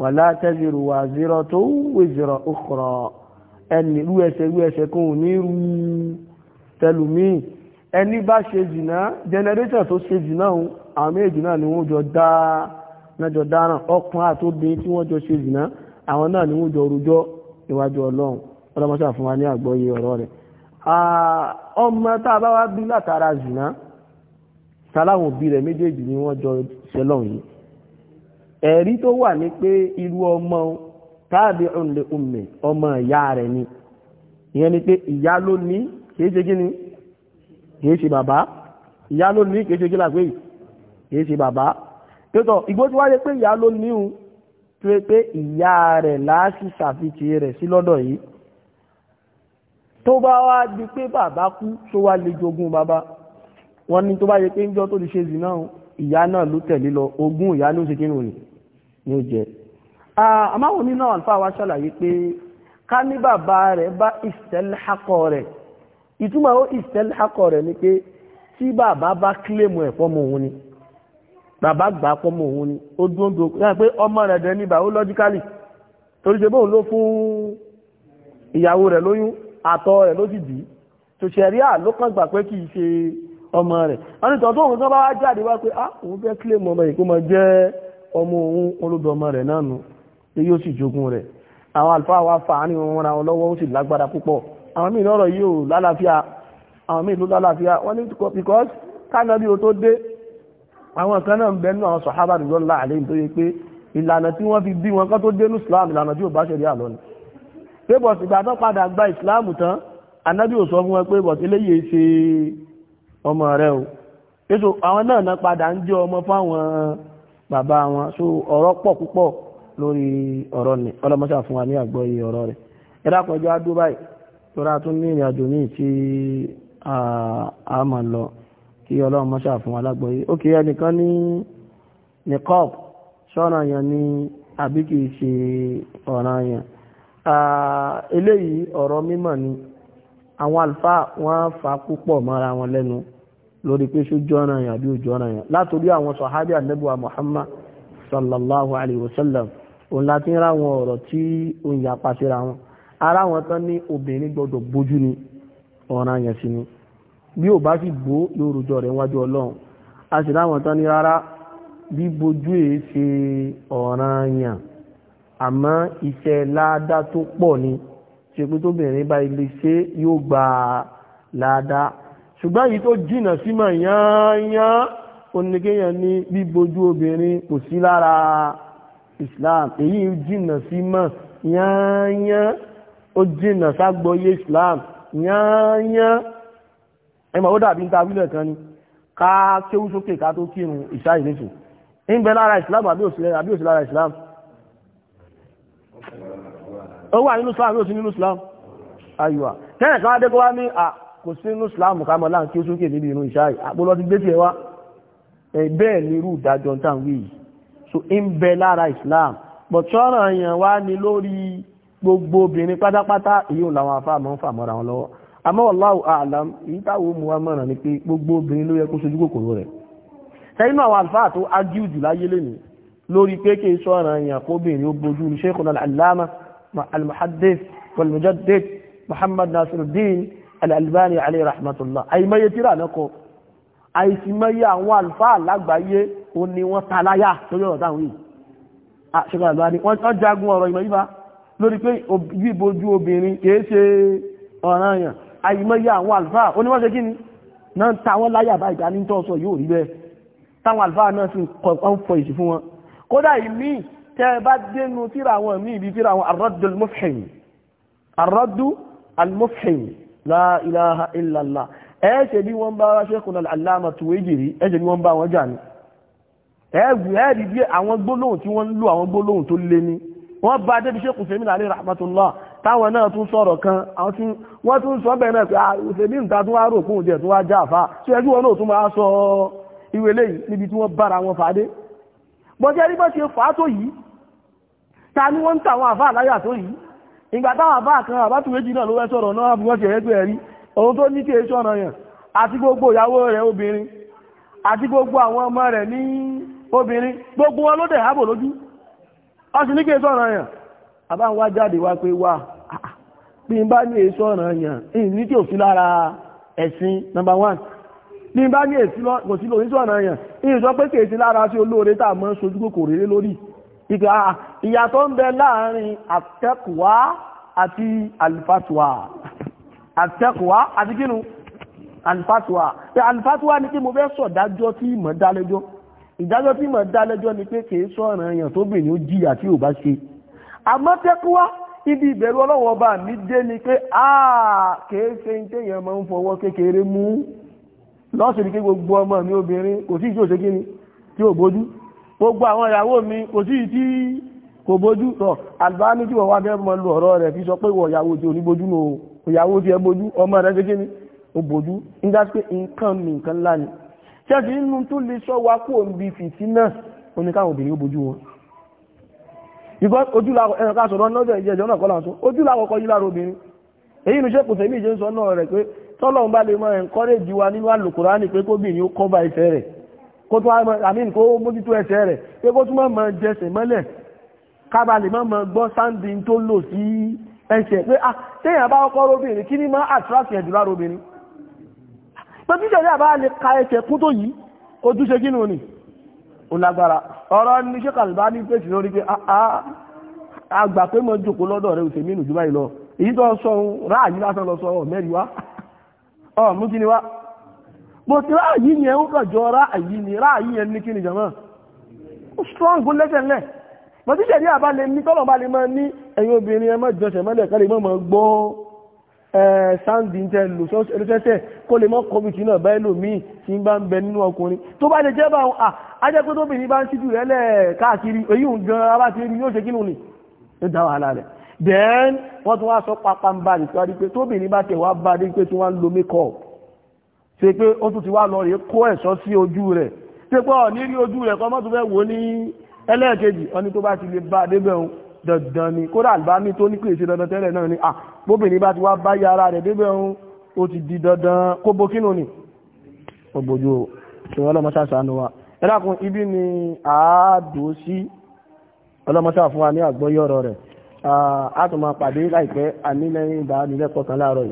wà látẹ́zìrò wà zero tó wè zero ukhra ẹni rú ẹsẹ̀ rú ẹsẹ̀ kan ò ní rú tẹlùmíì ẹni bá ṣe zina generation tó ṣe zina o àwọn méjì náà ni wọ́n jọ dá nájọ dáràn ọkùnrin àtòbìnrin tí wọ́n jọ ṣe zina àwọn náà ni wọ́n jọ rojọ́ iwájú ọlọ́run ọlọ́mọṣà fún wa ní àgbọ́yé ọ̀rọ̀ rẹ̀ ọmọ tá a bá wá bí látara zìnà sáláwọn òbí rẹ̀ méjèèjì ni wọ́n jọ ṣẹlọ́n yìí ẹ̀rí tó wà ní pé irú ọmọ táàbí ọ̀nlẹ̀ ọmọ ọmọ ìyá rẹ̀ ni ìyẹn ni pé ìyá ló ní kìí ṣe gíní kìí ṣe bàbá ìyá ló ní kìí ṣe gílà pé kìí ṣe bàbá pẹ́tọ̀ ìgbó tí wáyé pé ìyá ló ní un pé ìyá rẹ̀ láásì ṣàfihàn rẹ̀ sí lọ́dọ̀ yìí tó bá wá di pé bàbá kú tó wá lè jogún bàbá wọ́n ní tó bá yẹ pé ń jọ́ tó ti ṣe zì náà ìyá náà ló tẹ̀lé lọ ogún ìyá ló ṣe kínú rẹ̀ ní ó jẹ́ àmáwọn nínú àlfà wa ṣàlàyé pé ká ní bàbá rẹ̀ bá ìṣẹ́lẹ̀hákọ̀ rẹ̀ ìtumọ̀ ó ìṣẹ́lẹ̀hákọ̀ rẹ̀ ni pé tí bàbá bá kílèmù ẹ̀ fọ́mọ òun ni bàbá gbà fọ́mọ òun ni ó dúndò pé ọmọ rẹ̀ dẹ̀ ní bàó lọ́jíkálì torí ṣe bóun ló fún ìyàwó rẹ̀ lóyún àtọ̀ rẹ̀ ló sì bí tòṣẹ̀ríà ló kàn gbà pé kìí ṣe ọmọ rẹ̀ wọ́n ní tọ́tọ́ òun tó bá wá jáde wá pé ah òun fẹ́ kílè mọ ọmọ yìí kó máa jẹ́ ọmọ òun olódò ọmọ rẹ̀ náà nù pé yóò sì jogún rẹ̀ àwọn àlùfáà wa fà á ní wọn ra wọn lọ́wọ́ ó sì lágbára púpọ̀ àwọn míì lọ́rọ̀ yìí ò lálàáfíà àwọn míì ló lálàáfíà wọ́n ní because kánábí o tó dé àwọn kan náà ń bẹnu àwọn sọ̀hábà nìjọ́ láàrin tó yẹ pé ìlànà tí wọ́n fi bí wọn kan tó dé ní Islam ìlànà tí ò bá ṣẹ̀rí àlọ́ ni pé bọ̀sì ìgbà tó padà gba ìsìláàmù tán anábì ò sọ fún wọn pé bọ̀sì eléyìí e ṣe ọmọ rẹ o èso àwọn náà náà padà ń jẹ́ ọmọ fáwọn bàbá wọn so ọ̀rọ̀ pọ̀ púpọ̀ lórí ọ̀rọ̀ ni ọlọ́mọṣà fún wa ní àgbọ́yé ọ̀rọ̀ rẹ̀ ẹ dákun ẹjọ́ adó báyìí tóra tún ní ìrìn àjò míì tí a mọ̀ lọ kí ọlọ́run mọ́ṣà fún wa lágbọ́yé ó kí ẹnìkan ní ní cop ṣọ́ràn yẹn ní àbí kìí ṣe ọ̀ràn yẹn eléyìí ọ̀rọ̀ mímọ̀ ni àwọn alfa wọ́n fa púpọ̀ mọ́ra wọn lẹ́nu lórí pé ṣójú ọ̀nà yàn àbí ojú ọ̀nà yàn látòrí àwọn sọ̀hábí ànẹ́bùwà Muhammad sallallahu alayhi wasallam sallam òun láti ra àwọn ọ̀rọ̀ tí ó ń yapa síra wọn ara wọn tán ní obìnrin gbọdọ̀ bójú ni ọ̀ràn yẹn sí ni bí ò bá sì gbó lórúkọ rẹ̀ wájú ọlọ́run a sì ráwọn tán ní rárá bí bójú èé ṣe ọ̀ràn yẹn àmọ́ iṣẹ́ láàdá tó pọ̀ ni ṣèpé tóbìnrin bá ilé ṣe yóò gba láàdá ṣùgbọ́n èyí tó jìnà símọ̀ yányán oníkéyàn ní bíbojú obìnrin kò sí lára Islam èyí jìnà símọ̀ yányán ó jìnà ságbọ́yé Islam yányán ẹmọ̀ ó dàbí níta wílẹ̀ kan ni ká kéwú sókè ká tó kírun ìṣáì nísìn ń bẹ lára Islam àbí òsì lára Islam ó wà nínú islam yóò sí nínú islam ayùwà tẹ́ẹ̀ kan adékọ́ wá ní à kò sí nínú islam ká mọ́ láǹkí ó sókè níbi inú ìṣáà àpolọ́ ti gbéṣẹ́ wá bẹ́ẹ̀ ní irú ìdájọ́ tá ń wí yìí so ń bẹ lára islam bọ̀tọ́rọ̀ èèyàn wá ní lórí gbogbo obìnrin pátápátá èyí ò làwọn afá mọ́ ń fà mọ́ra wọn lọ́wọ́ àmọ́ wallahu a'lam èyí táwọn mú wa mọ̀ràn ni pé gbogbo obìnrin ló yẹ kó sojú kòkòrò rẹ̀ sẹ́yìn náà àwọn àlùfáà tó ágíù jù láyé lénìí lórí pé kí n sọ ara èèyàn kóbìnrin ó bójú ní Sheikhul Allama al-Muhaddith wal-Mujaddid Muhammad Nasiruddin al-Albani alayhi rahmatullah àìmọye tíra lọ́kọ̀ àìsìmọye àwọn àlùfáà lágbàáyé ó ní wọ́n taláyà lórí ọ̀rọ̀ táwọn yìí Sheikhul Albani wọ́n jagun ọ̀rọ̀ ìmọ̀ yíba lórí pé bíbojú obìnrin kìí ṣe ọ̀ràn èèyàn àìmọye àwọn wọ́n ṣe kí ni náà kódà ìmí tẹ́ ẹ bá dénú tíra àwọn ìmí ibi tíra àwọn ar-radd al-mufhim ar-radd al-mufhim la ilaha illallah ẹ ṣe bí wọ́n bá Shaykhuna al-Allama Tuwaijiri ẹ ṣe bí wọ́n bá wọn jà ní ẹ̀rù ẹ̀rí bí àwọn gbólóhùn tí wọ́n ń lò àwọn gbólóhùn tó lé ní wọ́n bá débi Shaykh Uthaymeen alayhi rahmatullah táwọn náà tún sọ̀rọ̀ kan wọ́n tún sọ bẹ̀rẹ̀ náà pé ah, Uthaymeen ta tún wá rò kóhùn jẹ́ tún wá já àfá tí ẹjú wọn náà tún máa sọ ìwé níbi tí wọ́n bára wọn fàdé bọ́jẹ́ rí bọ́ ṣe fà á tó yìí ta ni wọ́n tàwọn àfà àláyà tó yìí ìgbà táwọn kan àbátù náà ló wẹ́ náà bí wọ́n ṣe ẹgbẹ́ rí ohun tó ní kéèṣọ́ yàn àti gbogbo ìyàwó rẹ̀ obìnrin àti gbogbo àwọn gbogbo wọn ló dẹ̀ hábò lójú ọ ní bá ní èsì lọ kò sí lòun sí ọ̀nà yẹn ìyẹn sọ pé kèsì lára sí olóore tá a mọ sojú kòkòrò lé lórí ìgbà ìyàtọ̀ ń bẹ láàrin àtẹ́kùwá àti àlùfáàtùwà àtẹ́kùwá àti kínú àlùfáàtùwà pé àlùfáàtùwà ni pé mo fẹ́ sọ ìdájọ́ tí mọ̀ dálẹ́jọ́ ìdájọ́ tí mọ̀ dálẹ́jọ́ ni pé kèé sọ ọ̀nà yẹn tó bìnrin ó jìyà tí ò bá ṣe àmọ́ tẹ́kùwá ibi ìbẹ̀rù ọlọ́wọ́ ọba mi dé ni pé àà kèé ṣe ń téèyàn máa ń fọwọ́ kékeré mú lọ́sì ní kí gbogbo ọmọ mi obìnrin kò sí ìjọ́ òṣèké ni tí ò bójú gbogbo àwọn ìyàwó mi kò sí tí kò bójú tọ̀ Albani tí wọ́n wá bẹ́ẹ̀ mọ́ lu ọ̀rọ̀ rẹ̀ fi sọ pé ìwọ̀ ìyàwó tí ò ní bójú nù ìyàwó tí ẹ bójú ọmọ rẹ̀ ni ò bójú ń dá sí pé nǹkan mi nǹkan o bí fìtí náà ó ní káwọn obìnrin ó bójú wọn ìgbọ́ ojúlàwọ̀ ẹ̀rọ ká sọ̀rọ̀ náà jẹ́ ìjẹ́jọ́ náà kọ́ láǹtó ojúlàwọ̀ kọ́ yí lára obìnrin èyí ni ṣé kò sẹ́mi ìjẹ́ ń tọ́lọ́run bá lè mọ́ encourage wa nínú àlùkùránì pé kó bìnrin ó kọ́bà ìfẹ́ rẹ̀ kó tó àmì kó mójútó ẹsẹ̀ rẹ̀ pé kó túnmọ̀ mọ́ jẹsẹ̀ mọ́lẹ̀ kábà lè mọ́ mọ́ gbọ́ sáńdì tó lò sí ẹsẹ̀ pé ah téèyàn bá kọ́ robìnrin kí ni mọ́ attract ẹ̀dùn lára obìnrin pé tí ìṣẹ̀lẹ̀ àbá lè ka ẹsẹ̀ kú tó yìí ojúṣe kí ni ò lágbára ọ̀rọ̀ ní ṣé kàlùbá ní pèsè lórí pé àgbà ah, ah, pé mo jòkó lọ́dọ̀ rẹ̀ òṣèmínú jù báyìí lọ èyí tó sọ ráàyí lásán lọ sọ mẹ́rin wá ọ̀ mú kí ni wá bó ti ráàyí yẹn ń rọ̀jọ́ ráàyí ni ráàyí yẹn ní kí ni jàmá ó strong ó lẹ́sẹ̀ ńlẹ̀ mọ̀ tí ṣẹ̀rí àbá lè ní tọ́lọ̀ bá lè máa ní ẹ̀yin obìnrin ẹ má jọsẹ̀ mọ́lẹ̀ ká lè mọ́ mọ́ gbọ́ sáńdì tẹ lòṣẹ́ṣẹ́ kó lè mọ́ kọ́mìtì náà bá ẹlòmíì tí ń bá ń bẹ nínú ọkùnrin tó bá lè ní ó then wọ́n tún wá sọ pápánbá nìkan rí pé tóbìnrin bá tẹ̀ wá bá rí pé tí wọ́n ń lo makeup ṣe pé ó tún ti wá lọ rèé kó ẹ̀ṣọ́ sí ojú rẹ̀ ṣe pé ọ̀ní rí ojú rẹ̀ kọ́ mọ́ tún fẹ́ wò ní ẹlẹ́ẹ̀kejì ọ̀ní tó bá ti lè bá débẹ̀ òun dandan ni kódà bá ní tó ní pé ṣe dandan tẹ́lẹ̀ náà ni à bóbìnrin bá ti wá bá yàrá rẹ̀ débẹ̀ òun ó ti di dandan kó bo kínú ni ó bójú ṣe ọlọ́mọṣà sànú wa ẹ̀dàkùn ibi ni àádùn sí ọlọ́mọṣà fún wa ní àgbọ́yọ̀rọ̀ rẹ̀ a tún máa pàdé láìpẹ́ àní lẹ́yìn ìdánilẹ́kọ̀ọ́ kan láàárọ̀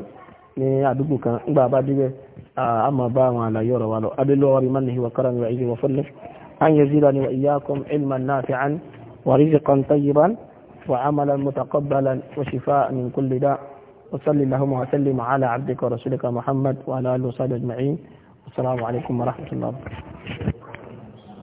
yìí ní àdúgbò kan ńgbà bá débẹ̀ a máa bá àwọn àlàyé ọ̀rọ̀ wa lọ abẹ́lọ́wọ́ rí mánìhì wà kára ní